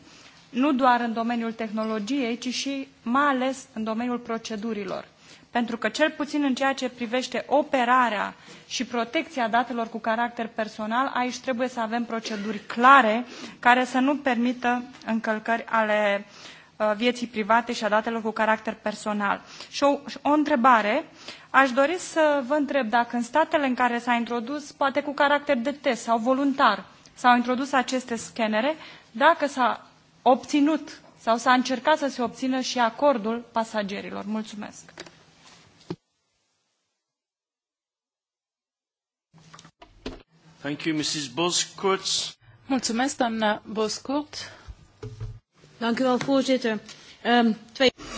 nu doar în domeniul tehnologiei, ci și mai ales în domeniul procedurilor. Pentru că, cel puțin în ceea ce privește operarea și protecția datelor cu caracter personal, aici trebuie să avem proceduri clare care să nu permită încălcări ale uh, Uh, vieții private și a datelor cu caracter personal. Și o, o întrebare, aș dori să vă întreb dacă în statele în care s-a introdus, poate cu caracter de test sau voluntar, s-au introdus aceste scanere, dacă s-a obținut sau s-a încercat să se obțină și acordul pasagerilor. Mulțumesc! Thank you, Mrs. Mulțumesc, doamna Boscurt. Ehm,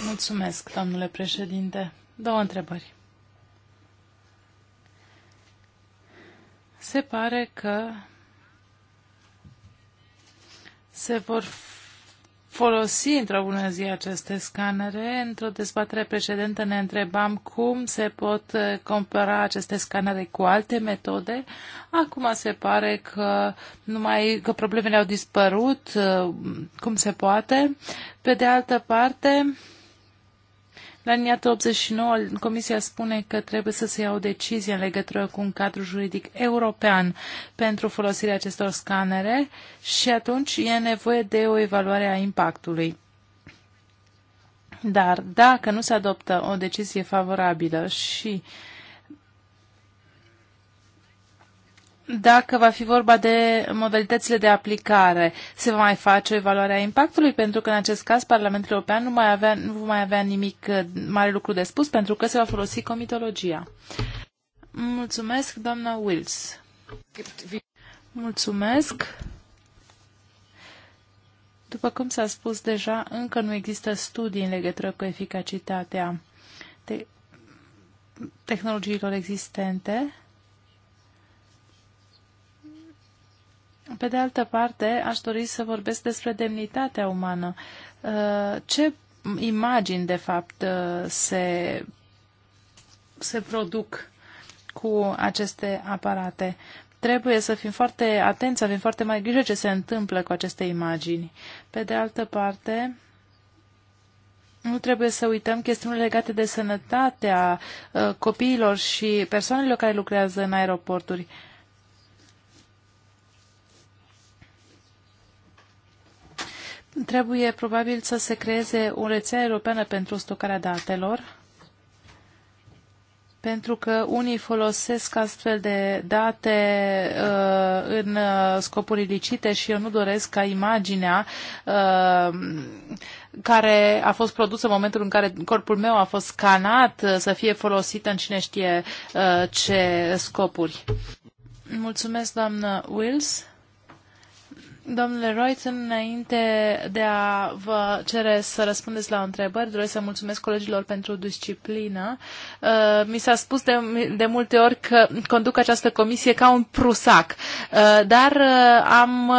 Mulțumesc, domnule președinte. Două întrebări. Se pare că se vor folosi într-o bună zi aceste scanere. Într-o dezbatere precedentă ne întrebam cum se pot uh, compara aceste scanere cu alte metode. Acum se pare că, numai, că problemele au dispărut, uh, cum se poate. Pe de altă parte, la liniatul 89, Comisia spune că trebuie să se ia o decizie în legătură cu un cadru juridic european pentru folosirea acestor scanere și atunci e nevoie de o evaluare a impactului. Dar dacă nu se adoptă o decizie favorabilă și uh, dacă va fi vorba de modalitățile de aplicare, se va mai face evaluarea impactului, pentru că în acest caz Parlamentul European nu, mai avea, nu va mai avea nimic eh, mare lucru de spus, pentru că se va folosi comitologia. Mulțumesc, doamna Wills. Mulțumesc. După cum s-a spus deja, încă nu există studii în legătură cu eficacitatea te tehnologiilor existente Pe de altă parte, aș dori să vorbesc despre demnitatea umană. Uh, ce imagini, de fapt, uh, se, se produc cu aceste aparate? Trebuie să fim foarte atenți, să avem foarte mai grijă ce se întâmplă cu aceste imagini. Pe de altă parte, nu trebuie să uităm chestiunile legate de sănătatea uh, copiilor și persoanelor care lucrează în aeroporturi. Uh, Trebuie probabil să se creeze o rețea europeană pentru stocarea datelor, pentru că unii folosesc astfel de date uh, în uh, scopuri ilicite și eu nu doresc ca imaginea uh, care a fost produsă în momentul în care corpul meu a fost scanat uh, să fie folosită în cine știe uh, ce scopuri. Mulțumesc, doamnă Wills. Domnule Roitz, înainte de a vă cere să răspundeți la întrebări, doresc să mulțumesc colegilor pentru disciplină. Uh, mi s-a spus de, de multe ori că conduc această comisie ca un prusac, uh, dar uh, am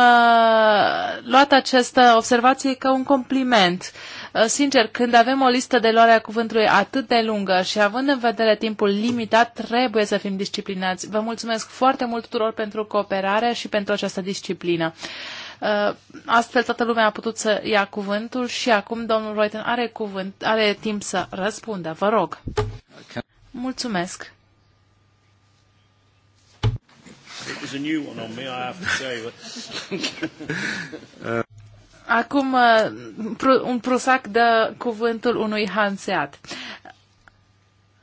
luat această observație ca un compliment. Uh, Uh, sincer, când avem o listă de luare a cuvântului atât de lungă și având în vedere timpul limitat, trebuie să fim disciplinați. Vă mulțumesc foarte mult tuturor pentru cooperare și pentru această disciplină. Uh, astfel toată lumea a putut să ia cuvântul și acum domnul Reuten are, cuvânt, are timp să răspundă. Vă rog. Mulțumesc. It was a new one on me, I have to say. But... Uh, Acum uh, un prusac de cuvântul unui hanseat.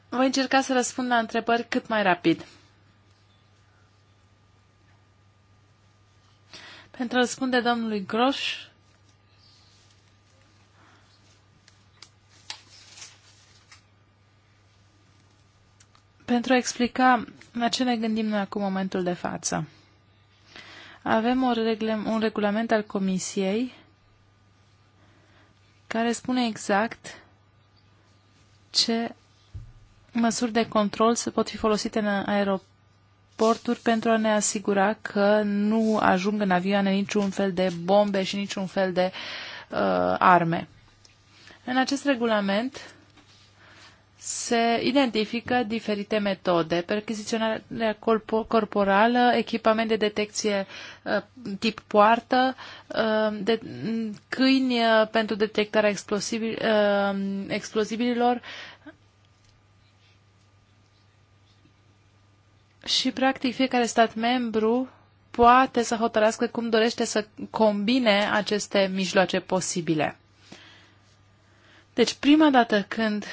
Voi încerca să răspund la întrebări cât mai rapid. Pentru a răspunde domnului Groș, pentru a explica la ce ne gândim noi acum momentul de față. Avem o regle, un regulament al Comisiei care spune exact ce măsuri de control se pot fi folosite în aeroporturi pentru a ne asigura că nu ajung în avioane niciun fel de bombe și niciun fel de uh, arme. În acest regulament se identifică diferite metode, perchiziționarea corporală, echipament de detecție uh, tip poartă, uh, de, câini uh, pentru detectarea explozibililor și, practic, fiecare stat membru poate să hotărească cum dorește să combine aceste mijloace posibile. Deci, prima dată când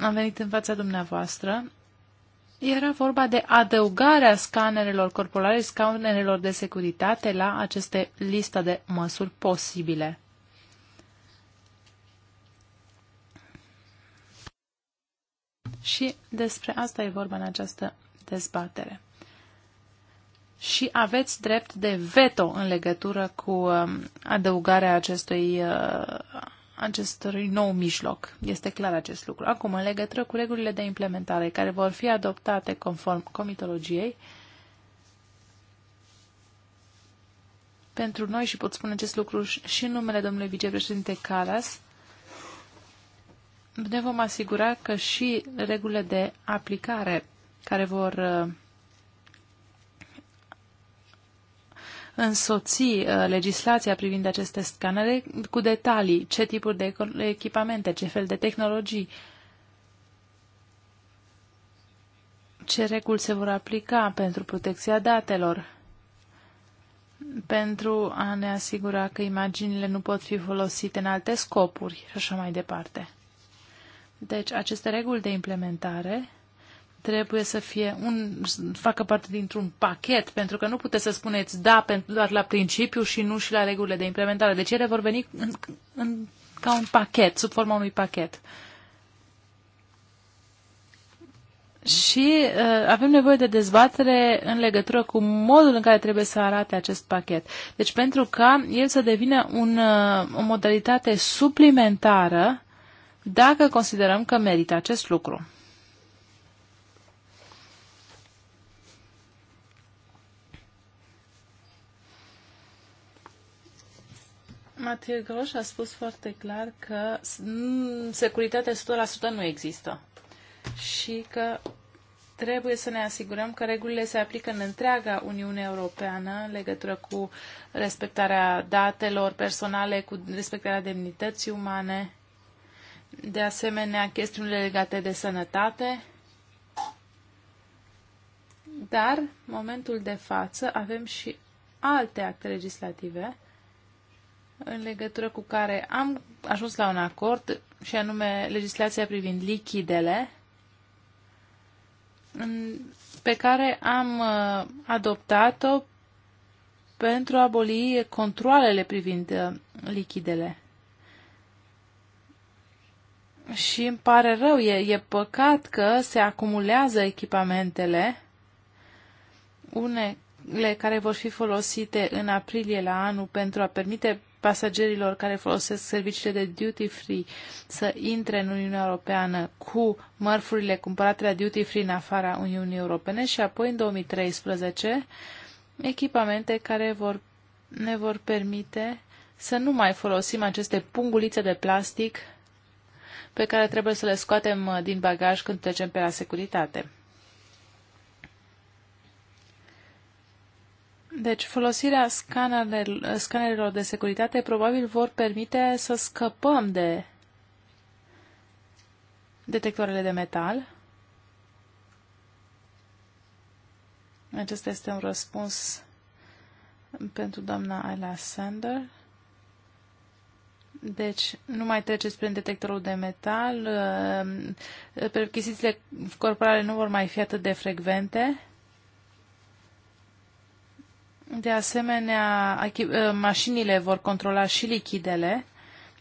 am venit în fața dumneavoastră, era vorba de adăugarea scanerelor corporale, scanerelor de securitate la aceste listă de măsuri posibile. Și despre asta e vorba în această dezbatere. Și aveți drept de veto în legătură cu um, adăugarea acestui uh, acestui nou mijloc. Este clar acest lucru. Acum, în legătură cu regulile de implementare care vor fi adoptate conform comitologiei, pentru noi și pot spune acest lucru și în numele domnului vicepreședinte Caras, ne vom asigura că și regulile de aplicare care vor uh, însoți uh, legislația privind aceste scanere cu detalii, ce tipuri de echipamente, ce fel de tehnologii, ce reguli se vor aplica pentru protecția datelor, pentru a ne asigura că imaginile nu pot fi folosite în alte scopuri și așa mai departe. Deci, aceste reguli de implementare trebuie să fie un, să facă parte dintr-un pachet, pentru că nu puteți să spuneți da doar la principiu și nu și la regulile de implementare. Deci ele vor veni în, în, ca un pachet, sub forma unui pachet. Și uh, avem nevoie de dezbatere în legătură cu modul în care trebuie să arate acest pachet. Deci pentru ca el să devină un, uh, o modalitate suplimentară dacă considerăm că merită acest lucru. Mathieu Groș a spus foarte clar că securitatea 100% nu există și că trebuie să ne asigurăm că regulile se aplică în întreaga Uniune Europeană în legătură cu respectarea datelor personale, cu respectarea demnității umane, de asemenea chestiunile legate de sănătate. Dar, în momentul de față, avem și alte acte legislative în legătură cu care am ajuns la un acord, și anume legislația privind lichidele, pe care am uh, adoptat-o pentru a aboli controlele privind uh, lichidele. Și îmi pare rău, e, e păcat că se acumulează echipamentele, unele care vor fi folosite în aprilie la anul pentru a permite pasagerilor care folosesc serviciile de duty-free să intre în Uniunea Europeană cu mărfurile cumpărate la duty-free în afara Uniunii Europene și apoi în 2013 echipamente care vor, ne vor permite să nu mai folosim aceste pungulițe de plastic pe care trebuie să le scoatem uh, din bagaj când trecem pe la securitate. Deci folosirea scanerelor de securitate probabil vor permite să scăpăm de detectoarele de metal. Acesta este un răspuns pentru doamna Ayla Sander. Deci, nu mai treceți prin detectorul de metal, perchizițiile corporale nu vor mai fi atât de frecvente de asemenea, ă, mașinile vor controla și lichidele,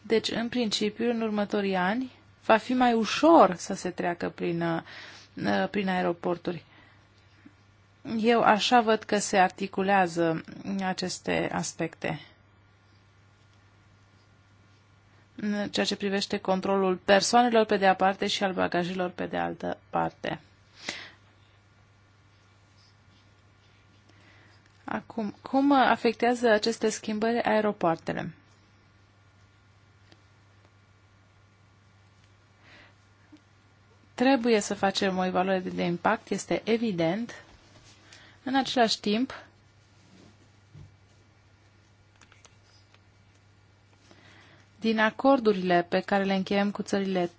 deci, în principiu, în următorii ani, va fi mai ușor să se treacă prin, ă, prin aeroporturi. Eu așa văd că se articulează aceste aspecte. În ceea ce privește controlul persoanelor pe de-a parte și al bagajelor pe de altă parte. Acum, cum afectează aceste schimbări aeropoartele? Trebuie să facem o evaluare de impact, este evident. În același timp, din acordurile pe care le încheiem cu țările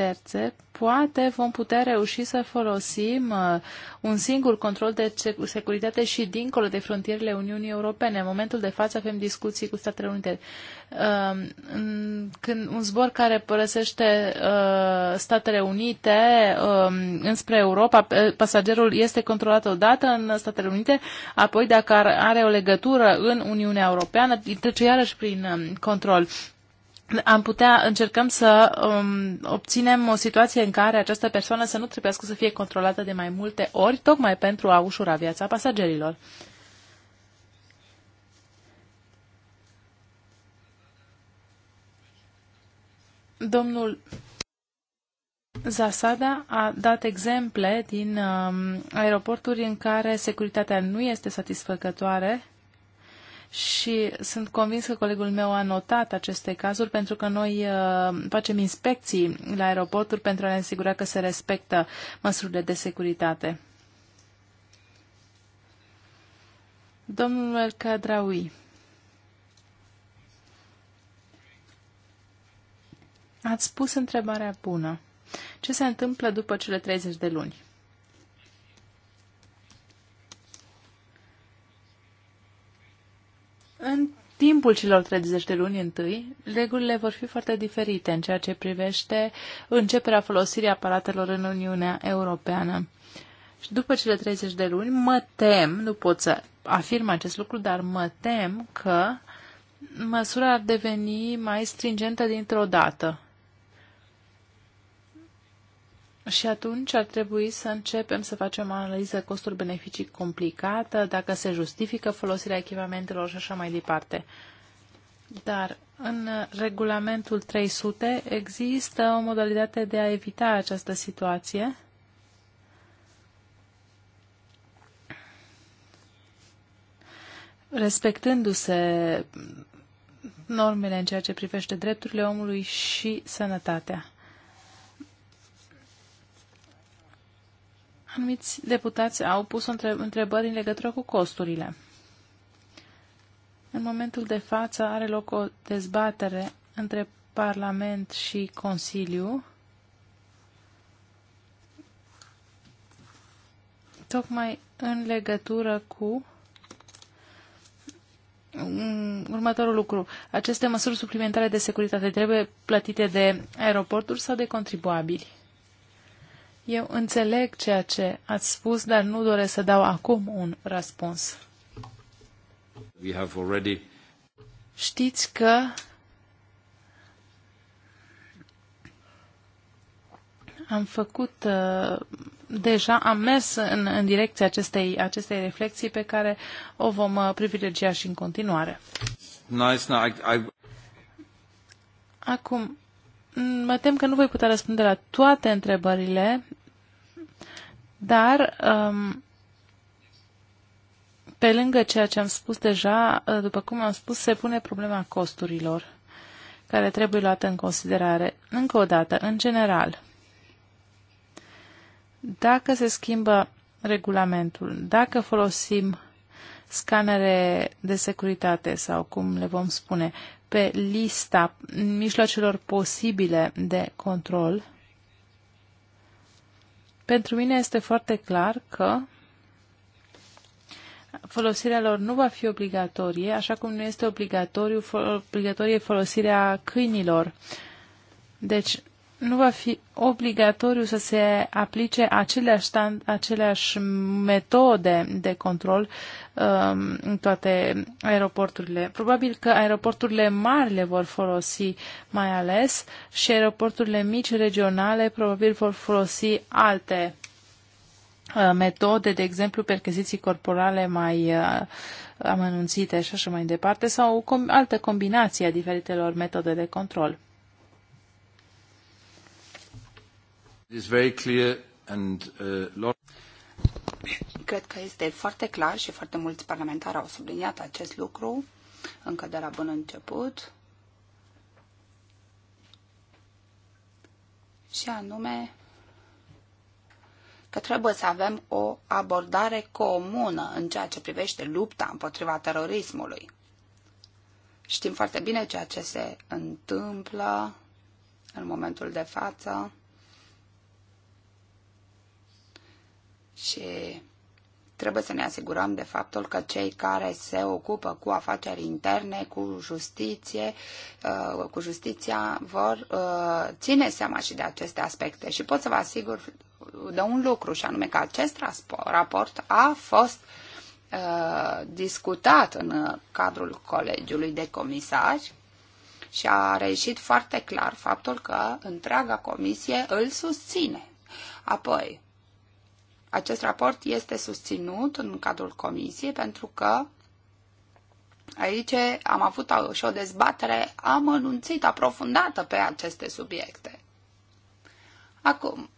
terțe, poate vom putea reuși să folosim uh, un singur control de securitate și dincolo de frontierele Uniunii Europene. În momentul de față avem discuții cu Statele Unite. Um, când un zbor care părăsește uh, Statele Unite um, înspre Europa, pasagerul este controlat odată în Statele Unite, apoi dacă are o legătură în Uniunea Europeană, trece iarăși prin um, control am putea, încercăm să um, obținem o situație în care această persoană să nu trebuiască să fie controlată de mai multe ori, tocmai pentru a ușura viața pasagerilor. Domnul Zasada a dat exemple din um, aeroporturi în care securitatea nu este satisfăcătoare și sunt convins că colegul meu a notat aceste cazuri pentru că noi uh, facem inspecții la aeroporturi pentru a ne asigura că se respectă măsurile de securitate. Domnul Cadraui. Ați spus întrebarea bună. Ce se întâmplă după cele 30 de luni? În timpul celor 30 de luni întâi, regulile vor fi foarte diferite în ceea ce privește începerea folosirii aparatelor în Uniunea Europeană. Și după cele 30 de luni, mă tem, nu pot să afirm acest lucru, dar mă tem că măsura ar deveni mai stringentă dintr-o dată. Și atunci ar trebui să începem să facem o analiză costuri-beneficii complicată, dacă se justifică folosirea echipamentelor și așa mai departe. Dar în regulamentul 300 există o modalitate de a evita această situație. respectându-se normele în ceea ce privește drepturile omului și sănătatea. Anumiți deputați au pus întrebări în legătură cu costurile. În momentul de față are loc o dezbatere între Parlament și Consiliu. Tocmai în legătură cu mm, următorul lucru. Aceste măsuri suplimentare de securitate trebuie plătite de aeroporturi sau de contribuabili? Eu înțeleg ceea ce ați spus, dar nu doresc să dau acum un răspuns. We have already... Știți că am făcut uh, deja, am mers în, în direcția acestei, acestei reflexii pe care o vom uh, privilegia și în continuare. Nice, no, I, I... Acum, Mă tem că nu voi putea răspunde la toate întrebările, dar um, pe lângă ceea ce am spus deja, uh, după cum am spus, se pune problema costurilor care trebuie luată în considerare. Încă o dată, în general, dacă se schimbă regulamentul, dacă folosim scanere de securitate sau cum le vom spune, pe lista mijloacelor posibile de control, pentru mine este foarte clar că folosirea lor nu va fi obligatorie, așa cum nu este obligatoriu, obligatorie folosirea câinilor. Deci, nu va fi obligatoriu să se aplice aceleași, aceleași metode de control um, în toate aeroporturile. Probabil că aeroporturile mari le vor folosi mai ales și aeroporturile mici regionale probabil vor folosi alte uh, metode, de exemplu percheziții corporale mai uh, amănunțite și așa mai departe, sau com- altă combinație a diferitelor metode de control. Uh, Cred că este foarte clar și foarte mulți parlamentari au subliniat acest lucru încă de la bun început. Și anume că trebuie să avem o abordare comună în ceea ce privește lupta împotriva terorismului. Știm foarte bine ceea ce se întâmplă în momentul de față și trebuie să ne asigurăm de faptul că cei care se ocupă cu afaceri interne, cu justiție, uh, cu justiția, vor uh, ține seama și de aceste aspecte. Și pot să vă asigur de un lucru, și anume că acest raport a fost uh, discutat în cadrul Colegiului de Comisari și a reieșit foarte clar faptul că întreaga comisie îl susține. Apoi, acest raport este susținut în cadrul comisiei pentru că aici am avut și o dezbatere amănunțit, aprofundată pe aceste subiecte. Acum,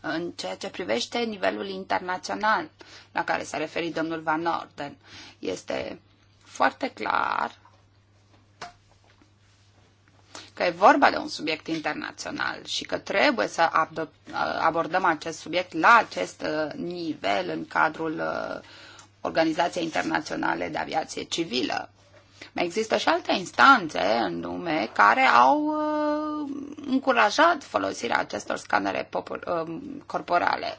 în ceea ce privește nivelul internațional la care s-a referit domnul Van Orden. Este foarte clar că e vorba de un subiect internațional și că trebuie să abordăm acest subiect la acest uh, nivel în cadrul uh, Organizației Internaționale de Aviație Civilă. Mai există și alte instanțe în lume care au uh, încurajat folosirea acestor scanere corporale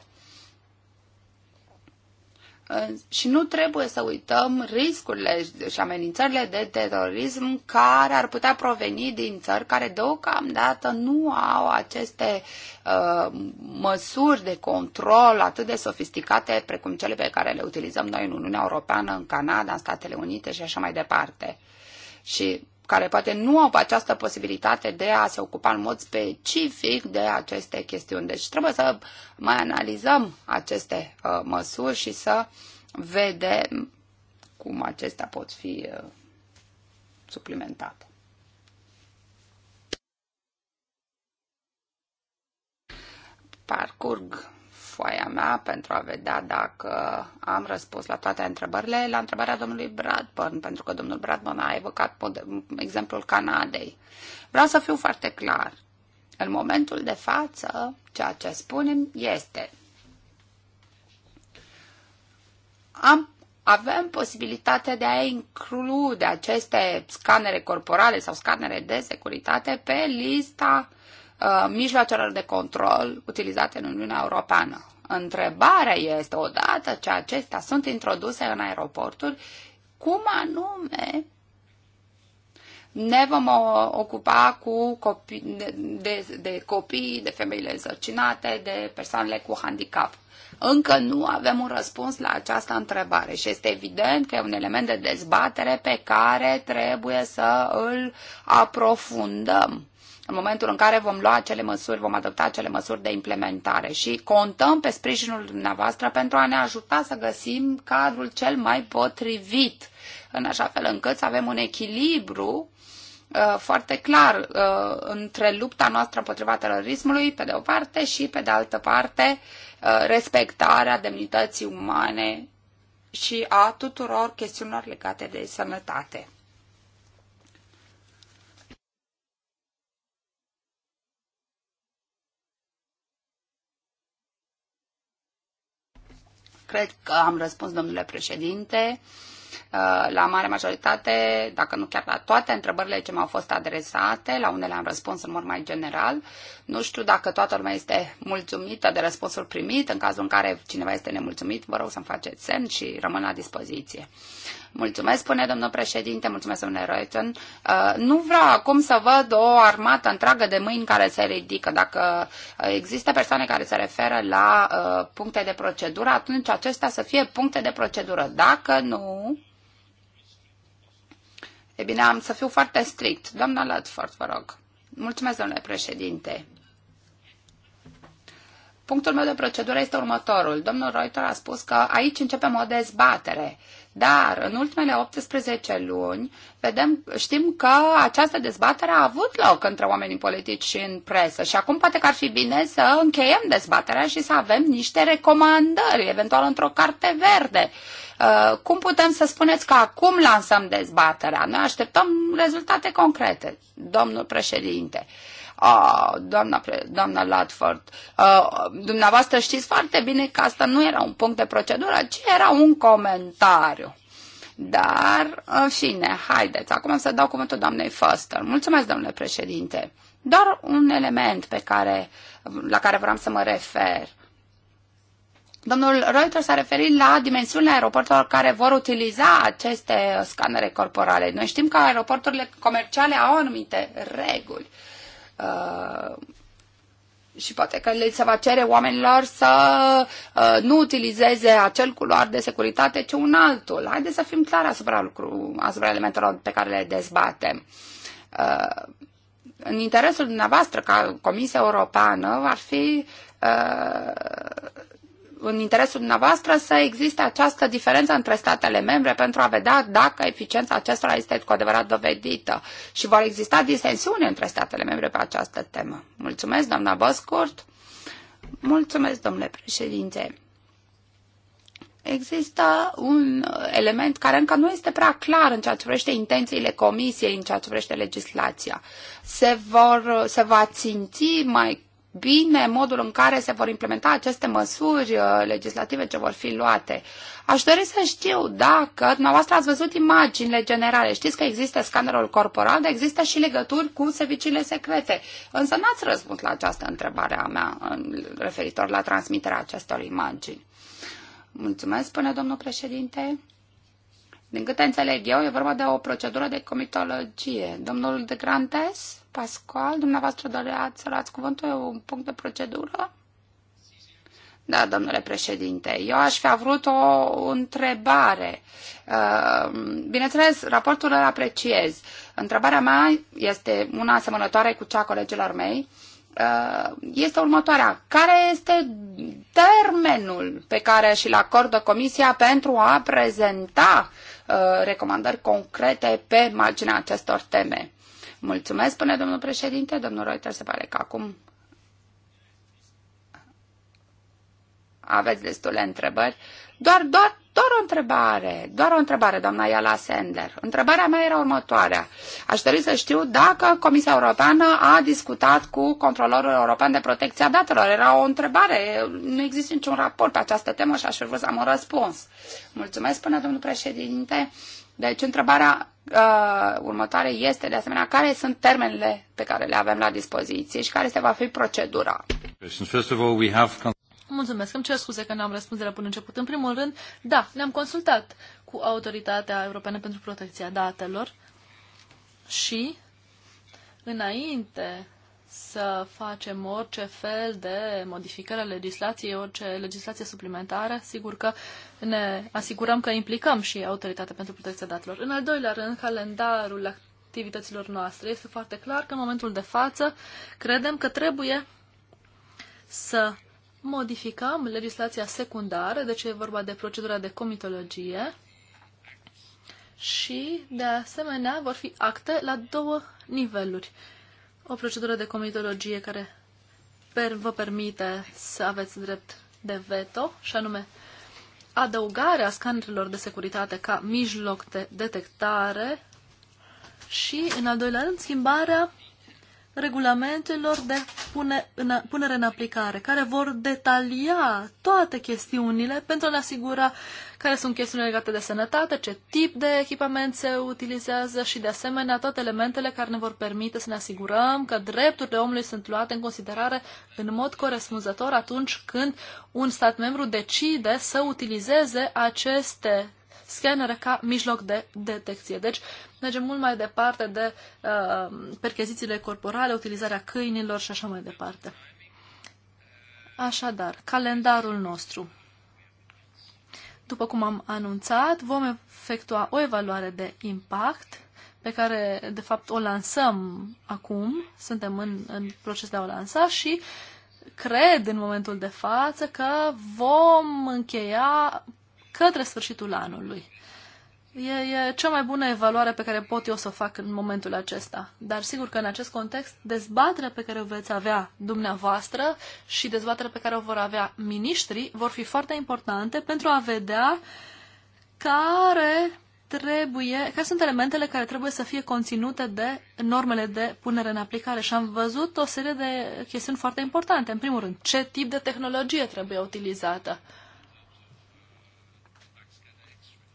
și nu trebuie să uităm riscurile și amenințările de terorism care ar putea proveni din țări care deocamdată nu au aceste uh, măsuri de control atât de sofisticate precum cele pe care le utilizăm noi în Uniunea Europeană, în Canada, în Statele Unite și așa mai departe. Și care poate nu au această posibilitate de a se ocupa în mod specific de aceste chestiuni. Deci trebuie să mai analizăm aceste uh, măsuri și să vedem cum acestea pot fi uh, suplimentate. Parcurg foaia mea pentru a vedea dacă am răspuns la toate întrebările, la întrebarea domnului Bradburn, pentru că domnul Bradburn a evocat exemplul Canadei. Vreau să fiu foarte clar. În momentul de față, ceea ce spunem este am, avem posibilitatea de a include aceste scanere corporale sau scanere de securitate pe lista Uh, mijloacelor de control utilizate în Uniunea Europeană. Întrebarea este, odată ce acestea sunt introduse în aeroporturi, cum anume ne vom ocupa cu copii, de, de, de copii, de femeile însărcinate, de persoanele cu handicap. Încă nu avem un răspuns la această întrebare și este evident că e un element de dezbatere pe care trebuie să îl aprofundăm în momentul în care vom lua acele măsuri, vom adopta acele măsuri de implementare și contăm pe sprijinul dumneavoastră pentru a ne ajuta să găsim cadrul cel mai potrivit, în așa fel încât să avem un echilibru uh, foarte clar uh, între lupta noastră împotriva terorismului, pe de o parte, și pe de altă parte uh, respectarea demnității umane și a tuturor chestiunilor legate de sănătate. Cred că am răspuns, domnule președinte, uh, la mare majoritate, dacă nu chiar la toate întrebările ce mi-au fost adresate, la unele am răspuns în mod mai general. Nu știu dacă toată lumea este mulțumită de răspunsul primit. În cazul în care cineva este nemulțumit, vă rog să-mi faceți semn și rămân la dispoziție. Mulțumesc, spune domnul președinte, mulțumesc, domnule Reuton. Uh, nu vreau acum să văd o armată întreagă de mâini care se ridică. Dacă uh, există persoane care se referă la uh, puncte de procedură, atunci acestea să fie puncte de procedură. Dacă nu, e bine, am să fiu foarte strict. Doamna Ludford, vă rog. Mulțumesc, domnule președinte. Punctul meu de procedură este următorul. Domnul Reuter a spus că aici începem o dezbatere dar în ultimele 18 luni vedem, știm că această dezbatere a avut loc între oamenii politici și în presă și acum poate că ar fi bine să încheiem dezbaterea și să avem niște recomandări, eventual într-o carte verde. Uh, cum putem să spuneți că acum lansăm dezbaterea? Noi așteptăm rezultate concrete, domnul președinte. Uh, a, doamna, doamna Latford, a, dumneavoastră știți foarte bine că asta nu era un punct de procedură, ci era un comentariu. Dar, în fine, haideți, acum să dau cuvântul doamnei Foster. Mulțumesc, domnule președinte. Doar un element pe care, la care vreau să mă refer. Domnul Reuters s-a referit la dimensiunile aeroporturilor care vor utiliza aceste scanere corporale. Noi știm că aeroporturile comerciale au anumite reguli. Uh, Uh, și poate că le se va cere oamenilor să uh, nu utilizeze acel culoar de securitate, ci un altul. Haideți să fim clari asupra, lucru, asupra elementelor pe care le dezbatem. Uh, în interesul dumneavoastră, ca Comisia Europeană, ar fi uh, în interesul dumneavoastră să existe această diferență între statele membre pentru a vedea dacă eficiența acestora este cu adevărat dovedită și vor exista disensiuni între statele membre pe această temă. Mulțumesc, doamna Boscurt. Mulțumesc, domnule președinte. Există un element care încă nu este prea clar în ceea ce privește intențiile comisiei, în ceea ce privește legislația. Se, vor, se va ținti mai bine modul în care se vor implementa aceste măsuri uh, legislative ce vor fi luate. Aș dori să știu dacă dumneavoastră ați văzut imaginile generale. Știți că există scanerul corporal, dar există și legături cu serviciile secrete. Însă n-ați răspuns la această întrebare a mea referitor la transmiterea acestor imagini. Mulțumesc, spune domnul președinte. Din câte înțeleg eu, e vorba de o procedură de comitologie. Domnul de Grantes? Pascual, dumneavoastră doreați să luați cuvântul, un punct de procedură? Da, domnule președinte, eu aș fi avut o întrebare. Uh, bineînțeles, raportul îl apreciez. Întrebarea mea este una asemănătoare cu cea a colegilor mei. Uh, este următoarea. Care este termenul pe care și-l acordă Comisia pentru a prezenta uh, recomandări concrete pe marginea acestor teme? Mulțumesc, spune domnul președinte. Domnul Reuter se pare că acum aveți destule întrebări. Doar, doar, doar o întrebare, doar o întrebare, doamna Iala Sender. Întrebarea mea era următoarea. Aș dori să știu dacă Comisia Europeană a discutat cu Controlorul European de Protecție a Datelor. Era o întrebare, nu există niciun raport pe această temă și aș fi vrut să am un răspuns. Mulțumesc, până domnul președinte. Deci, întrebarea uh, următoare este, de asemenea, care sunt termenele pe care le avem la dispoziție și care se va fi procedura? Mulțumesc, îmi cer scuze că n-am răspuns de la până început. În primul rând, da, ne-am consultat cu Autoritatea Europeană pentru Protecția Datelor și înainte să facem orice fel de modificare a legislației, orice legislație suplimentară, sigur că ne asigurăm că implicăm și Autoritatea pentru Protecția Datelor. În al doilea rând, calendarul activităților noastre. Este foarte clar că în momentul de față credem că trebuie să modificăm legislația secundară, deci e vorba de procedura de comitologie, și, de asemenea, vor fi acte la două niveluri o procedură de comitologie care per, vă permite să aveți drept de veto, și anume adăugarea scanerelor de securitate ca mijloc de detectare și, în al doilea rând, schimbarea regulamentelor de pune, în, punere în aplicare, care vor detalia toate chestiunile pentru a ne asigura care sunt chestiunile legate de sănătate, ce tip de echipament se utilizează și, de asemenea, toate elementele care ne vor permite să ne asigurăm că drepturile omului sunt luate în considerare în mod corespunzător atunci când un stat membru decide să utilizeze aceste scanere ca mijloc de detecție. Deci mergem mult mai departe de uh, perchezițiile corporale, utilizarea câinilor și așa mai departe. Așadar, calendarul nostru. După cum am anunțat, vom efectua o evaluare de impact pe care, de fapt, o lansăm acum, suntem în, în proces de a o lansa și cred în momentul de față că vom încheia către sfârșitul anului. E, e cea mai bună evaluare pe care pot eu să o fac în momentul acesta. Dar sigur că în acest context, dezbaterea pe care o veți avea dumneavoastră și dezbaterea pe care o vor avea miniștrii vor fi foarte importante pentru a vedea care trebuie, care sunt elementele care trebuie să fie conținute de normele de punere în aplicare și am văzut o serie de chestiuni foarte importante. În primul rând, ce tip de tehnologie trebuie utilizată? Uh,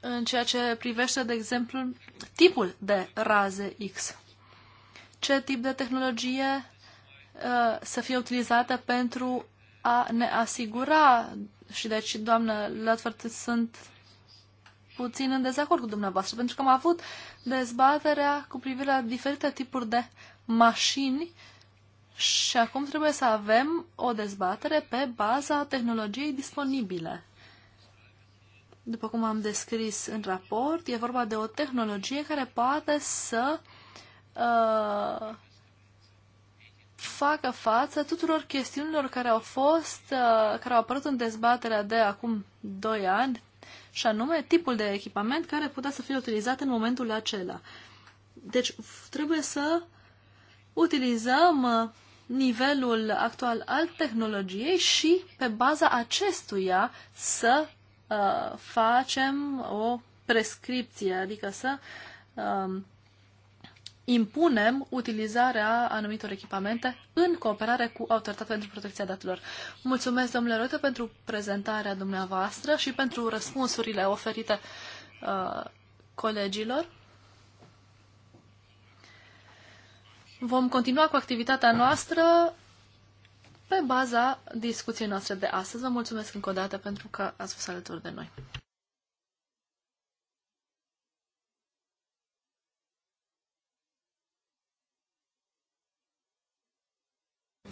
în ceea ce privește, de exemplu, tipul de raze X. Ce tip de tehnologie uh, să fie utilizată pentru a ne asigura și deci, doamnă Lătfărt, sunt puțin în dezacord cu dumneavoastră, pentru că am avut dezbaterea cu privire la diferite tipuri de mașini și acum trebuie să avem o dezbatere pe baza tehnologiei disponibile. După cum am descris în raport, e vorba de o tehnologie care poate să uh, facă față tuturor chestiunilor care au fost, uh, care au apărut în dezbaterea de acum 2 ani, și anume tipul de echipament care putea să fie utilizat în momentul acela. Deci trebuie să utilizăm uh, nivelul actual al tehnologiei și pe baza acestuia să Uh, facem o prescripție, adică să uh, impunem utilizarea anumitor echipamente în cooperare cu Autoritatea pentru Protecția Datelor. Mulțumesc, domnule Rote, pentru prezentarea dumneavoastră și pentru răspunsurile oferite uh, colegilor. Vom continua cu activitatea noastră pe baza discuției noastre de astăzi. Vă mulțumesc încă o dată pentru că ați fost alături de noi.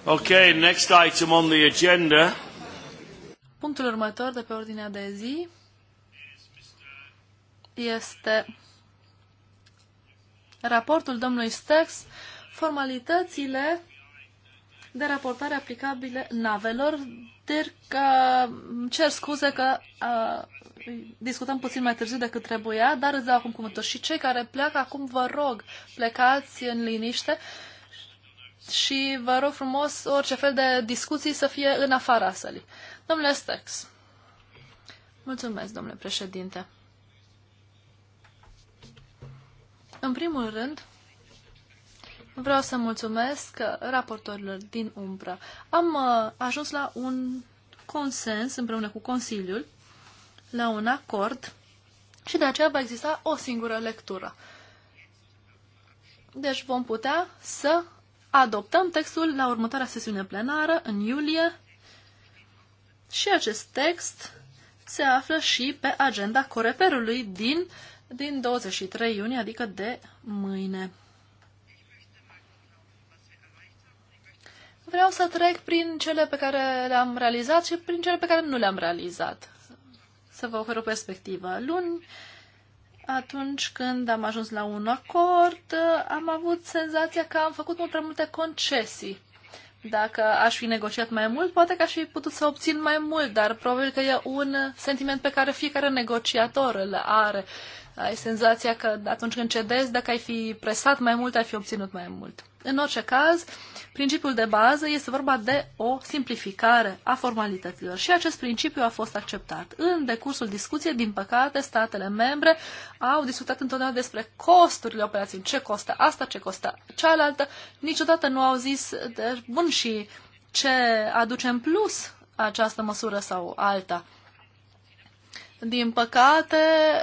Okay, next item on the agenda. Punctul următor de pe ordinea de zi este raportul domnului Stex, formalitățile de raportare aplicabile navelor, dar că cer scuze că uh, discutăm puțin mai târziu decât trebuia, dar îți dau acum cuvântul. Și cei care pleacă acum, vă rog, plecați în liniște și vă rog frumos orice fel de discuții să fie în afara sălii. Domnule Stex. Mulțumesc, domnule președinte. În primul rând, Vreau să mulțumesc raportorilor din umbră. Am uh, ajuns la un consens împreună cu Consiliul, la un acord și de aceea va exista o singură lectură. Deci vom putea să adoptăm textul la următoarea sesiune plenară, în iulie, și acest text se află și pe agenda coreperului din, din 23 iunie, adică de mâine. vreau să trec prin cele pe care le-am realizat și prin cele pe care nu le-am realizat. Să vă ofer o perspectivă. Luni, atunci când am ajuns la un acord, am avut senzația că am făcut mult prea multe concesii. Dacă aș fi negociat mai mult, poate că aș fi putut să obțin mai mult, dar probabil că e un sentiment pe care fiecare negociator îl are. Uh, ai senzația că atunci când cedezi, dacă ai fi presat mai mult, ai fi obținut mai mult. În orice caz, principiul de bază este vorba de o simplificare a formalităților și acest principiu a fost acceptat. În decursul discuției, din păcate, statele membre au discutat întotdeauna despre costurile operațiunii, ce costă asta, ce costă cealaltă, niciodată nu au zis, de, deci, bun, și ce aduce în plus această măsură sau alta. Din păcate,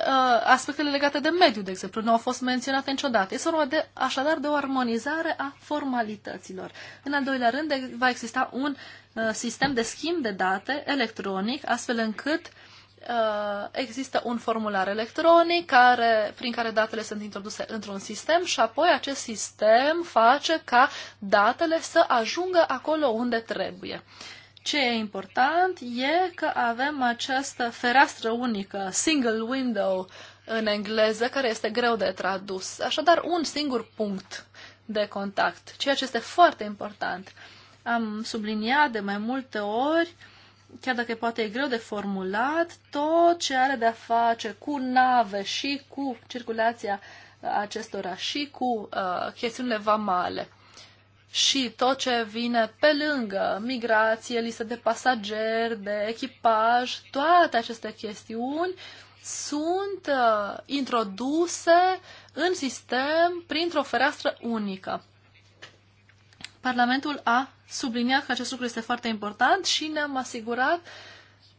uh, aspectele legate de mediu, de exemplu, nu au fost menționate niciodată. Este vorba de, așadar de o armonizare a formalităților. În al doilea rând, va exista un uh, sistem de schimb de date electronic, astfel încât uh, există un formular electronic care, prin care datele sunt introduse într-un sistem și apoi acest sistem face ca datele să ajungă acolo unde trebuie. Ce e important e că avem această fereastră unică, single window în engleză, care este greu de tradus. Așadar, un singur punct de contact, ceea ce este foarte important. Am subliniat de mai multe ori chiar dacă poate e greu de formulat, tot ce are de-a face cu nave și cu circulația acestora și cu uh, chestiunile vamale și tot ce vine pe lângă, migrație, listă de pasageri, de echipaj, toate aceste chestiuni sunt uh, introduse în sistem printr-o fereastră unică. Parlamentul a subliniat că acest lucru este foarte important și ne-am asigurat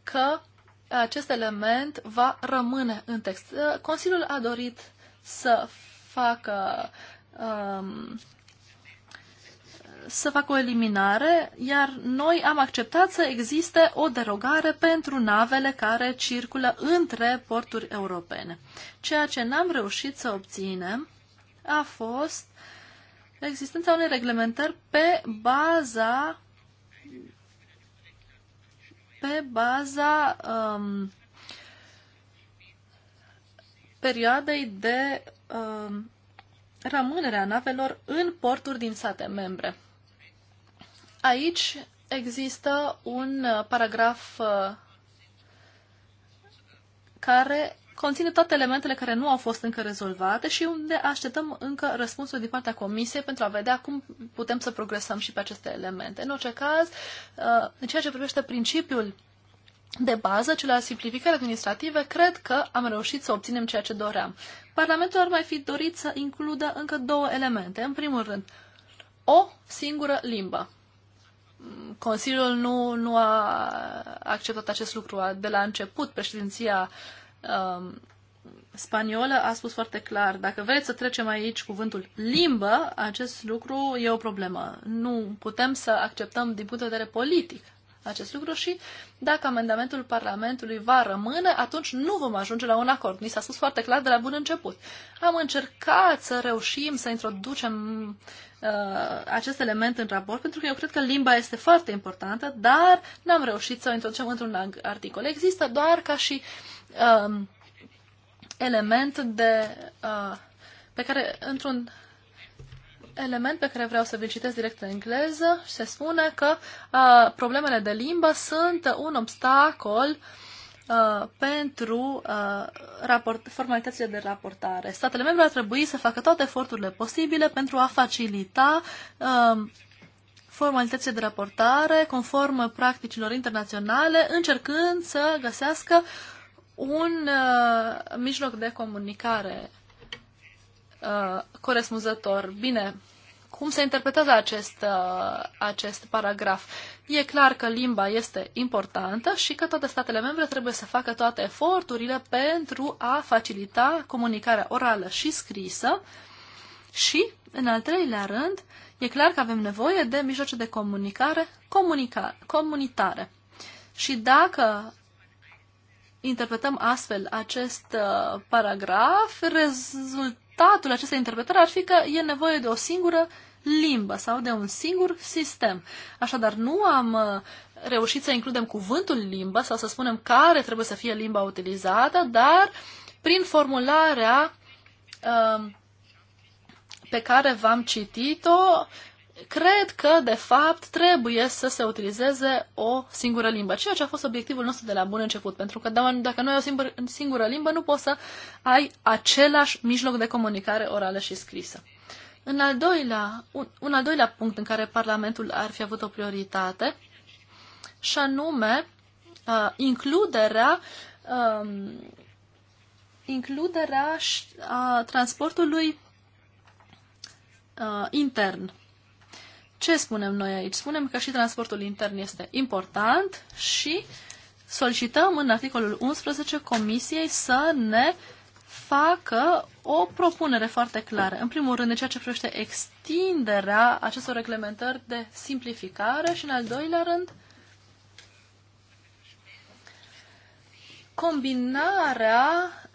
că acest element va rămâne în text. Uh, Consiliul a dorit să facă um, să facă o eliminare, iar noi am acceptat să existe o derogare pentru navele care circulă între porturi europene. Ceea ce n-am reușit să obținem a fost existența unei reglementări pe baza pe baza um, perioadei de um, a navelor în porturi din state membre. Aici există un uh, paragraf uh, care conține toate elementele care nu au fost încă rezolvate și unde așteptăm încă răspunsul din partea Comisiei pentru a vedea cum putem să progresăm și pe aceste elemente. În orice caz, uh, în ceea ce privește principiul de bază, cel al simplificării administrative, cred că am reușit să obținem ceea ce doream. Parlamentul ar mai fi dorit să includă încă două elemente. În primul rând, o singură limbă. Consiliul nu, nu a acceptat acest lucru. De la început, președinția um, spaniolă a spus foarte clar, dacă vreți să trecem aici cuvântul limbă, acest lucru e o problemă. Nu putem să acceptăm din punct de vedere politic acest lucru și dacă amendamentul Parlamentului va rămâne, atunci nu vom ajunge la un acord. Ni s-a spus foarte clar de la bun început. Am încercat să reușim să introducem uh, acest element în raport, pentru că eu cred că limba este foarte importantă, dar n-am reușit să o introducem într-un articol. Există doar ca și uh, element de, uh, pe care într-un element pe care vreau să vi-l citesc direct în engleză. Se spune că uh, problemele de limbă sunt un obstacol uh, pentru uh, raport, formalitățile de raportare. Statele membre ar trebui să facă toate eforturile posibile pentru a facilita uh, formalitățile de raportare conform practicilor internaționale, încercând să găsească un uh, mijloc de comunicare Uh, corespunzător. Bine, cum se interpretează acest, uh, acest paragraf? E clar că limba este importantă și că toate statele membre trebuie să facă toate eforturile pentru a facilita comunicarea orală și scrisă și, în al treilea rând, e clar că avem nevoie de mijloace de comunicare comunica, comunitare. Și dacă interpretăm astfel acest uh, paragraf, rezultă rezultatul acestei interpretări ar fi că e nevoie de o singură limbă sau de un singur sistem. Așadar, nu am uh, reușit să includem cuvântul limbă sau să spunem care trebuie să fie limba utilizată, dar prin formularea uh, pe care v-am citit-o, cred că, de fapt, trebuie să se utilizeze o singură limbă, ceea ce a fost obiectivul nostru de la bun început, pentru că dacă nu ai o singură, limbă, nu poți să ai același mijloc de comunicare orală și scrisă. În al doilea, un, un al doilea punct în care Parlamentul ar fi avut o prioritate, și anume uh, includerea uh, includerea uh, transportului uh, intern ce spunem noi aici? Spunem că și transportul intern este important și solicităm în articolul 11 Comisiei să ne facă o propunere foarte clară. În primul rând, în ceea ce privește extinderea acestor reglementări de simplificare și, în al doilea rând, combinarea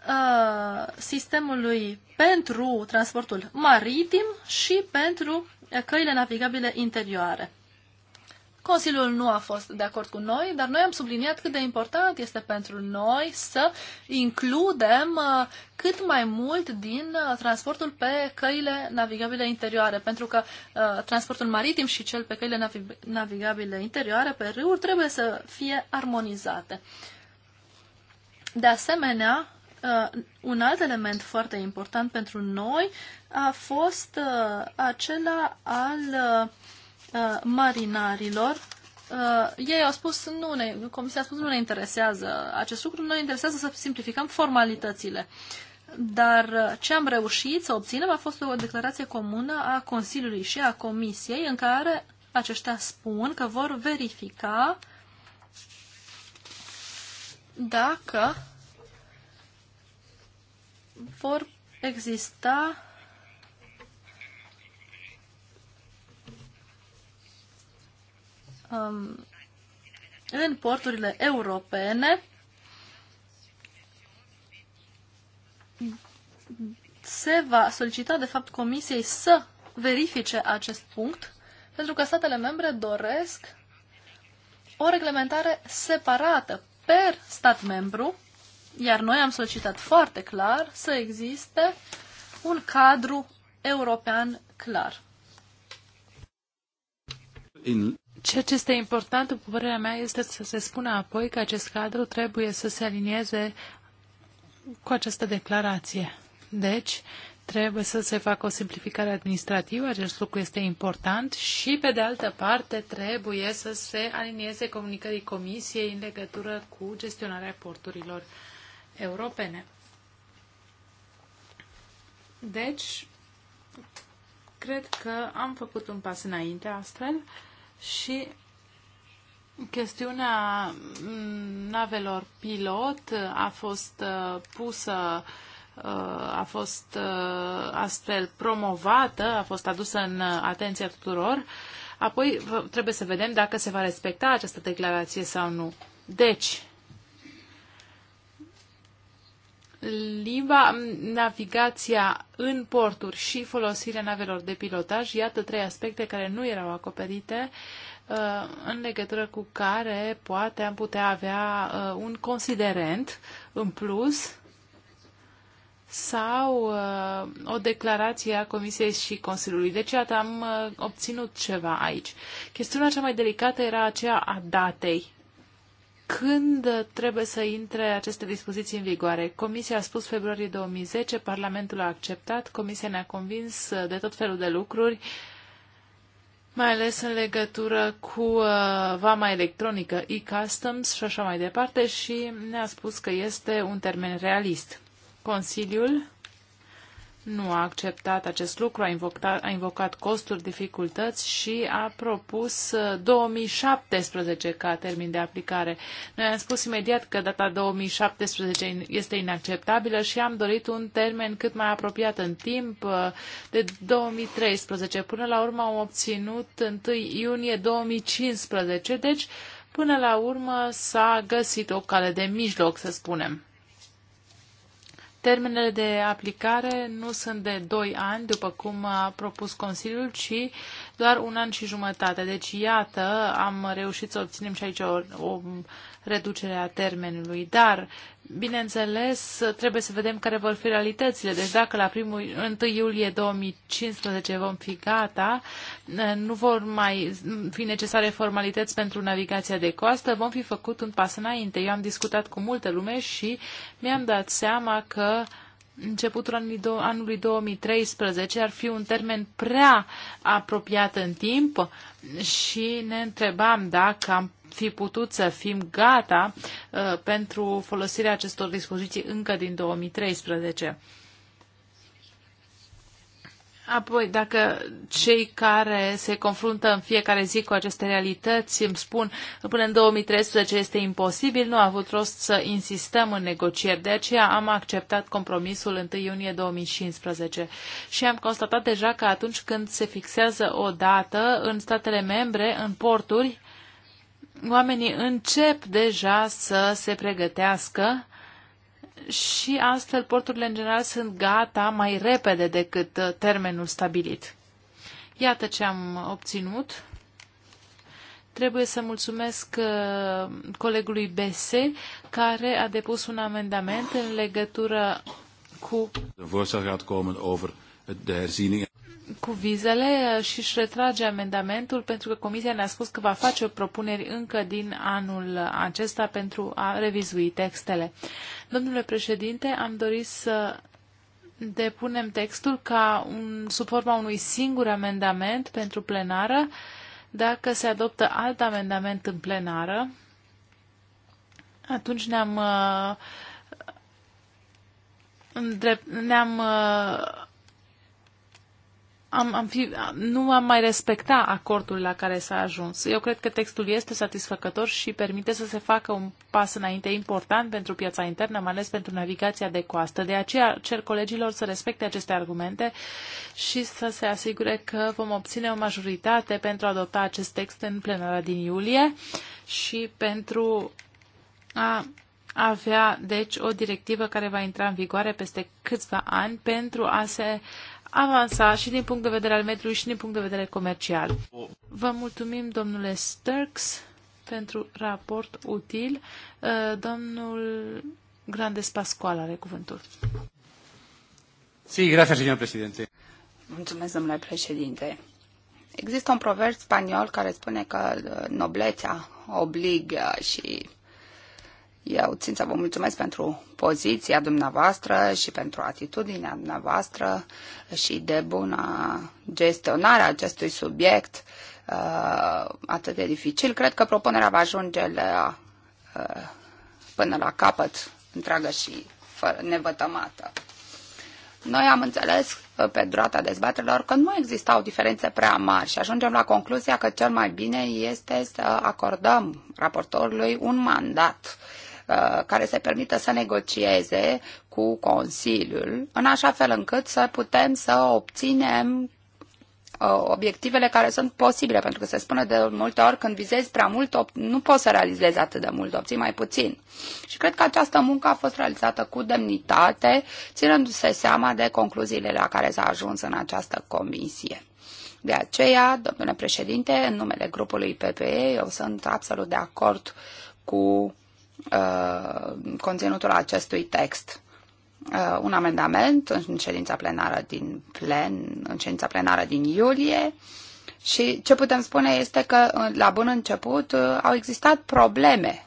uh, sistemului pentru transportul maritim și pentru căile navigabile interioare. Consiliul nu a fost de acord cu noi, dar noi am subliniat cât de important este pentru noi să includem uh, cât mai mult din uh, transportul pe căile navigabile interioare, pentru că uh, transportul maritim și cel pe căile navigabile interioare, pe râuri, trebuie să fie armonizate. De asemenea, un alt element foarte important pentru noi a fost uh, acela al uh, uh, marinarilor. Uh, ei au spus, nu ne, comisia a spus, nu ne interesează acest lucru, noi interesează să simplificăm formalitățile. Dar uh, ce am reușit să obținem a fost o declarație comună a Consiliului și a Comisiei în care aceștia spun că vor verifica dacă vor exista um, în porturile europene se va solicita, de fapt, Comisiei să verifice acest punct, pentru că statele membre doresc o reglementare separată per stat membru, iar noi am solicitat foarte clar să existe un cadru european clar. In... Ceea ce este important, după părerea mea, este să se spună apoi că acest cadru trebuie să se alinieze cu această declarație. Deci, trebuie să se facă o simplificare administrativă, acest lucru este important și, pe de altă parte, trebuie să se alinieze comunicării Comisiei în legătură cu gestionarea porturilor europene. Deci, cred că am făcut un pas înainte astfel și chestiunea mm, navelor pilot a fost uh, pusă uh, a fost uh, astfel promovată, a fost adusă în atenția tuturor. Apoi trebuie să vedem dacă se va respecta această declarație sau nu. Deci, limba, navigația în porturi și folosirea navelor de pilotaj, iată trei aspecte care nu erau acoperite uh, în legătură cu care poate am putea avea uh, un considerent în plus sau uh, o declarație a Comisiei și Consiliului. Deci, iată, am uh, obținut ceva aici. Chestiunea cea mai delicată era aceea a datei când trebuie să intre aceste dispoziții în vigoare? Comisia a spus februarie 2010, Parlamentul a acceptat, Comisia ne-a convins de tot felul de lucruri, mai ales în legătură cu uh, vama electronică e-customs și așa mai departe și ne-a spus că este un termen realist. Consiliul nu a acceptat acest lucru, a invocat, a invocat costuri, dificultăți și a propus 2017 uh, ca termen de aplicare. Noi am spus imediat că data 2017 este inacceptabilă și am dorit un termen cât mai apropiat în timp uh, de 2013. Până la urmă am obținut 1 iunie 2015, deci până la urmă s-a găsit o cale de mijloc, să spunem. Termenele de aplicare nu sunt de 2 ani, după cum a propus Consiliul, ci doar un an și jumătate. Deci, iată, am reușit să obținem și aici o, o reducere a termenului. Dar Bineînțeles, trebuie să vedem care vor fi realitățile. Deci dacă la primul, 1 iulie 2015 vom fi gata, nu vor mai fi necesare formalități pentru navigația de coastă, vom fi făcut un pas înainte. Eu am discutat cu multă lume și mi-am dat seama că începutul anului 2013 ar fi un termen prea apropiat în timp și ne întrebam dacă am fi putut să fim gata uh, pentru folosirea acestor dispoziții încă din 2013. Apoi, dacă cei care se confruntă în fiecare zi cu aceste realități îmi spun până în 2013 este imposibil, nu a avut rost să insistăm în negocieri. De aceea am acceptat compromisul 1 iunie 2015 și am constatat deja că atunci când se fixează o dată în statele membre, în porturi, oamenii încep deja să se pregătească și astfel porturile în general sunt gata mai repede decât uh, termenul stabilit. Iată ce am obținut. Trebuie să mulțumesc uh, colegului Bese, care a depus un amendament în legătură cu... de cu vizele și își retrage amendamentul pentru că Comisia ne-a spus că va face propuneri încă din anul acesta pentru a revizui textele. Domnule președinte, am dorit să depunem textul ca un, sub forma unui singur amendament pentru plenară. Dacă se adoptă alt amendament în plenară, atunci ne-am uh, ne-am uh, am, am fi, nu am mai respecta acordul la care s-a ajuns. Eu cred că textul este satisfăcător și permite să se facă un pas înainte important pentru piața internă, mai ales pentru navigația de coastă. De aceea cer colegilor să respecte aceste argumente și să se asigure că vom obține o majoritate pentru a adopta acest text în plenara din iulie și pentru a avea, deci, o directivă care va intra în vigoare peste câțiva ani pentru a se avansa și din punct de vedere al mediului și din punct de vedere comercial. Vă mulțumim, domnule Sturks, pentru raport util. Uh, domnul Grandes Pascual are cuvântul. Sí, gracias, señor presidente. Mulțumesc, domnule președinte. Există un proverb spaniol care spune că uh, noblețea obligă și eu țin să vă mulțumesc pentru poziția dumneavoastră și pentru atitudinea dumneavoastră și de bună gestionare a acestui subiect uh, atât de dificil. Cred că propunerea va ajunge la, uh, până la capăt întreagă și fără, nevătămată. Noi am înțeles uh, pe durata dezbaterilor că nu existau diferențe prea mari și ajungem la concluzia că cel mai bine este să acordăm raportorului un mandat uh, Uh, care să permită să negocieze cu Consiliul, în așa fel încât să putem să obținem uh, obiectivele care sunt posibile, pentru că se spune de multe ori când vizezi prea mult, nu poți să realizezi atât de mult, obții mai puțin. Și cred că această muncă a fost realizată cu demnitate, ținându-se seama de concluziile la care s-a ajuns în această comisie. De aceea, domnule președinte, în numele grupului PPE, eu sunt absolut de acord cu Uh, conținutul acestui text. Uh, un amendament în ședința plenară din plen, în ședința plenară din iulie și ce putem spune este că uh, la bun început uh, au existat probleme.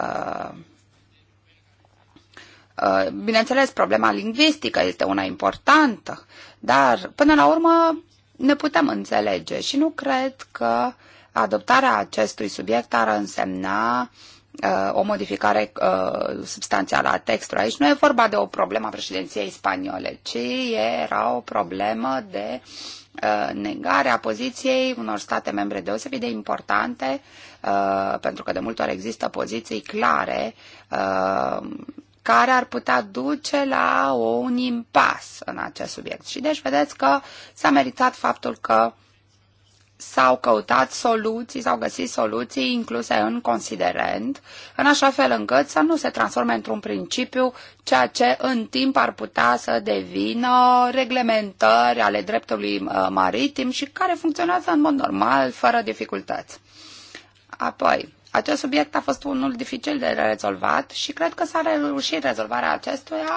Uh, uh, bineînțeles, problema lingvistică este una importantă, dar până la urmă ne putem înțelege și nu cred că adoptarea acestui subiect ar însemna uh, o modificare uh, substanțială a textului. Aici nu e vorba de o problemă a președinției spaniole, ci era o problemă de uh, negare negarea poziției unor state membre deosebit de importante, uh, pentru că de multe ori există poziții clare uh, care ar putea duce la un impas în acest subiect. Și deci vedeți că s-a meritat faptul că s-au căutat soluții, s-au găsit soluții incluse în considerent, în așa fel încât să nu se transforme într-un principiu ceea ce în timp ar putea să devină reglementări ale dreptului uh, maritim și care funcționează în mod normal, fără dificultăți. Apoi, acest subiect a fost unul dificil de rezolvat și cred că s-a reușit rezolvarea acestuia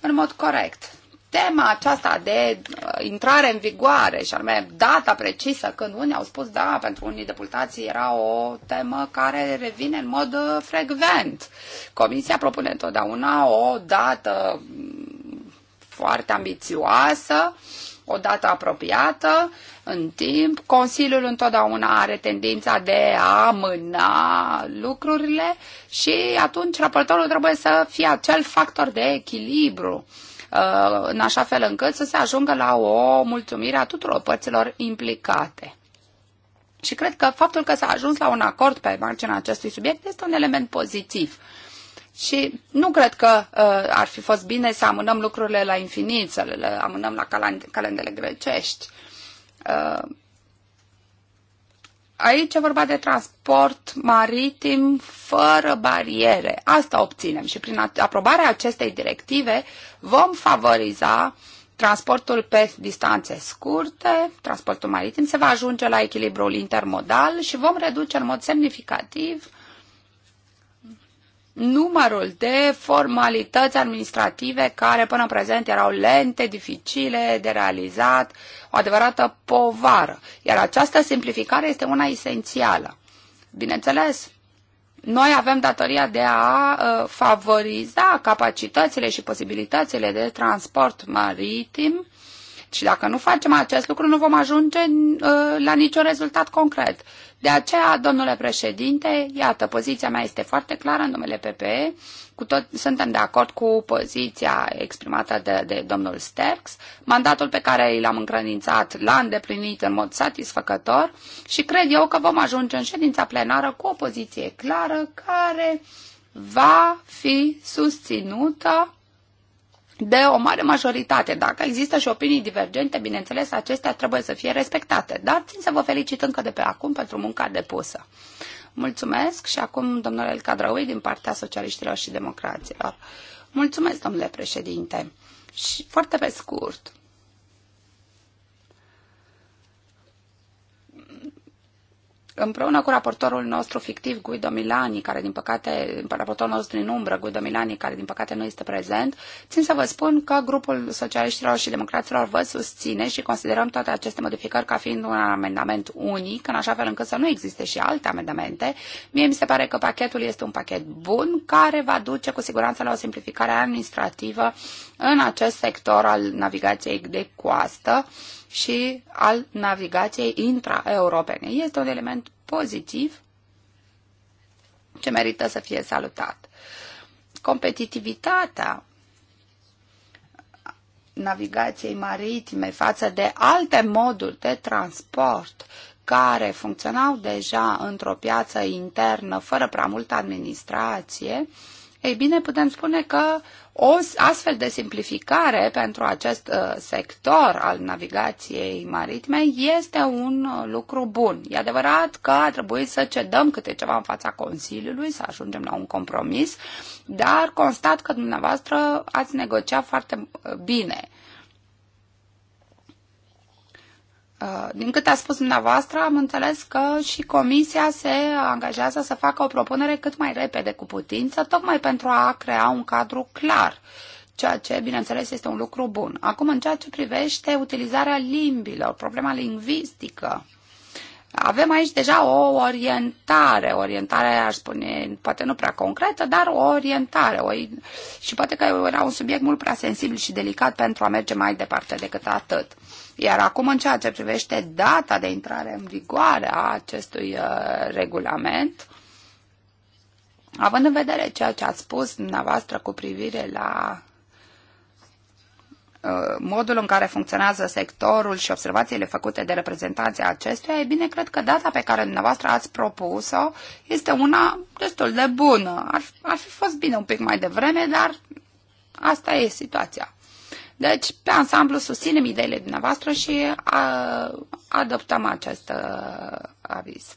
în mod corect tema aceasta de uh, intrare în vigoare și anume data precisă când unii au spus da, pentru unii deputații era o temă care revine în mod uh, frecvent. Comisia propune întotdeauna o dată mm, foarte ambițioasă, o dată apropiată în timp. Consiliul întotdeauna are tendința de a amâna lucrurile și atunci raportorul trebuie să fie acel factor de echilibru Uh, în așa fel încât să se ajungă la o mulțumire a tuturor părților implicate. Și cred că faptul că s-a ajuns la un acord pe marginea acestui subiect este un element pozitiv. Și nu cred că uh, ar fi fost bine să amânăm lucrurile la infinit, să le amânăm la calendele grecești. Uh, Aici e vorba de transport maritim fără bariere. Asta obținem și prin aprobarea acestei directive vom favoriza transportul pe distanțe scurte, transportul maritim, se va ajunge la echilibrul intermodal și vom reduce în mod semnificativ numărul de formalități administrative care până în prezent erau lente, dificile de realizat, o adevărată povară. Iar această simplificare este una esențială. Bineînțeles, noi avem datoria de a uh, favoriza capacitățile și posibilitățile de transport maritim și dacă nu facem acest lucru, nu vom ajunge uh, la niciun rezultat concret. De aceea, domnule președinte, iată, poziția mea este foarte clară în numele PPE. Cu tot, suntem de acord cu poziția exprimată de, de domnul Sterks, mandatul pe care l-am încredințat l-a îndeplinit în mod satisfăcător și cred eu că vom ajunge în ședința plenară cu o poziție clară care va fi susținută de o mare majoritate. Dacă există și opinii divergente, bineînțeles, acestea trebuie să fie respectate. Dar țin să vă felicit încă de pe acum pentru munca depusă. Mulțumesc și acum domnul El Cadraui din partea socialiștilor și democraților. Mulțumesc, domnule președinte. Și foarte pe scurt, împreună cu raportorul nostru fictiv, Guido Milani, care din păcate, raportorul nostru din umbră, Guido Milani, care din păcate nu este prezent, țin să vă spun că grupul socialiștilor și democraților vă susține și considerăm toate aceste modificări ca fiind un amendament unic, în așa fel încât să nu existe și alte amendamente. Mie mi se pare că pachetul este un pachet bun care va duce cu siguranță la o simplificare administrativă în acest sector al navigației de coastă, și al navigației intra-europene. Este un element pozitiv ce merită să fie salutat. Competitivitatea navigației maritime față de alte moduri de transport care funcționau deja într-o piață internă fără prea multă administrație, ei bine, putem spune că o astfel de simplificare pentru acest uh, sector al navigației maritime este un uh, lucru bun. E adevărat că a trebuit să cedăm câte ceva în fața Consiliului, să ajungem la un compromis, dar constat că dumneavoastră ați negociat foarte uh, bine. Uh, din câte a spus dumneavoastră, am înțeles că și Comisia se angajează să facă o propunere cât mai repede cu putință, tocmai pentru a crea un cadru clar, ceea ce, bineînțeles, este un lucru bun. Acum, în ceea ce privește utilizarea limbilor, problema lingvistică, avem aici deja o orientare, orientare, aș spune, poate nu prea concretă, dar o orientare. O, și poate că era un subiect mult prea sensibil și delicat pentru a merge mai departe decât atât. Iar acum, în ceea ce privește data de intrare în vigoare a acestui uh, regulament, având în vedere ceea ce ați spus dumneavoastră cu privire la uh, modul în care funcționează sectorul și observațiile făcute de reprezentanții acestuia, e bine, cred că data pe care dumneavoastră ați propus-o este una destul de bună. Ar, ar fi fost bine un pic mai devreme, dar asta e situația. Deci, pe ansamblu, susținem ideile dumneavoastră și a, adoptăm acest aviz.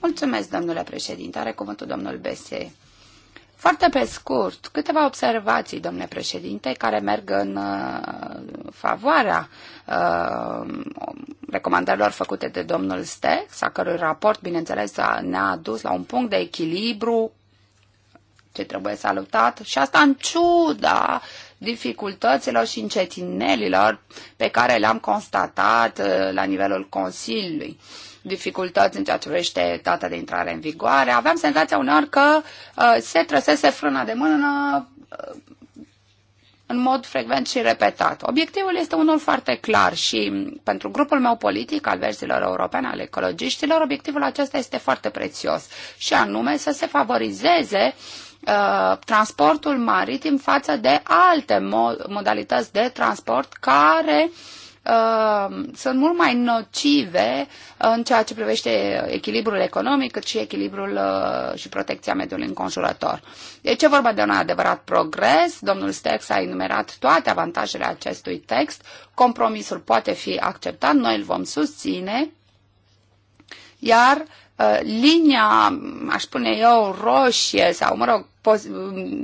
Mulțumesc, domnule președinte. Are cuvântul domnul Bese. Foarte pe scurt, câteva observații, domnule președinte, care merg în uh, favoarea uh, recomandărilor făcute de domnul Stex, a cărui raport, bineînțeles, ne-a dus la un punct de echilibru ce trebuie salutat și asta în ciuda dificultăților și încetinelilor pe care le-am constatat uh, la nivelul Consiliului dificultăți în ceea ce privește data de intrare în vigoare. Aveam senzația uneori că uh, se trăsese frâna de mână uh, în mod frecvent și repetat. Obiectivul este unul foarte clar și pentru grupul meu politic al versiilor europene, al ecologiștilor, obiectivul acesta este foarte prețios și anume să se favorizeze uh, Uh, transportul maritim față de alte modalități de transport care uh, sunt mult mai nocive în ceea ce privește echilibrul economic, cât și echilibrul uh, și protecția mediului înconjurător. Deci e vorba de un adevărat progres. Domnul Stex a enumerat toate avantajele acestui text. Compromisul poate fi acceptat, noi îl vom susține iar Uh, linia, aș spune eu, roșie sau, mă rog,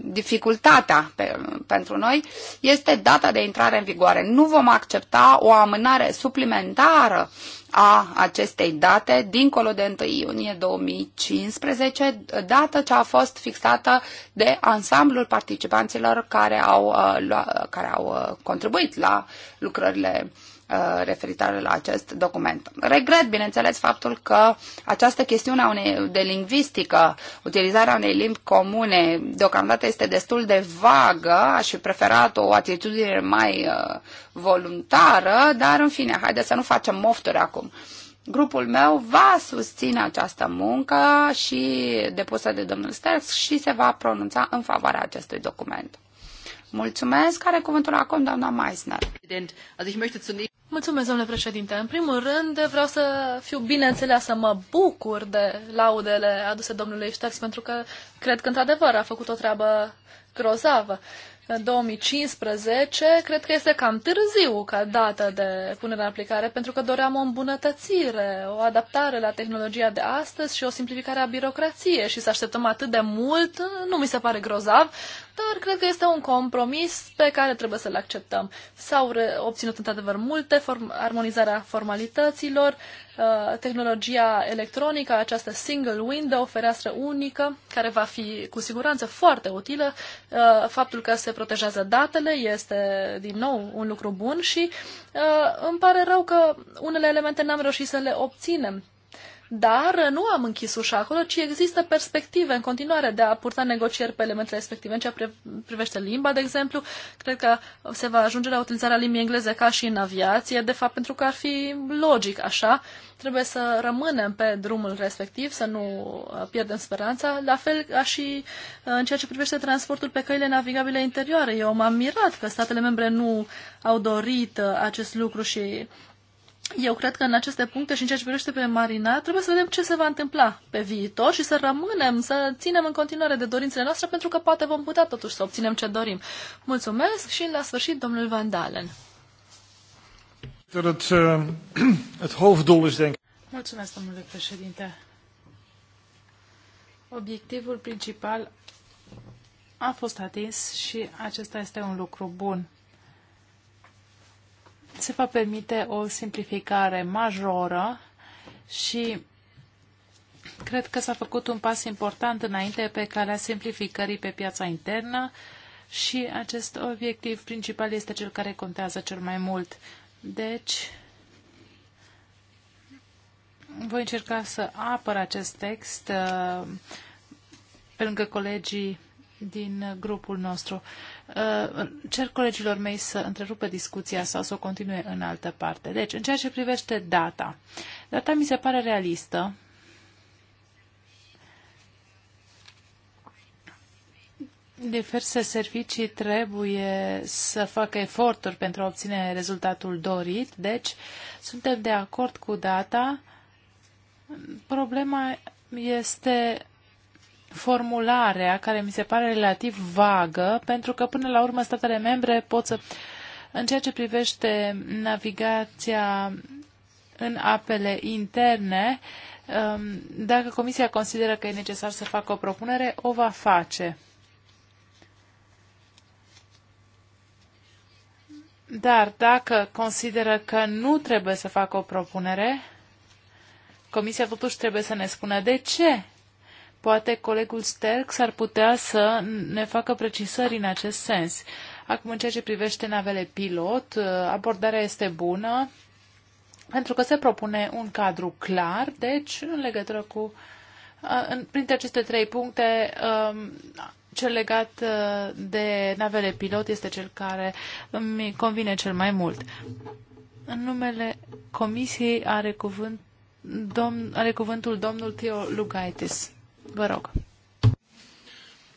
dificultatea pe, pentru noi este data de intrare în vigoare. Nu vom accepta o amânare suplimentară a acestei date dincolo de 1 iunie 2015, dată ce a fost fixată de ansamblul participanților care au, uh, care au uh, contribuit la lucrările uh, Uh, referitoare la acest document. Regret, bineînțeles, faptul că această chestiune a unei, de lingvistică, utilizarea unei limbi comune, deocamdată este destul de vagă, aș fi preferat o atitudine mai uh, voluntară, dar în fine, haideți să nu facem mofturi acum. Grupul meu va susține această muncă și depusă de domnul Sterks și se va pronunța în favoarea acestui document. Mulțumesc. Care cuvântul acum, doamna Meisner? Mulțumesc, domnule președinte. În primul rând, vreau să fiu să mă bucur de laudele aduse domnului Ștex, pentru că cred că, într-adevăr, a făcut o treabă grozavă. 2015, cred că este cam târziu ca dată de punere în aplicare, pentru că doream o îmbunătățire, o adaptare la tehnologia de astăzi și o simplificare a birocrației și să așteptăm atât de mult, nu mi se pare grozav dar cred că este un compromis pe care trebuie să-l acceptăm. S-au obținut într-adevăr multe, form- armonizarea formalităților, uh, tehnologia electronică, această single window, fereastră unică, care va fi cu siguranță foarte utilă. Uh, faptul că se protejează datele este din nou un lucru bun și uh, îmi pare rău că unele elemente n-am reușit să le obținem dar nu am închis ușa acolo, ci există perspective în continuare de a purta negocieri pe elementele respective. În ceea ce privește limba, de exemplu, cred că se va ajunge la utilizarea limbii engleze ca și în aviație, de fapt pentru că ar fi logic așa. Trebuie să rămânem pe drumul respectiv, să nu uh, pierdem speranța. La fel ca și uh, în ceea ce privește transportul pe căile navigabile interioare. Eu m-am mirat că statele membre nu au dorit uh, acest lucru și eu cred că în aceste puncte și în ceea ce privește pe marina, trebuie să vedem ce se va întâmpla pe viitor și să rămânem, să ținem în continuare de dorințele noastre, pentru că poate vom putea totuși să obținem ce dorim. Mulțumesc și la sfârșit domnul Van Dalen. Eh, Mulțumesc, domnule președinte. Obiectivul principal a fost atins și acesta este un lucru bun se va permite o simplificare majoră și cred că s-a făcut un pas important înainte pe calea simplificării pe piața internă și acest obiectiv principal este cel care contează cel mai mult. Deci, voi încerca să apăr acest text uh, pe lângă colegii din grupul nostru. Uh, cer colegilor mei să întrerupă discuția sau să o continue în altă parte. Deci, în ceea ce privește data, data mi se pare realistă. Diverse servicii trebuie să facă eforturi pentru a obține rezultatul dorit, deci suntem de acord cu data. Problema este formularea care mi se pare relativ vagă, pentru că până la urmă statele membre pot să, în ceea ce privește navigația în apele interne, um, dacă Comisia consideră că e necesar să facă o propunere, o va face. Dar dacă consideră că nu trebuie să facă o propunere, Comisia totuși trebuie să ne spună de ce Poate colegul Sterk s ar putea să ne facă precisări în acest sens. Acum, în ceea ce privește navele pilot, abordarea este bună pentru că se propune un cadru clar, deci în legătură cu, în, printre aceste trei puncte, um, cel legat uh, de navele pilot este cel care îmi convine cel mai mult. În numele comisiei are, cuvânt, domn, are cuvântul domnul Theo Lugaitis. Vă rog.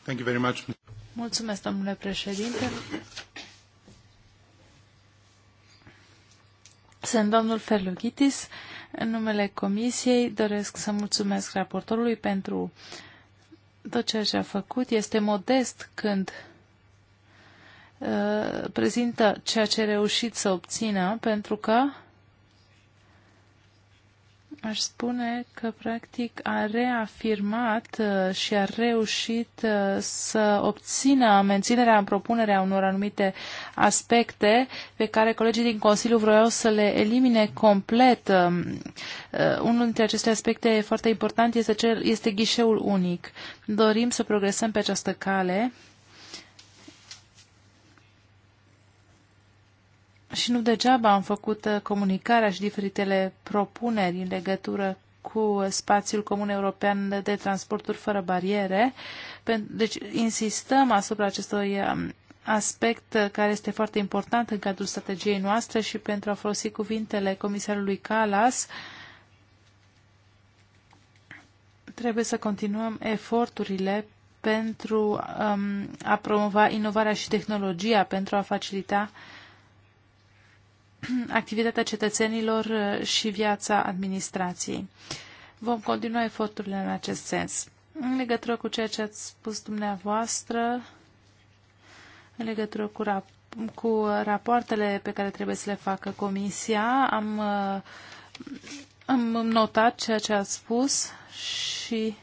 Thank you very much. Mulțumesc, domnule președinte. Sunt domnul Ferlughitis. În numele comisiei doresc să mulțumesc raportorului pentru tot ceea ce a făcut. Este modest când uh, prezintă ceea ce a reușit să obțină, pentru că aș spune că practic a reafirmat uh, și a reușit uh, să obțină menținerea în propunerea unor anumite aspecte pe care colegii din Consiliu vreau să le elimine complet. Um, uh, unul dintre aceste aspecte foarte important este, cel, este ghișeul unic. Dorim să progresăm pe această cale Și nu degeaba am făcut uh, comunicarea și diferitele propuneri în legătură cu uh, spațiul comun european de transporturi fără bariere. Deci insistăm asupra acestui uh, aspect care este foarte important în cadrul strategiei noastre și pentru a folosi cuvintele comisarului Calas, trebuie să continuăm eforturile pentru um, a promova inovarea și tehnologia, pentru a facilita uh, activitatea cetățenilor uh, și viața administrației. Vom continua eforturile în acest sens. În legătură cu ceea ce ați spus dumneavoastră, în legătură cu, rap- cu rapoartele pe care trebuie să le facă comisia, am, uh, am notat ceea ce ați spus și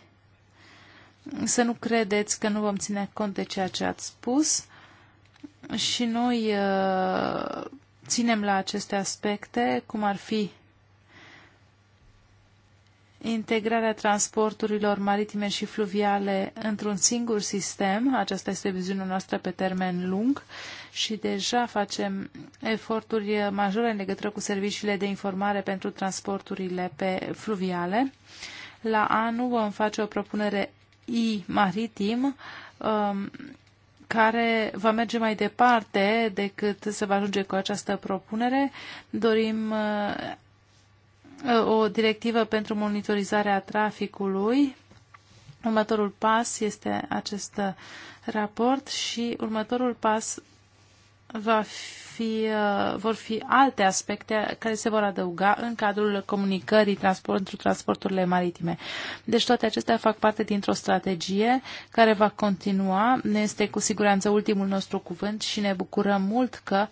să nu credeți că nu vom ține cont de ceea ce ați spus. Și noi uh, ținem la aceste aspecte, cum ar fi integrarea transporturilor maritime și fluviale într-un singur sistem. Aceasta este viziunea noastră pe termen lung și deja facem eforturi majore în legătură cu serviciile de informare pentru transporturile pe fluviale. La anul vom face o propunere i-maritim um, care va merge mai departe decât se va ajunge cu această propunere. Dorim uh, o directivă pentru monitorizarea traficului. Următorul pas este acest raport și următorul pas va fi, uh, vor fi alte aspecte care se vor adăuga în cadrul comunicării transport, pentru transporturile maritime. Deci toate acestea fac parte dintr-o strategie care va continua. Ne este cu siguranță ultimul nostru cuvânt și ne bucurăm mult că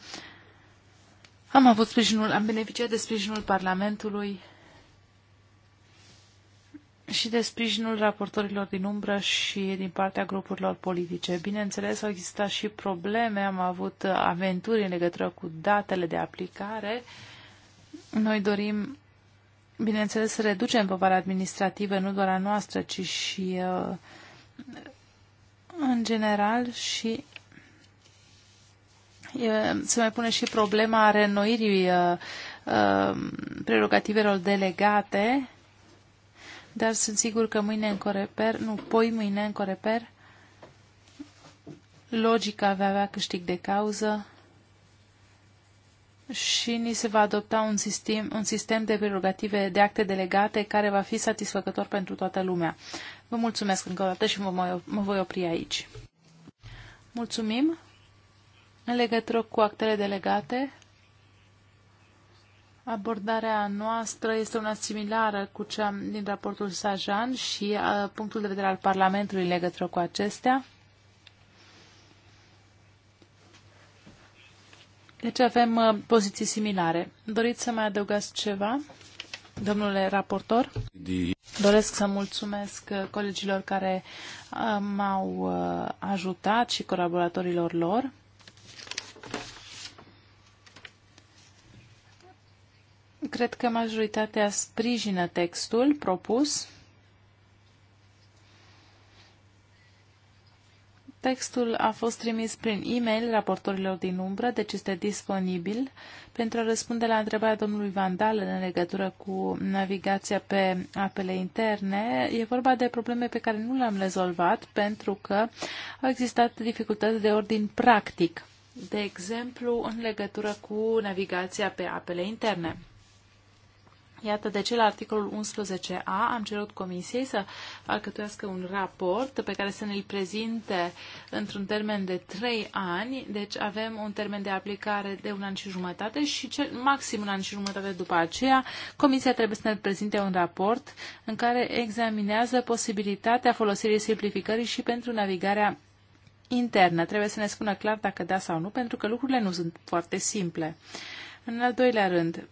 am avut sprijinul, am beneficiat de sprijinul Parlamentului și de sprijinul raportorilor din umbră și din partea grupurilor politice. Bineînțeles, au existat și probleme, am avut aventuri în legătură cu datele de aplicare. Noi dorim, bineînțeles, să reducem povara administrativă, nu doar a noastră, ci și uh, în general și se mai pune și problema uh, uh, prerogativelor delegate dar sunt sigur că mâine în Coreper, nu, poi mâine în Coreper, logica va avea câștig de cauză și ni se va adopta un sistem, un sistem de prerogative de acte delegate care va fi satisfăcător pentru toată lumea. Vă mulțumesc încă o dată și mă, mă voi opri aici. Mulțumim. În legătură cu actele delegate, Abordarea noastră este una similară cu cea din raportul Sajan și uh, punctul de vedere al Parlamentului în legătură cu acestea. Deci avem uh, poziții similare. Doriți să mai adăugați ceva, domnule raportor? Doresc să mulțumesc uh, colegilor care uh, m-au uh, ajutat și colaboratorilor lor. Cred că majoritatea sprijină textul propus. Textul a fost trimis prin e-mail raportorilor din umbră, deci este disponibil pentru a răspunde la întrebarea domnului Vandal în legătură cu navigația pe apele interne. E vorba de probleme pe care nu le-am rezolvat pentru că au existat dificultăți de ordin practic, de exemplu în legătură cu navigația pe apele interne. Iată de ce la articolul 11a am cerut Comisiei să alcătuiască un raport pe care să ne-l prezinte într-un termen de 3 ani, deci avem un termen de aplicare de un an și jumătate și cel, maxim un an și jumătate după aceea Comisia trebuie să ne prezinte un raport în care examinează posibilitatea folosirii simplificării și pentru navigarea internă. Trebuie să ne spună clar dacă da sau nu, pentru că lucrurile nu sunt foarte simple. În al doilea rând,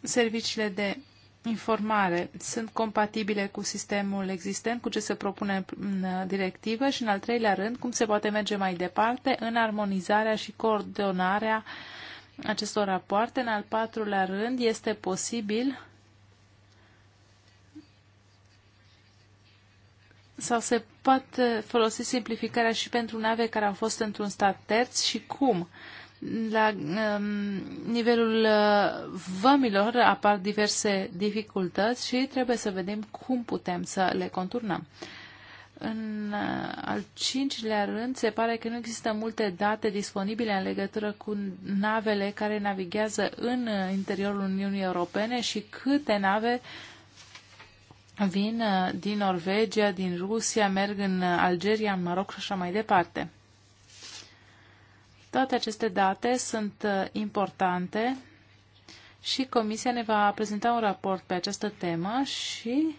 serviciile de informare sunt compatibile cu sistemul existent, cu ce se propune în uh, directivă și, în al treilea rând, cum se poate merge mai departe în armonizarea și coordonarea acestor rapoarte. În al patrulea rând, este posibil sau se poate folosi simplificarea și pentru nave care au fost într-un stat terț și cum la um, nivelul uh, vămilor apar diverse dificultăți și trebuie să vedem cum putem să le conturnăm. În uh, al cincilea rând, se pare că nu există multe date disponibile în legătură cu navele care navighează în uh, interiorul Uniunii Europene și câte nave vin uh, din Norvegia, din Rusia, merg în uh, Algeria, în Maroc și așa mai departe. Toate aceste date sunt uh, importante și Comisia ne va prezenta un raport pe această temă și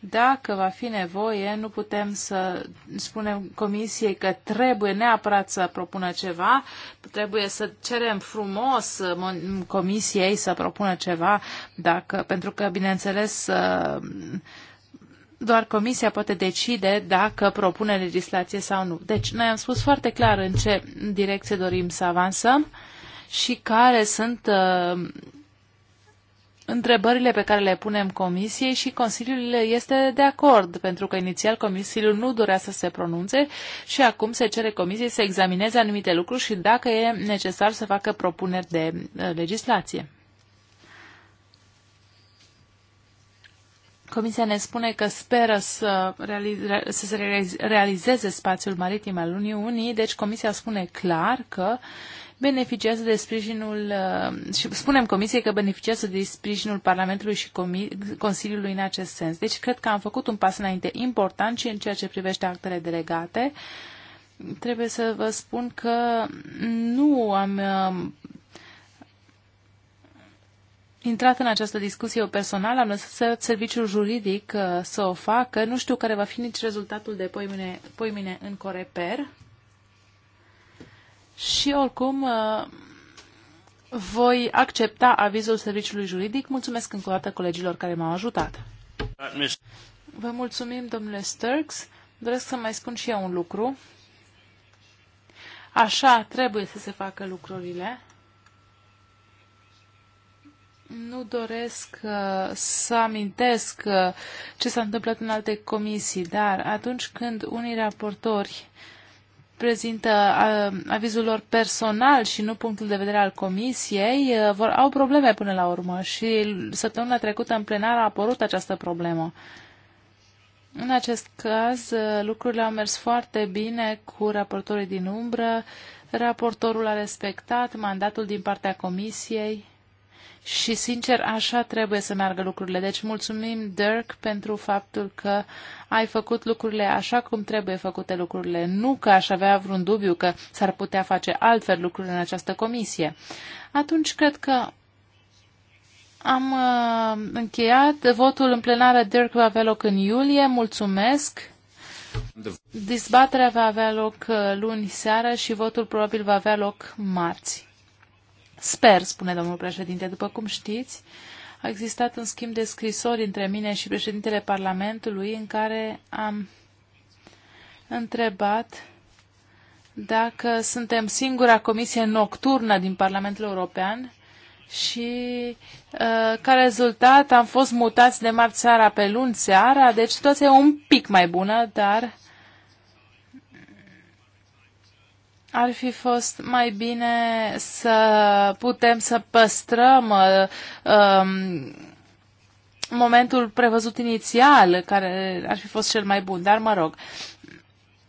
dacă va fi nevoie, nu putem să spunem Comisiei că trebuie neapărat să propună ceva, trebuie să cerem frumos uh, Comisiei să propună ceva, dacă, pentru că, bineînțeles, uh, doar Comisia poate decide dacă propune legislație sau nu. Deci, noi am spus foarte clar în ce direcție dorim să avansăm și care sunt uh, întrebările pe care le punem Comisiei și Consiliul este de acord, pentru că inițial Consiliul nu dorea să se pronunțe și acum se cere Comisiei să examineze anumite lucruri și dacă e necesar să facă propuneri de uh, legislație. Comisia ne spune că speră să, realize, să se realizeze spațiul maritim al Uniunii, deci Comisia spune clar că beneficiază de sprijinul uh, și spunem Comisiei că beneficiază de sprijinul Parlamentului și Consiliului în acest sens. Deci cred că am făcut un pas înainte important și în ceea ce privește actele delegate. Trebuie să vă spun că nu am uh, intrat în această discuție eu personal, am lăsat serviciul juridic uh, să o facă. Nu știu care va fi nici rezultatul de poimine, poimine în Coreper. Și oricum uh, voi accepta avizul serviciului juridic. Mulțumesc încă o dată colegilor care m-au ajutat. Vă mulțumim, domnule Sturks. Doresc să mai spun și eu un lucru. Așa trebuie să se facă lucrurile. Nu doresc uh, să amintesc uh, ce s-a întâmplat în alte comisii, dar atunci când unii raportori prezintă uh, avizul lor personal și nu punctul de vedere al comisiei, uh, vor, au probleme până la urmă și săptămâna trecută în plenar a apărut această problemă. În acest caz, uh, lucrurile au mers foarte bine cu raportorii din umbră, raportorul a respectat mandatul din partea comisiei și, sincer, așa trebuie să meargă lucrurile. Deci, mulțumim, Dirk, pentru faptul că ai făcut lucrurile așa cum trebuie făcute lucrurile. Nu că aș avea vreun dubiu că s-ar putea face altfel lucruri în această comisie. Atunci, cred că am uh, încheiat. Votul în plenară, Dirk, va avea loc în iulie. Mulțumesc! Dezbaterea va avea loc uh, luni seară și votul probabil va avea loc marți. Sper, spune domnul președinte, după cum știți, a existat un schimb de scrisori între mine și președintele Parlamentului în care am întrebat dacă suntem singura comisie nocturnă din Parlamentul European și uh, ca rezultat am fost mutați de marți seara pe luni seara, deci situația e un pic mai bună, dar ar fi fost mai bine să putem să păstrăm um, momentul prevăzut inițial, care ar fi fost cel mai bun, dar mă rog.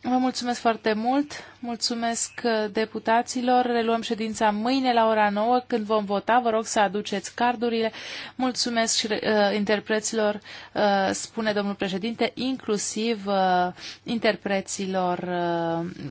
Vă mulțumesc foarte mult, mulțumesc deputaților, reluăm ședința mâine la ora 9 când vom vota, vă rog să aduceți cardurile, mulțumesc și uh, interpreților, uh, spune domnul președinte, inclusiv uh, interpreților uh,